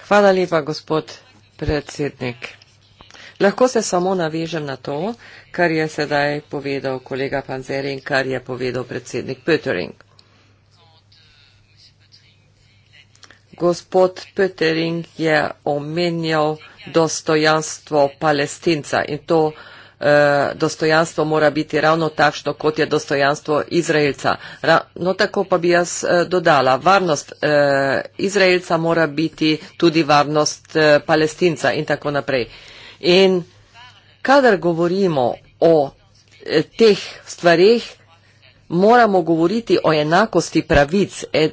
Hvala lepa, gospod predsednik. Lahko se samo navežem na to, kar je sedaj povedal kolega Panzeri in kar je povedal predsednik Pötering. Gospod Pötering je omenjal dostojanstvo palestinca in to eh, dostojanstvo mora biti ravno takšno, kot je dostojanstvo Izraelca. Ra no tako pa bi jaz eh, dodala, varnost eh, Izraelca mora biti tudi varnost eh, palestinca in tako naprej. Eh, In kadar govorimo o eh, teh stvarih, moramo govoriti o enakosti pravic. E,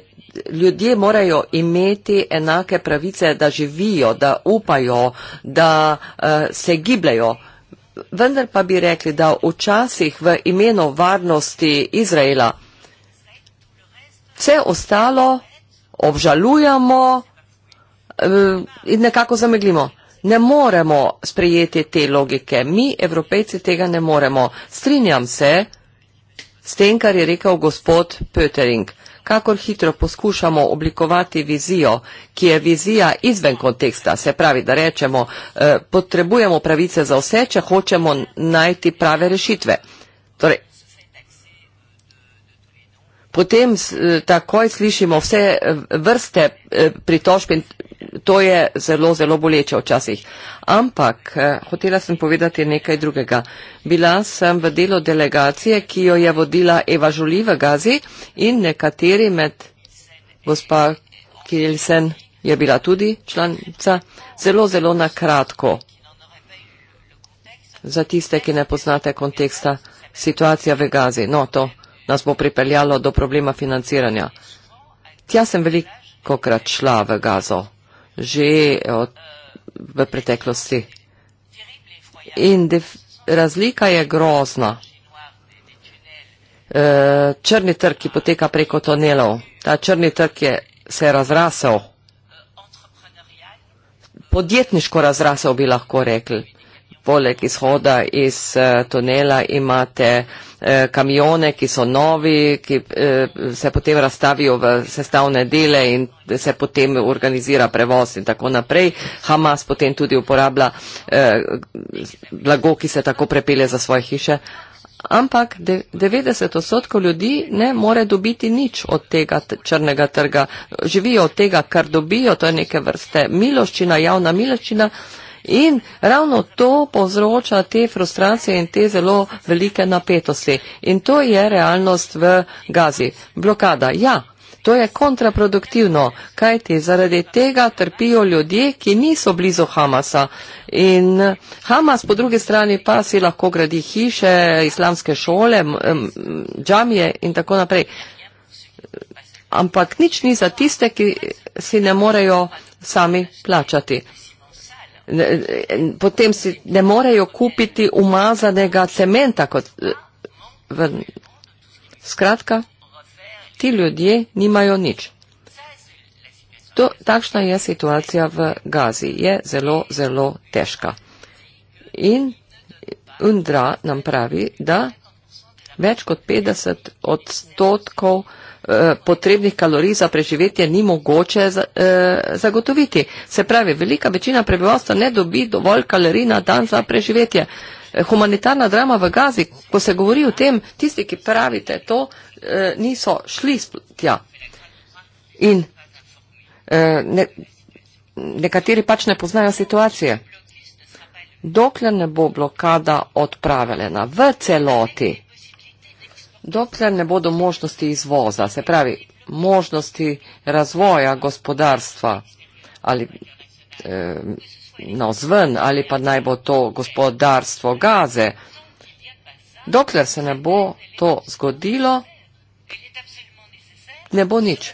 ljudje morajo imeti enake pravice, da živijo, da upajo, da eh, se gibljajo. Vendar pa bi rekli, da včasih v imenu varnosti Izraela vse ostalo obžalujemo eh, in nekako zameglimo ne moremo sprejeti te logike. Mi, evropejci, tega ne moremo. Strinjam se s tem, kar je rekel gospod Pötering. Kakor hitro poskušamo oblikovati vizijo, ki je vizija izven konteksta, se pravi, da rečemo, eh, potrebujemo pravice za vse, če hočemo najti prave rešitve. Torej, potem eh, takoj slišimo vse eh, vrste eh, pritožb in to je zelo, zelo boleče včasih. Ampak eh, hotela sem povedati nekaj drugega. Bila sem v delu delegacije, ki jo je vodila Eva Žuli v Gazi in nekateri med gospa Kilsen je bila tudi članica, zelo, zelo na kratko. Za tiste, ki ne poznate konteksta, situacija v Gazi. No, to nas bo pripeljalo do problema financiranja. Tja sem veliko krat šla v Gazo že od, v preteklosti. In def, razlika je grozna. E, črni trg, ki poteka preko tunelov, ta črni trg je, se je razrasel, podjetniško razrasel bi lahko rekli poleg izhoda iz eh, tunela imate eh, kamione, ki so novi, ki eh, se potem razstavijo v sestavne dele in se potem organizira prevoz in tako naprej. Hamas potem tudi uporablja blago, ki se tako prepelje za svoje hiše. Ampak 90 odstotkov ljudi ne more dobiti nič od tega črnega trga. Živijo od tega, kar dobijo, to je neke vrste miloščina, javna miloščina. In ravno to povzroča te frustracije in te zelo velike napetosti. In to je realnost v Gazi. Blokada. Ja, to je kontraproduktivno, kajti zaradi tega trpijo ljudje, ki niso blizu Hamasa. In Hamas po drugi strani pa si lahko gradi hiše, islamske šole, džamije in tako naprej. Ampak nič ni za tiste, ki si ne morejo sami plačati potem si ne morejo kupiti umazanega cementa. Kot, eh, v, skratka, ti ljudje nimajo nič. To, takšna je situacija v Gazi. Je zelo, zelo težka. In Undra nam pravi, da več kot 50 odstotkov Eh, potrebnih kalorij za preživetje ni mogoče eh, zagotoviti. Se pravi, velika večina prebivalstva ne dobi dovolj kalorij na dan za preživetje. Eh, humanitarna drama v Gazi, ko se govori o tem, tisti, ki pravite to, niso šli tja. In ne, nekateri pač ne poznajo situacije. Dokler ne bo blokada odpravljena v celoti, dokler ne bodo možnosti izvoza, se pravi možnosti razvoja gospodarstva ali eh, navzven ali pa naj bo to gospodarstvo gaze, dokler se ne bo to zgodilo, ne bo nič.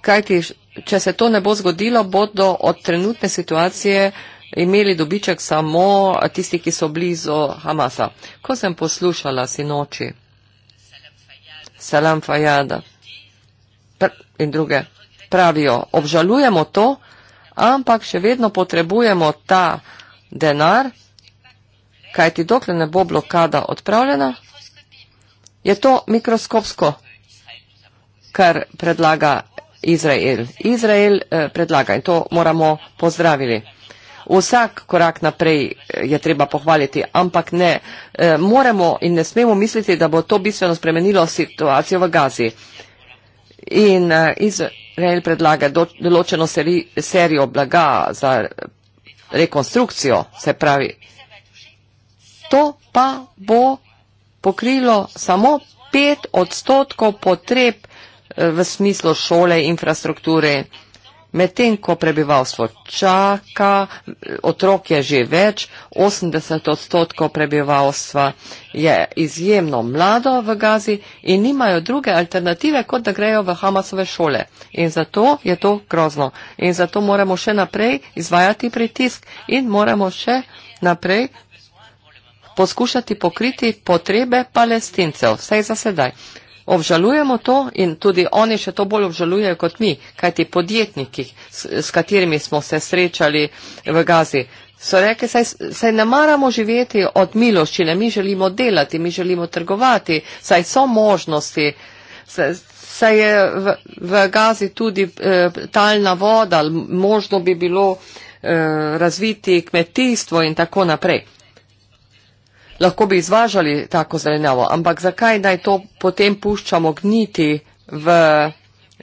Kajti, če se to ne bo zgodilo, bodo od trenutne situacije eh, imeli dobiček samo tisti, ki so blizu Hamasa. Ko sem poslušala sinoči, Salam Fajada in druge, pravijo, obžalujemo to, ampak še vedno potrebujemo ta denar, kaj ti dokle ne bo blokada odpravljena, je to mikroskopsko, kar predlaga Izrael. Izrael eh, predlaga in to moramo pozdraviti vsak korak naprej eh, je treba pohvaliti, ampak ne, eh, moramo in ne smemo misliti, da bo to bistveno spremenilo situacijo v Gazi. In eh, Izrael predlaga določeno seri, serijo blaga za rekonstrukcijo, se pravi. To pa bo pokrilo samo pet odstotkov potreb v smislu šole, infrastrukture in Medtem ko prebivalstvo čaka, otrok je že več, 80 odstotkov prebivalstva je izjemno mlado v Gazi in nimajo druge alternative, kot da grejo v Hamasove šole. In zato je to grozno. In zato moramo še naprej izvajati pritisk in moramo še naprej poskušati pokriti potrebe palestincev, vsaj za sedaj obžalujemo to in tudi oni še to bolj obžalujejo kot mi, kajti podjetniki, s, s katerimi smo se srečali v Gazi, so rekli, saj, saj ne maramo živeti od miloščine, mi želimo delati, mi želimo trgovati, saj so možnosti. Saj, saj je v, v Gazi tudi eh, talna voda, možno bi bilo eh, razviti kmetijstvo in tako naprej lahko bi izvažali tako zelenjavo, ampak zakaj naj to potem puščamo gniti v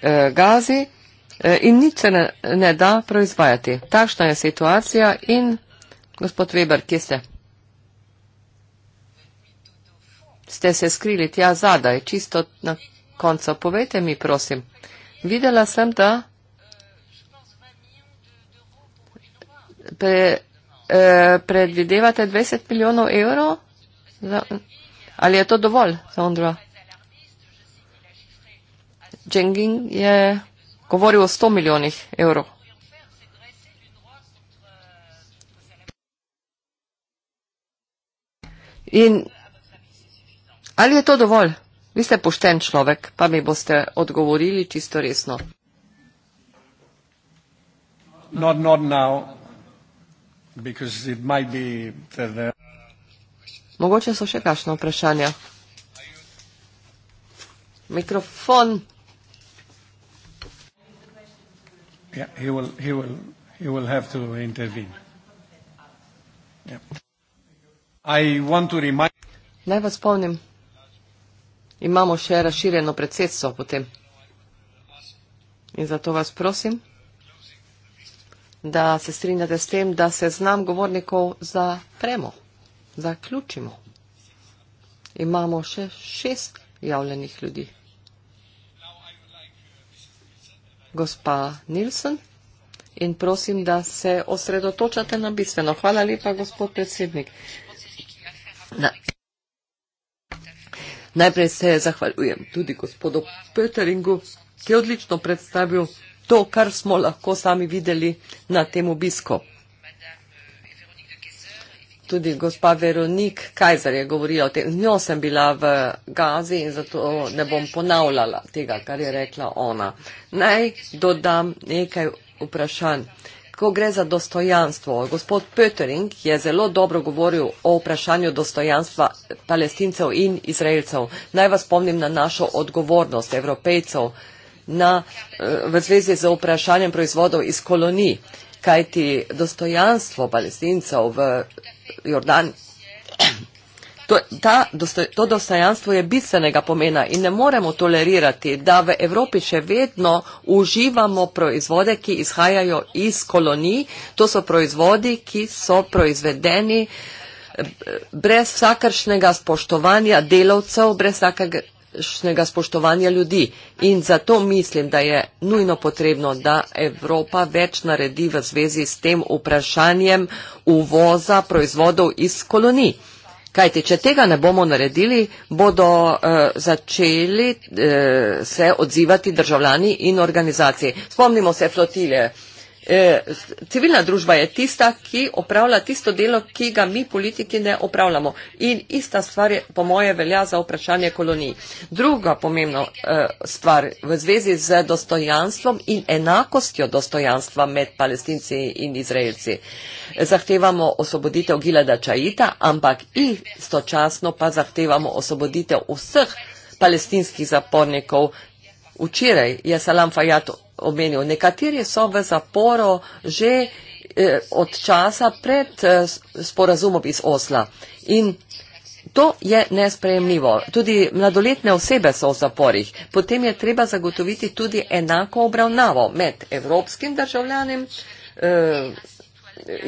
eh, gazi eh, in nič se ne, ne da proizvajati. Takšna je situacija in gospod Weber, kje ste? Ste se skrili tja zadaj, čisto na koncu. Povejte mi, prosim. Videla sem, da pre, eh, predvidevate 20 milijonov evrov. Za, ali je to dovolj za Ondra? Dženging je govoril o 100 milijonih evrov. In ali je to dovolj? Vi ste pošten človek, pa mi boste odgovorili čisto resno. Not, not now, Mogoče so še kakšno vprašanje. Mikrofon. Yeah, he will, he will, he will have to intervene. Yeah. I want to remind. Naj vas spomnim, imamo še razširjeno predsedstvo potem. In zato vas prosim, da se strinjate s tem, da se znam govornikov zapremo zaključimo. Imamo še šest javljenih ljudi. Gospa Nilsen in prosim, da se osredotočate na bistveno. Hvala lepa, gospod predsednik. Na. Najprej se zahvaljujem tudi gospodu Peteringu, ki je odlično predstavil to, kar smo lahko sami videli na tem obisku tudi gospa Veronik Kajzer je govorila o tem. Z njo sem bila v Gazi in zato ne bom ponavljala tega, kar je rekla ona. Naj dodam nekaj vprašanj. Ko gre za dostojanstvo, gospod Pötering je zelo dobro govoril o vprašanju dostojanstva palestincev in izraelcev. Naj vas spomnim na našo odgovornost evropejcev na, eh, v zvezi z vprašanjem proizvodov iz kolonij, kajti dostojanstvo palestincev v Jordan. To, ta, to dostojanstvo je bistvenega pomena in ne moremo tolerirati, da v Evropi še vedno uživamo proizvode, ki izhajajo iz kolonij. To so proizvodi, ki so proizvedeni eh, brez vsakršnega spoštovanja delavcev, brez vsakega vsakršnega spoštovanja ljudi. In zato mislim, da je nujno potrebno, da Evropa več naredi v zvezi s tem vprašanjem uvoza proizvodov iz kolonij. Kajti, če tega ne bomo naredili, bodo uh, začeli uh, se odzivati državljani in organizacije. Spomnimo se flotile. Uh, eh, civilna družba je tista, ki opravlja tisto delo, ki ga mi politiki ne opravljamo. In ista stvar je, po moje velja za vprašanje kolonij. Druga pomembna eh, stvar v zvezi z dostojanstvom in enakostjo dostojanstva med palestinci in izraelci. Zahtevamo osvoboditev Gilada Čajita, ampak istočasno pa zahtevamo osvoboditev vseh palestinskih zapornikov, včeraj je Salam Fajat omenil, nekateri so v zaporu že eh, od časa pred eh, sporazumom iz Osla. In to je nespremljivo. Tudi mladoletne osebe so v zaporih. Potem je treba zagotoviti tudi enako obravnavo med evropskim državljanem, eh,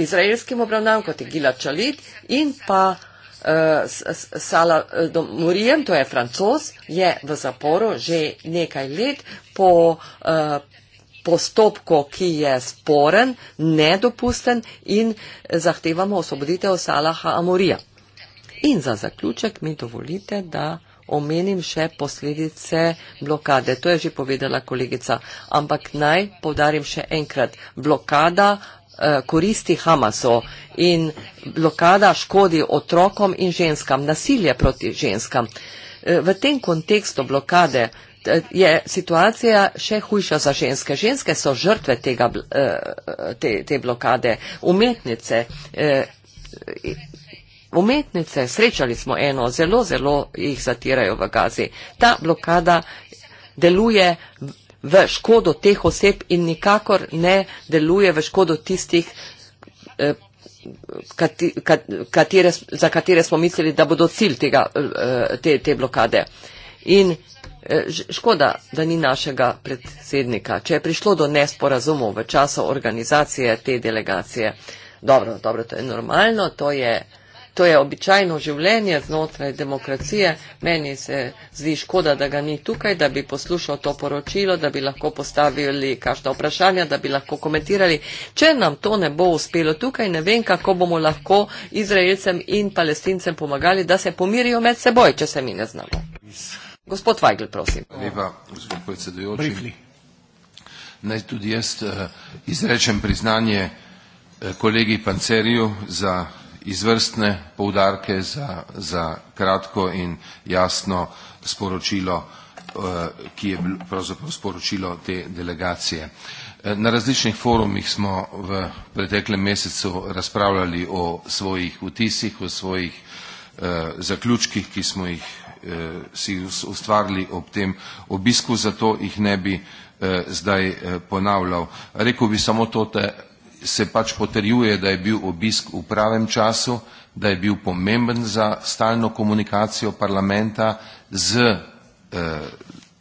izraelskim obravnavom kot je Gila Čalit in pa Sala Morijem, to je francos, je v zaporu že nekaj let po eh, postopku, ki je sporen, nedopusten in zahtevamo osvoboditev Salaha Amorija. In za zaključek mi dovolite, da omenim še posledice blokade. To je že povedala kolegica, ampak naj povdarim še enkrat. Blokada uh, Eh, koristi Hamasu in blokada škodi otrokom in ženskam, nasilje proti ženskam. Eh, v tem kontekstu blokade eh, je situacija še hujša za ženske. Ženske so žrtve tega, te, te blokade, umetnice. Umetnice, srečali smo eno, zelo, zelo jih zatirajo v gazi. Ta blokada deluje v škodo teh oseb in nikakor ne deluje v škodo tistih, eh, katere, za katere smo mislili, da bodo cilj tega, eh, te, te blokade. In eh, škoda, da ni našega predsednika, če je prišlo do nesporazumov v času organizacije te delegacije. Dobro, dobro, to je normalno, to je to je običajno življenje znotraj demokracije. Meni se zdi škoda, da ga ni tukaj, da bi poslušal to poročilo, da bi lahko postavili kašna vprašanja, da bi lahko komentirali. Če nam to ne bo uspelo tukaj, ne vem, kako bomo lahko Izraelcem in palestincem pomagali, da se pomirijo med seboj, če se mi ne znamo. Gospod Vajgl, prosim. Lepa, gospod predsedujoči. Briefly. Naj tudi jaz uh, izrečem priznanje uh, kolegi Panceriju za izvrstne poudarke za, za kratko in jasno sporočilo, eh, ki je pravzaprav sporočilo te delegacije. Eh, na različnih forumih smo v preteklem mesecu razpravljali o svojih vtisih, o svojih eh, zaključkih, ki smo jih eh, si ustvarili ob tem obisku, zato jih ne bi eh, zdaj eh, ponavljal. Rekl bi samo to, da se pač potrjuje, da je bil obisk v pravem času, da je bil pomemben za stalno komunikacijo parlamenta z eh,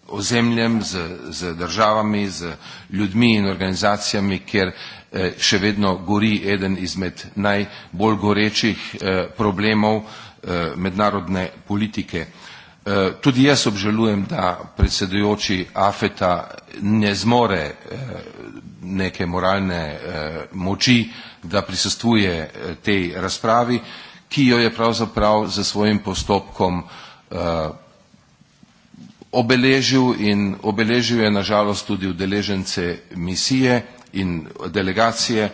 ozemljem, z, z državami, z ljudmi in organizacijami, ker eh, še vedno gori eden izmed najbolj gorečih eh, problemov eh, mednarodne politike. Eh, Eh, tudi jaz obžalujem, da predsedujoči Afeta ne zmore eh, neke moralne eh, moči, da prisostuje tej razpravi, ki jo je pravzaprav za svojim postopkom obeležil in obeležil je nažalost tudi udeležence misije in delegacije.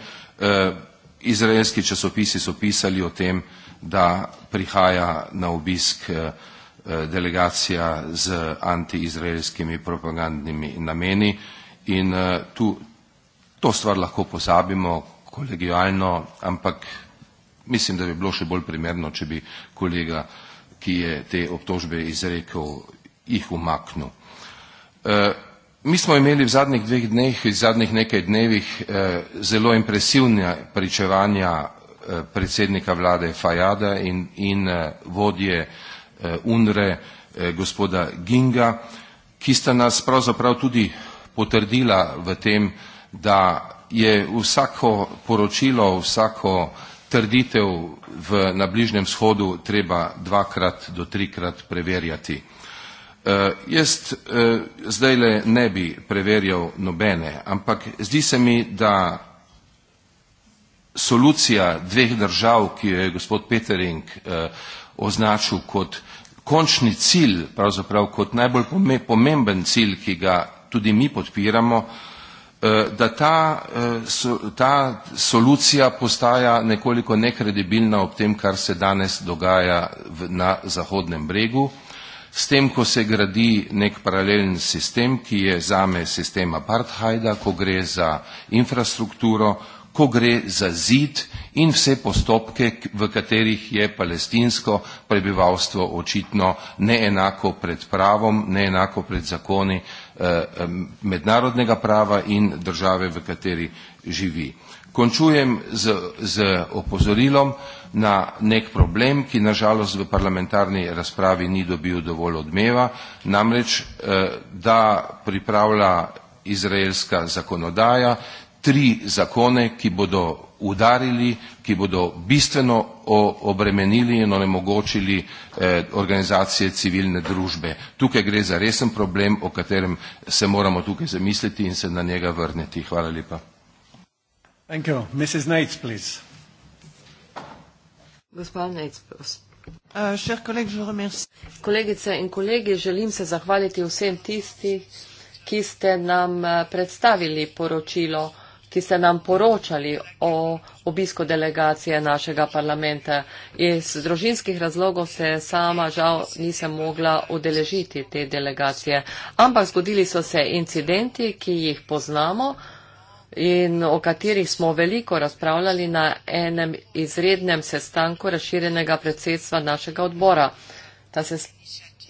Izraelski časopisi so pisali o tem, da prihaja na obisk Eh, delegacija z antiizraelskimi propagandnimi nameni in eh, tu to stvar lahko pozabimo kolegijalno, ampak mislim, da bi bilo še bolj primerno, če bi kolega, ki je te obtožbe izrekel, jih umaknil. Eh, mi smo imeli v zadnjih dveh dneh, v zadnjih nekaj dnevih zelo impresivne pričevanja predsednika vlade Fajada in, in vodje Eh, UNRE eh, gospoda Ginga, ki sta nas pravzaprav tudi potrdila v tem, da je vsako poročilo, vsako trditev v, na Bližnjem shodu treba dvakrat do trikrat preverjati. E, jaz e, zdaj le ne bi preverjal nobene, ampak zdi se mi, da solucija dveh držav, ki jo je gospod Petering e, označil kot končni cilj, pravzaprav kot najbolj pomemben cilj, ki ga tudi mi podpiramo, eh, da ta, eh, ta solucija postaja nekoliko nekredibilna ob tem, kar se danes dogaja na Zahodnem bregu, s tem, ko se gradi nek paralelen sistem, ki je zame sistem apartheida, ko gre za infrastrukturo, ko gre za zid in vse postopke, v katerih je palestinsko prebivalstvo očitno neenako pred pravom, neenako pred zakoni eh, mednarodnega prava in države, v kateri živi. Končujem z, z opozorilom na nek problem, ki nažalost v parlamentarni razpravi ni dobil dovolj odmeva, namreč eh, da pripravlja izraelska zakonodaja tri zakone, ki bodo udarili, ki bodo bistveno obremenili in onemogočili eh, organizacije civilne družbe. Tukaj gre za resen problem, o katerem se moramo tukaj zamisliti in se na njega vrniti. Hvala lepa. Thank you. Mrs. Nates, please. Eh, Kolegice in kolegi, želim se zahvaliti vsem tisti, ki ste nam eh, predstavili poročilo vsega, ki ste nam poročali o obisku delegacije našega parlamenta. Iz družinskih razlogov se sama žal nisem mogla udeležiti te delegacije. Ampak zgodili so se incidenti, ki jih poznamo in o katerih smo veliko razpravljali na enem izrednem sestanku razširjenega predsedstva našega odbora. Ta, se,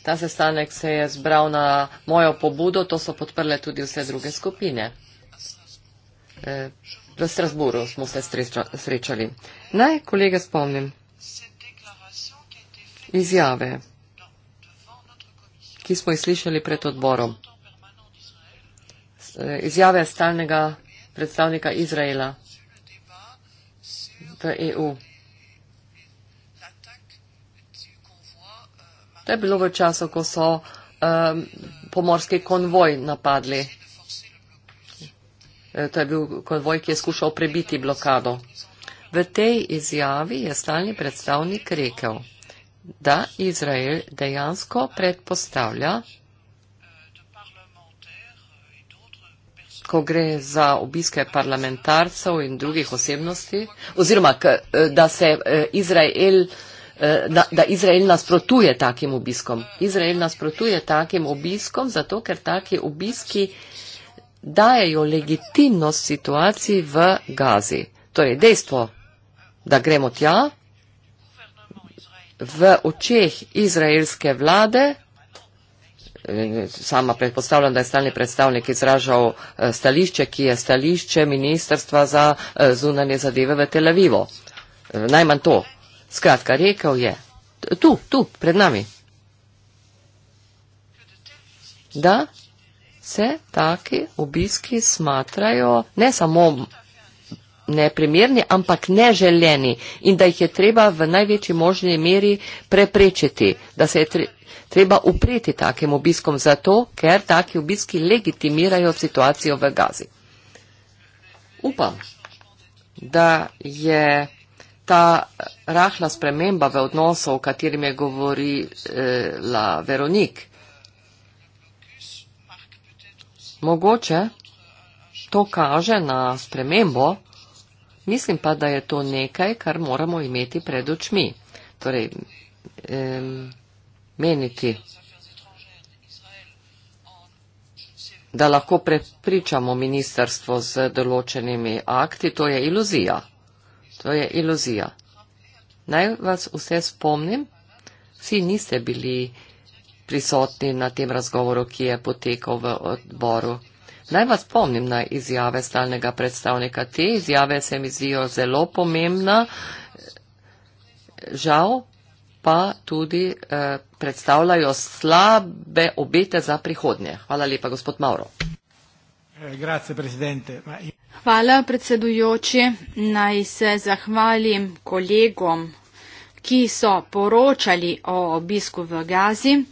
ta sestanek se je zbral na mojo pobudo, to so podprle tudi vse druge skupine. Eh, v Strasburu smo se srečali. Naj kolega spomnim izjave, ki smo jih slišali pred odborom. Eh, izjave stalnega predstavnika Izraela v EU. To je bilo v času, ko so um, pomorski konvoj napadli. Eh, to je bil konvoj, ki je skušal prebiti blokado. V tej izjavi je stalni predstavnik rekel, da Izrael dejansko predpostavlja, ko gre za obiske parlamentarcev in drugih osebnosti, oziroma eh, da se eh, Izrael, da Izrael nasprotuje takim obiskom. Izrael nasprotuje takim obiskom, zato ker taki obiski dajejo legitimnost situaciji v Gazi. To torej, je dejstvo, da gremo tja v očeh izraelske vlade, sama predpostavljam, da je stalni predstavnik izražal eh, stališče, ki je stališče Ministrstva za eh, zunanje zadeve v Tel Avivu. Eh, najmanj to. Skratka, rekel je, tu, tu, pred nami. Da se taki obiski smatrajo ne samo neprimerni, ampak neželeni in da jih je treba v največji možni meri preprečiti, da se je treba upreti takim obiskom zato, ker taki obiski legitimirajo situacijo v Gazi. Upam, da je ta eh, rahla sprememba v odnosu, o katerim je govorila Veronik, Mogoče to kaže na spremembo, mislim pa, da je to nekaj, kar moramo imeti pred očmi. Torej, em, meniti, da lahko prepričamo ministerstvo z določenimi akti, to je iluzija. To je iluzija. Naj vas vse spomnim, vsi niste bili prisotni na tem razgovoru, ki je potekal v odboru. Naj vas spomnim na izjave stalnega predstavnika. Te izjave se mi zdijo zelo pomembna. Žal pa tudi eh, predstavljajo slabe obete za prihodnje. Hvala lepa, gospod Mauro. Eh, Hvala, predsedujoči. Naj se zahvalim kolegom, ki so poročali o obisku v Gazi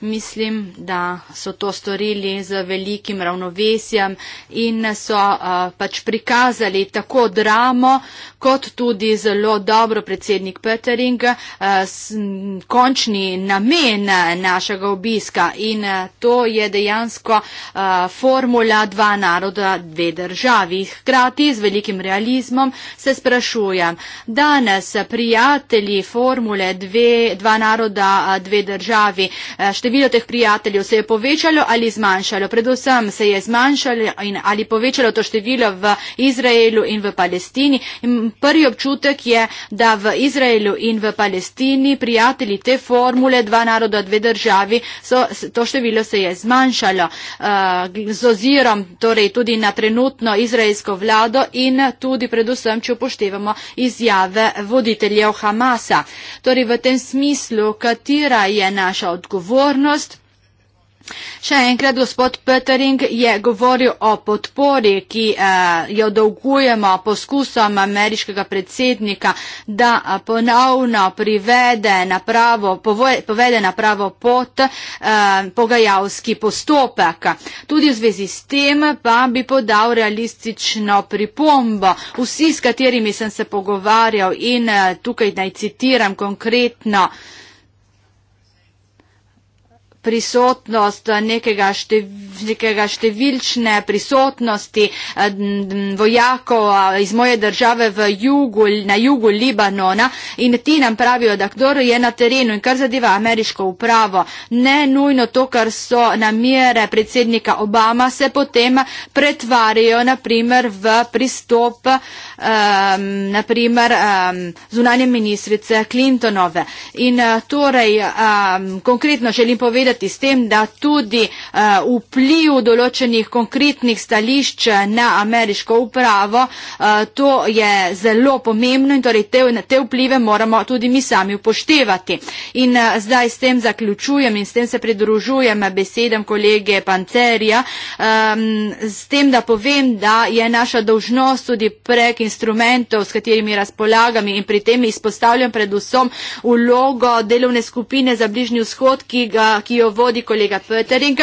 mislim, da so to storili z velikim ravnovesjem in so uh, pač prikazali tako dramo, kot tudi zelo dobro predsednik Petering, uh, s, m, končni namen našega obiska in uh, to je dejansko uh, formula dva naroda, dve državi. Hkrati z velikim realizmom se sprašujem, danes prijatelji formule dve, dva naroda, dve državi, uh, število teh prijateljev se je povečalo ali zmanjšalo. Predvsem se je zmanjšalo in, ali povečalo to število v Izraelu in v Palestini. In prvi občutek je, da v Izraelu in v Palestini prijatelji te formule dva naroda, dve državi, so, to število se je zmanjšalo uh, z ozirom torej, tudi na trenutno izraelsko vlado in tudi predvsem, če upoštevamo izjave voditeljev Hamasa. Torej, v tem smislu, katera je naša odgovornost, pozornost. Še enkrat, gospod Petering je govoril o podpori, ki eh, jo dolgujemo poskusom ameriškega predsednika, da eh, ponovno privede na pravo, povoje, povede na pravo pot eh, pogajalski postopek. Tudi v zvezi s tem pa bi podal realistično pripombo. Vsi, s katerimi sem se pogovarjal in eh, tukaj naj citiram konkretno prisotnost eh, nekega, štev, nekega številčne prisotnosti eh, vojakov eh, iz moje države jugu, na jugu Libanona in ti nam pravijo, da kdor je na terenu in kar zadeva ameriško upravo, ne nujno to, kar so namere predsednika Obama, se potem pretvarjajo naprimer v pristop um, naprimer um, zunanje ministrice Clintonove. In torej um, konkretno želim povedati, povezati s tem, da tudi uh, vpliv določenih konkretnih stališč na ameriško upravo, uh, to je zelo pomembno in torej te, te vplive moramo tudi mi sami upoštevati. In uh, zdaj s tem zaključujem in s tem se pridružujem besedam kolege Pancerja, um, s tem, da povem, da je naša dolžnost tudi prek instrumentov, s katerimi razpolagam in pri tem izpostavljam predvsem vlogo delovne skupine za bližnji vzhod, ki, ga, ki jo jo vodi kolega Pötering.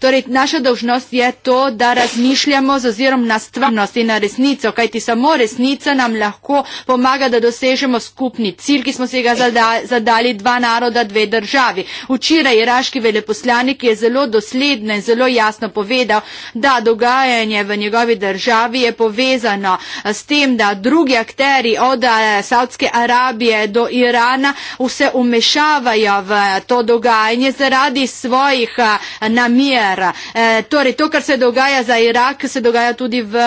Torej, naša dožnost je to, da razmišljamo z ozirom na stvarnost in na resnico, kajti samo resnica nam lahko pomaga, da dosežemo skupni cilj, ki smo si ga zadali dva naroda, dve državi. Včeraj iraški veleposlanik je zelo dosledno in zelo jasno povedal, da dogajanje v njegovi državi je povezano eh, s tem, da drugi akteri od eh, Saudske Arabije do Irana vse umešavajo v eh, to dogajanje zaradi svojih namer. Torej, to, kar se dogaja za Irak, se dogaja tudi v,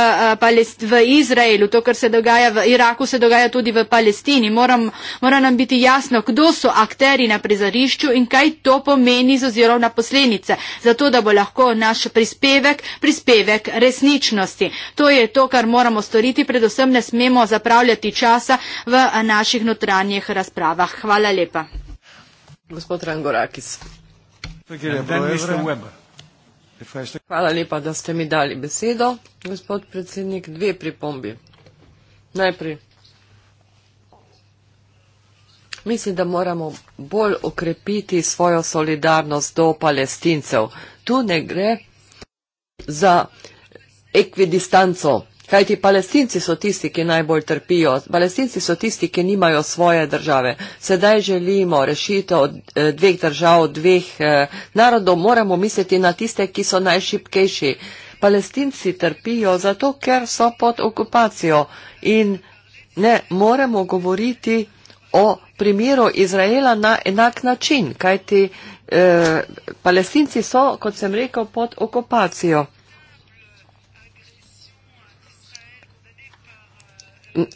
v Izraelu, to, kar se dogaja v Iraku, se dogaja tudi v Palestini. Moram, mora nam biti jasno, kdo so akteri na prizorišču in kaj to pomeni z ozirom na posledice, zato da bo lahko naš prispevek prispevek resničnosti. To je to, kar moramo storiti, predvsem ne smemo zapravljati časa v naših notranjih razpravah. Hvala lepa. Gospod Rangorakis. Hvala lepa, da ste mi dali besedo. Gospod predsednik, dve pripombi. Najprej, mislim, da moramo bolj okrepiti svojo solidarnost do palestincev. Tu ne gre za ekvidistanco. Kaj ti palestinci so tisti, ki najbolj trpijo, palestinci so tisti, ki nimajo svoje države. Sedaj želimo rešitev eh, dveh držav, dveh eh, narodov, moramo misliti na tiste, ki so najšipkejši. Palestinci trpijo zato, ker so pod okupacijo in ne moremo govoriti o primeru Izraela na enak način, kajti eh, palestinci so, kot sem rekel, pod okupacijo.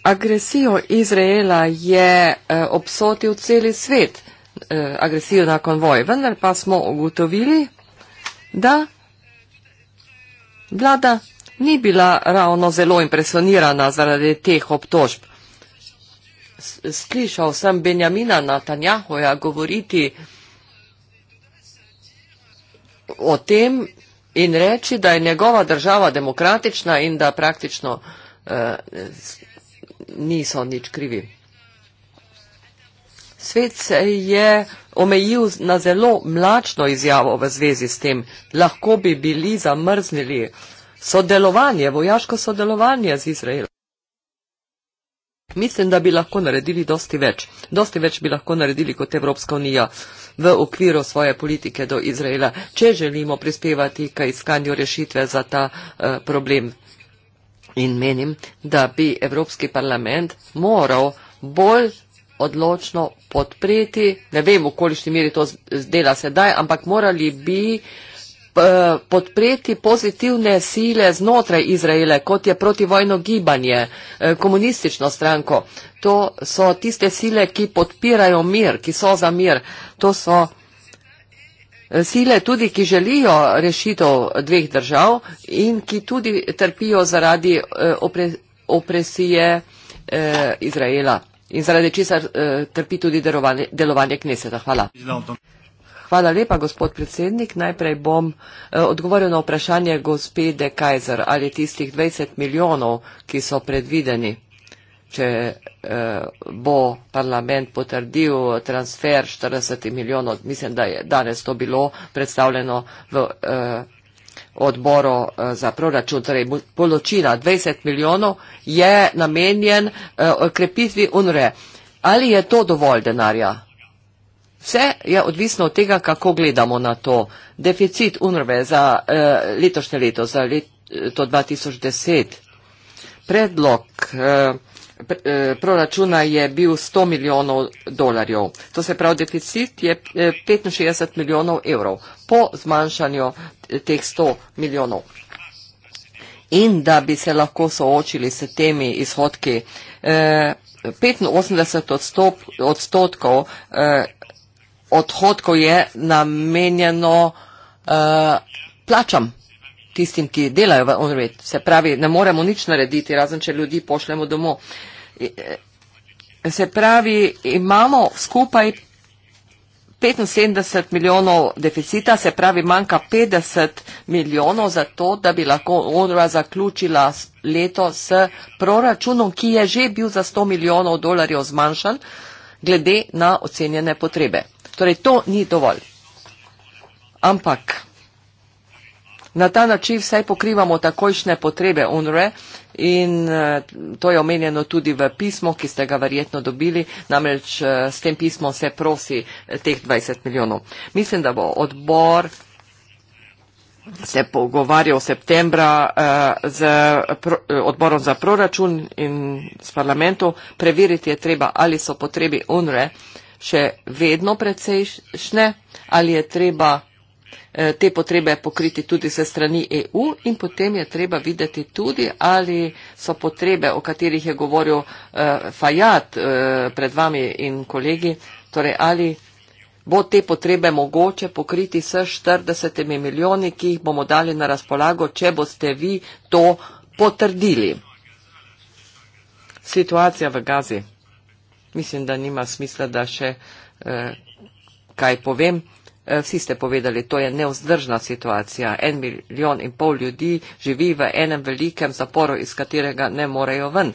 Agresijo Izraela je eh, obsotil celi svet, eh, agresijo na konvoj, vendar pa smo ugotovili, da vlada ni bila ravno zelo impresionirana zaradi teh obtožb. Slišal sem Benjamina Natanjahoja govoriti o tem in reči, da je njegova država demokratična in da praktično eh, niso nič krivi. Svet se je omejil na zelo mlačno izjavo v zvezi s tem, lahko bi bili zamrznili sodelovanje, vojaško sodelovanje z Izraelom. Mislim, da bi lahko naredili dosti več. Dosti več bi lahko naredili kot Evropska unija v okviru svoje politike do Izraela, če želimo prispevati k iskanju rešitve za ta uh, problem. In menim, da bi Evropski parlament moral bolj odločno podpreti, ne vem, v kolišni meri to dela sedaj, ampak morali bi eh, podpreti pozitivne sile znotraj Izraele, kot je protivojno gibanje, eh, komunistično stranko. To so tiste sile, ki podpirajo mir, ki so za mir. To so Eh, sile tudi, ki želijo rešitev dveh držav in ki tudi trpijo zaradi eh, opresije eh, Izraela in zaradi česar trpi tudi delovanje kneseta. Hvala. Hvala lepa, gospod predsednik. Najprej bom odgovoril na vprašanje gospede Kajzer, ali tistih 20 milijonov, ki so predvideni če eh, bo parlament potrdil transfer 40 milijonov, mislim, da je danes to bilo predstavljeno v eh, odboru eh, za proračun, torej poločina 20 milijonov je namenjen eh, krepitvi UNRE. Ali je to dovolj denarja? Vse je odvisno od tega, kako gledamo na to. Deficit UNRVE za eh, letošnje leto, za leto 2010. Predlog. Eh, Eh, proračuna je bil 100 milijonov dolarjev. To se pravi, deficit je 65 eh, milijonov evrov po zmanjšanju eh, teh 100 milijonov. In da bi se lahko soočili s temi izhodki, 85 odstop, odstotkov odhodkov je namenjeno plačam tistim, ki delajo v UNRWA. Se pravi, ne moremo nič narediti, razen če ljudi pošljemo domov. E, e, se pravi, imamo skupaj 75 milijonov deficita, se pravi, manjka 50 milijonov za to, da bi lahko UNRWA zaključila leto s proračunom, ki je že bil za 100 milijonov dolarjev zmanjšan, glede na ocenjene potrebe. Torej, to ni dovolj. Ampak Na ta način vsaj pokrivamo takojšnje potrebe UNRE in eh, to je omenjeno tudi v pismo, ki ste ga verjetno dobili, namreč eh, s tem pismo se prosi eh, teh 20 milijonov. Mislim, da bo odbor se pogovarjal v septembra z odborom za proračun in s parlamentom, preveriti je treba, ali so potrebi UNRE še vedno precejšne, ali je treba vsega, Eh, te potrebe pokriti tudi se strani EU in potem je treba videti tudi, ali so potrebe, o katerih je govoril uh, eh, Fajat uh, eh, pred vami in kolegi, torej ali bo te potrebe mogoče pokriti s 40 milijoni, ki jih bomo dali na razpolago, če boste vi to potrdili. Situacija v Gazi. Mislim, da nima smisla, da še eh, kaj povem. Eh, vsi ste povedali, to je neozdržna situacija. En milijon in pol ljudi živi v enem velikem zaporu, iz katerega ne morejo ven.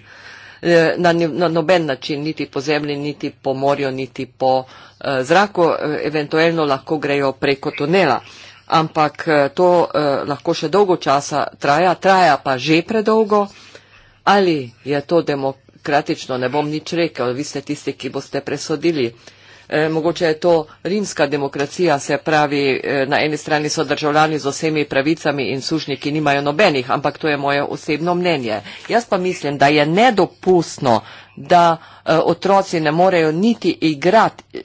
Eh, na noben način, niti po zemlji, niti po morju, niti po eh, zraku, eventualno lahko grejo preko tunela. Ampak to lahko še dolgo časa traja, traja pa že predolgo. Ali je to demokratično, ne bom nič rekel, vi ste tisti, ki boste presodili. Eh, mogoče je to rimska demokracija, se pravi, eh, na eni strani so državljani z vsemi pravicami in sužnji, ki nimajo nobenih, ampak to je moje osebno mnenje. Jaz pa mislim, da je nedopustno da eh, otroci ne morejo niti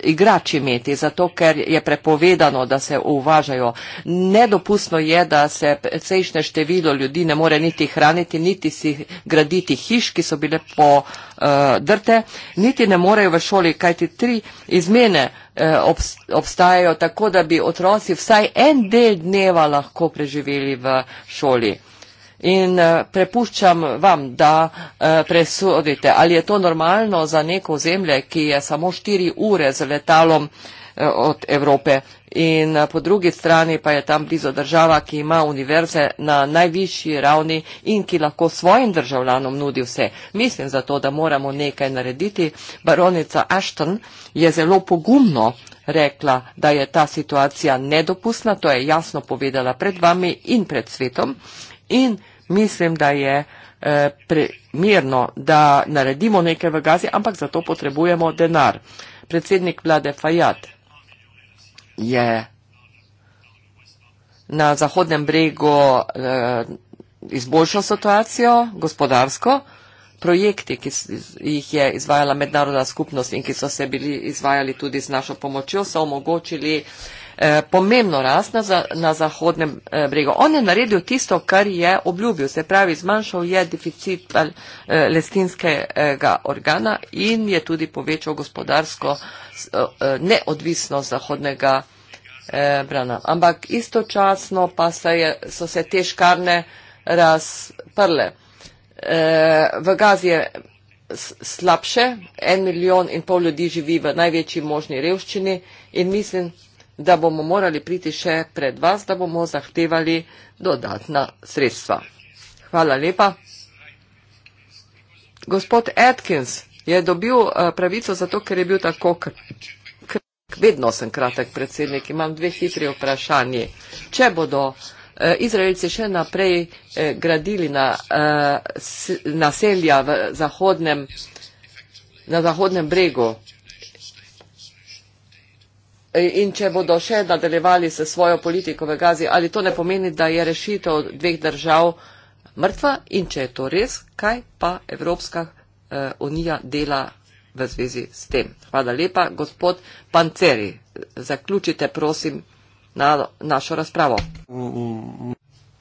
igrač imeti, zato ker je prepovedano, da se uvažajo. Nedopustno je, da se cejšne število ljudi ne more niti hraniti, niti si graditi hiš, ki so bile po drte, niti ne morejo v šoli, kajti tri izmene eh, obstajajo tako, da bi otroci vsaj en del dneva lahko preživeli v šoli. In eh, prepuščam vam, da eh, presodite, ali je to normalno za neko zemlje, ki je samo 4 ure z letalom eh, od Evrope. In po drugi strani pa je tam blizu država, ki ima univerze na najvišji ravni in ki lahko svojim državljanom nudi vse. Mislim zato, da moramo nekaj narediti. Baronica Ashton je zelo pogumno rekla, da je ta situacija nedopustna. To je jasno povedala pred vami in pred svetom. In mislim, da je eh, primerno, da naredimo nekaj v gazi, ampak zato potrebujemo denar. Predsednik vlade Fajat je na zahodnem bregu eh, izboljšal situacijo gospodarsko. Projekti, ki jih je izvajala mednarodna skupnost in ki so se bili izvajali tudi z našo pomočjo, so omogočili eh, Eh, pomembno rast na, za, na zahodnem eh, bregu. On je naredil tisto, kar je obljubil, se pravi, zmanjšal je deficit eh, lestinskega organa in je tudi povečal gospodarsko eh, eh neodvisnost zahodnega eh, brana. Ampak istočasno pa se je, so se te škarne razprle. Eh, v Gazi je slabše, en milijon in pol ljudi živi v največji možni revščini in mislim, da bomo morali priti še pred vas, da bomo zahtevali dodatna sredstva. Hvala lepa. Gospod Atkins je dobil eh, pravico zato, ker je bil tako kratek. Vedno sem kratek predsednik, imam dve hitri vprašanje. Če bodo eh, Izraelci še naprej eh, gradili na naselja v zahodnem, na zahodnem bregu, in če bodo še nadaljevali s svojo politiko v Gazi, ali to ne pomeni, da je rešitev dveh držav mrtva in če je to res, kaj pa Evropska eh, unija dela v zvezi s tem. Hvala lepa, gospod Panceri. Zaključite, prosim, na našo razpravo. Mm -mm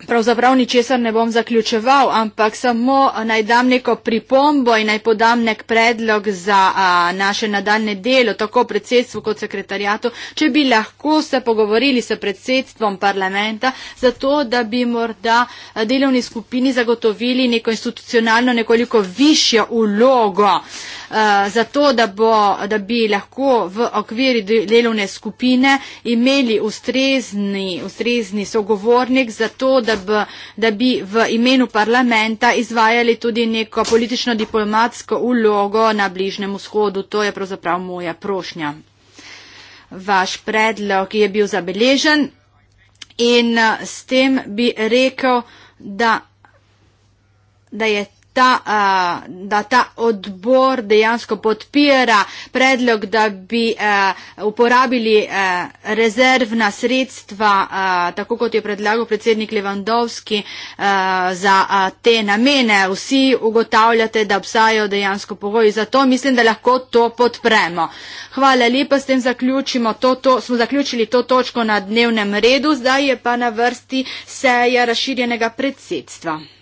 pravzaprav ničesar ne bom zaključeval, ampak samo naj dam neko pripombo in naj podam nek predlog za a, naše nadaljne delo, tako predsedstvu kot sekretarjatu, če bi lahko se pogovorili s predsedstvom parlamenta, zato da bi morda delovni skupini zagotovili neko institucionalno nekoliko višjo ulogo. A, Eh, za to, da, bo, da bi lahko v okviru delovne skupine imeli ustrezni, ustrezni sogovornik za to, da, b, da bi v imenu parlamenta izvajali tudi neko politično diplomatsko ulogo na Bližnem vzhodu. To je pravzaprav moja prošnja. Vaš predlog je bil zabeležen in eh, s tem bi rekel, da, da je ta, da ta odbor dejansko podpira predlog, da bi uporabili rezervna sredstva, tako kot je predlagal predsednik Levandovski, za te namene. Vsi ugotavljate, da obstajajo dejansko pogoji. Zato mislim, da lahko to podpremo. Hvala lepa, s tem zaključimo. To, to, smo zaključili to točko na dnevnem redu, zdaj je pa na vrsti seja razširjenega predsedstva.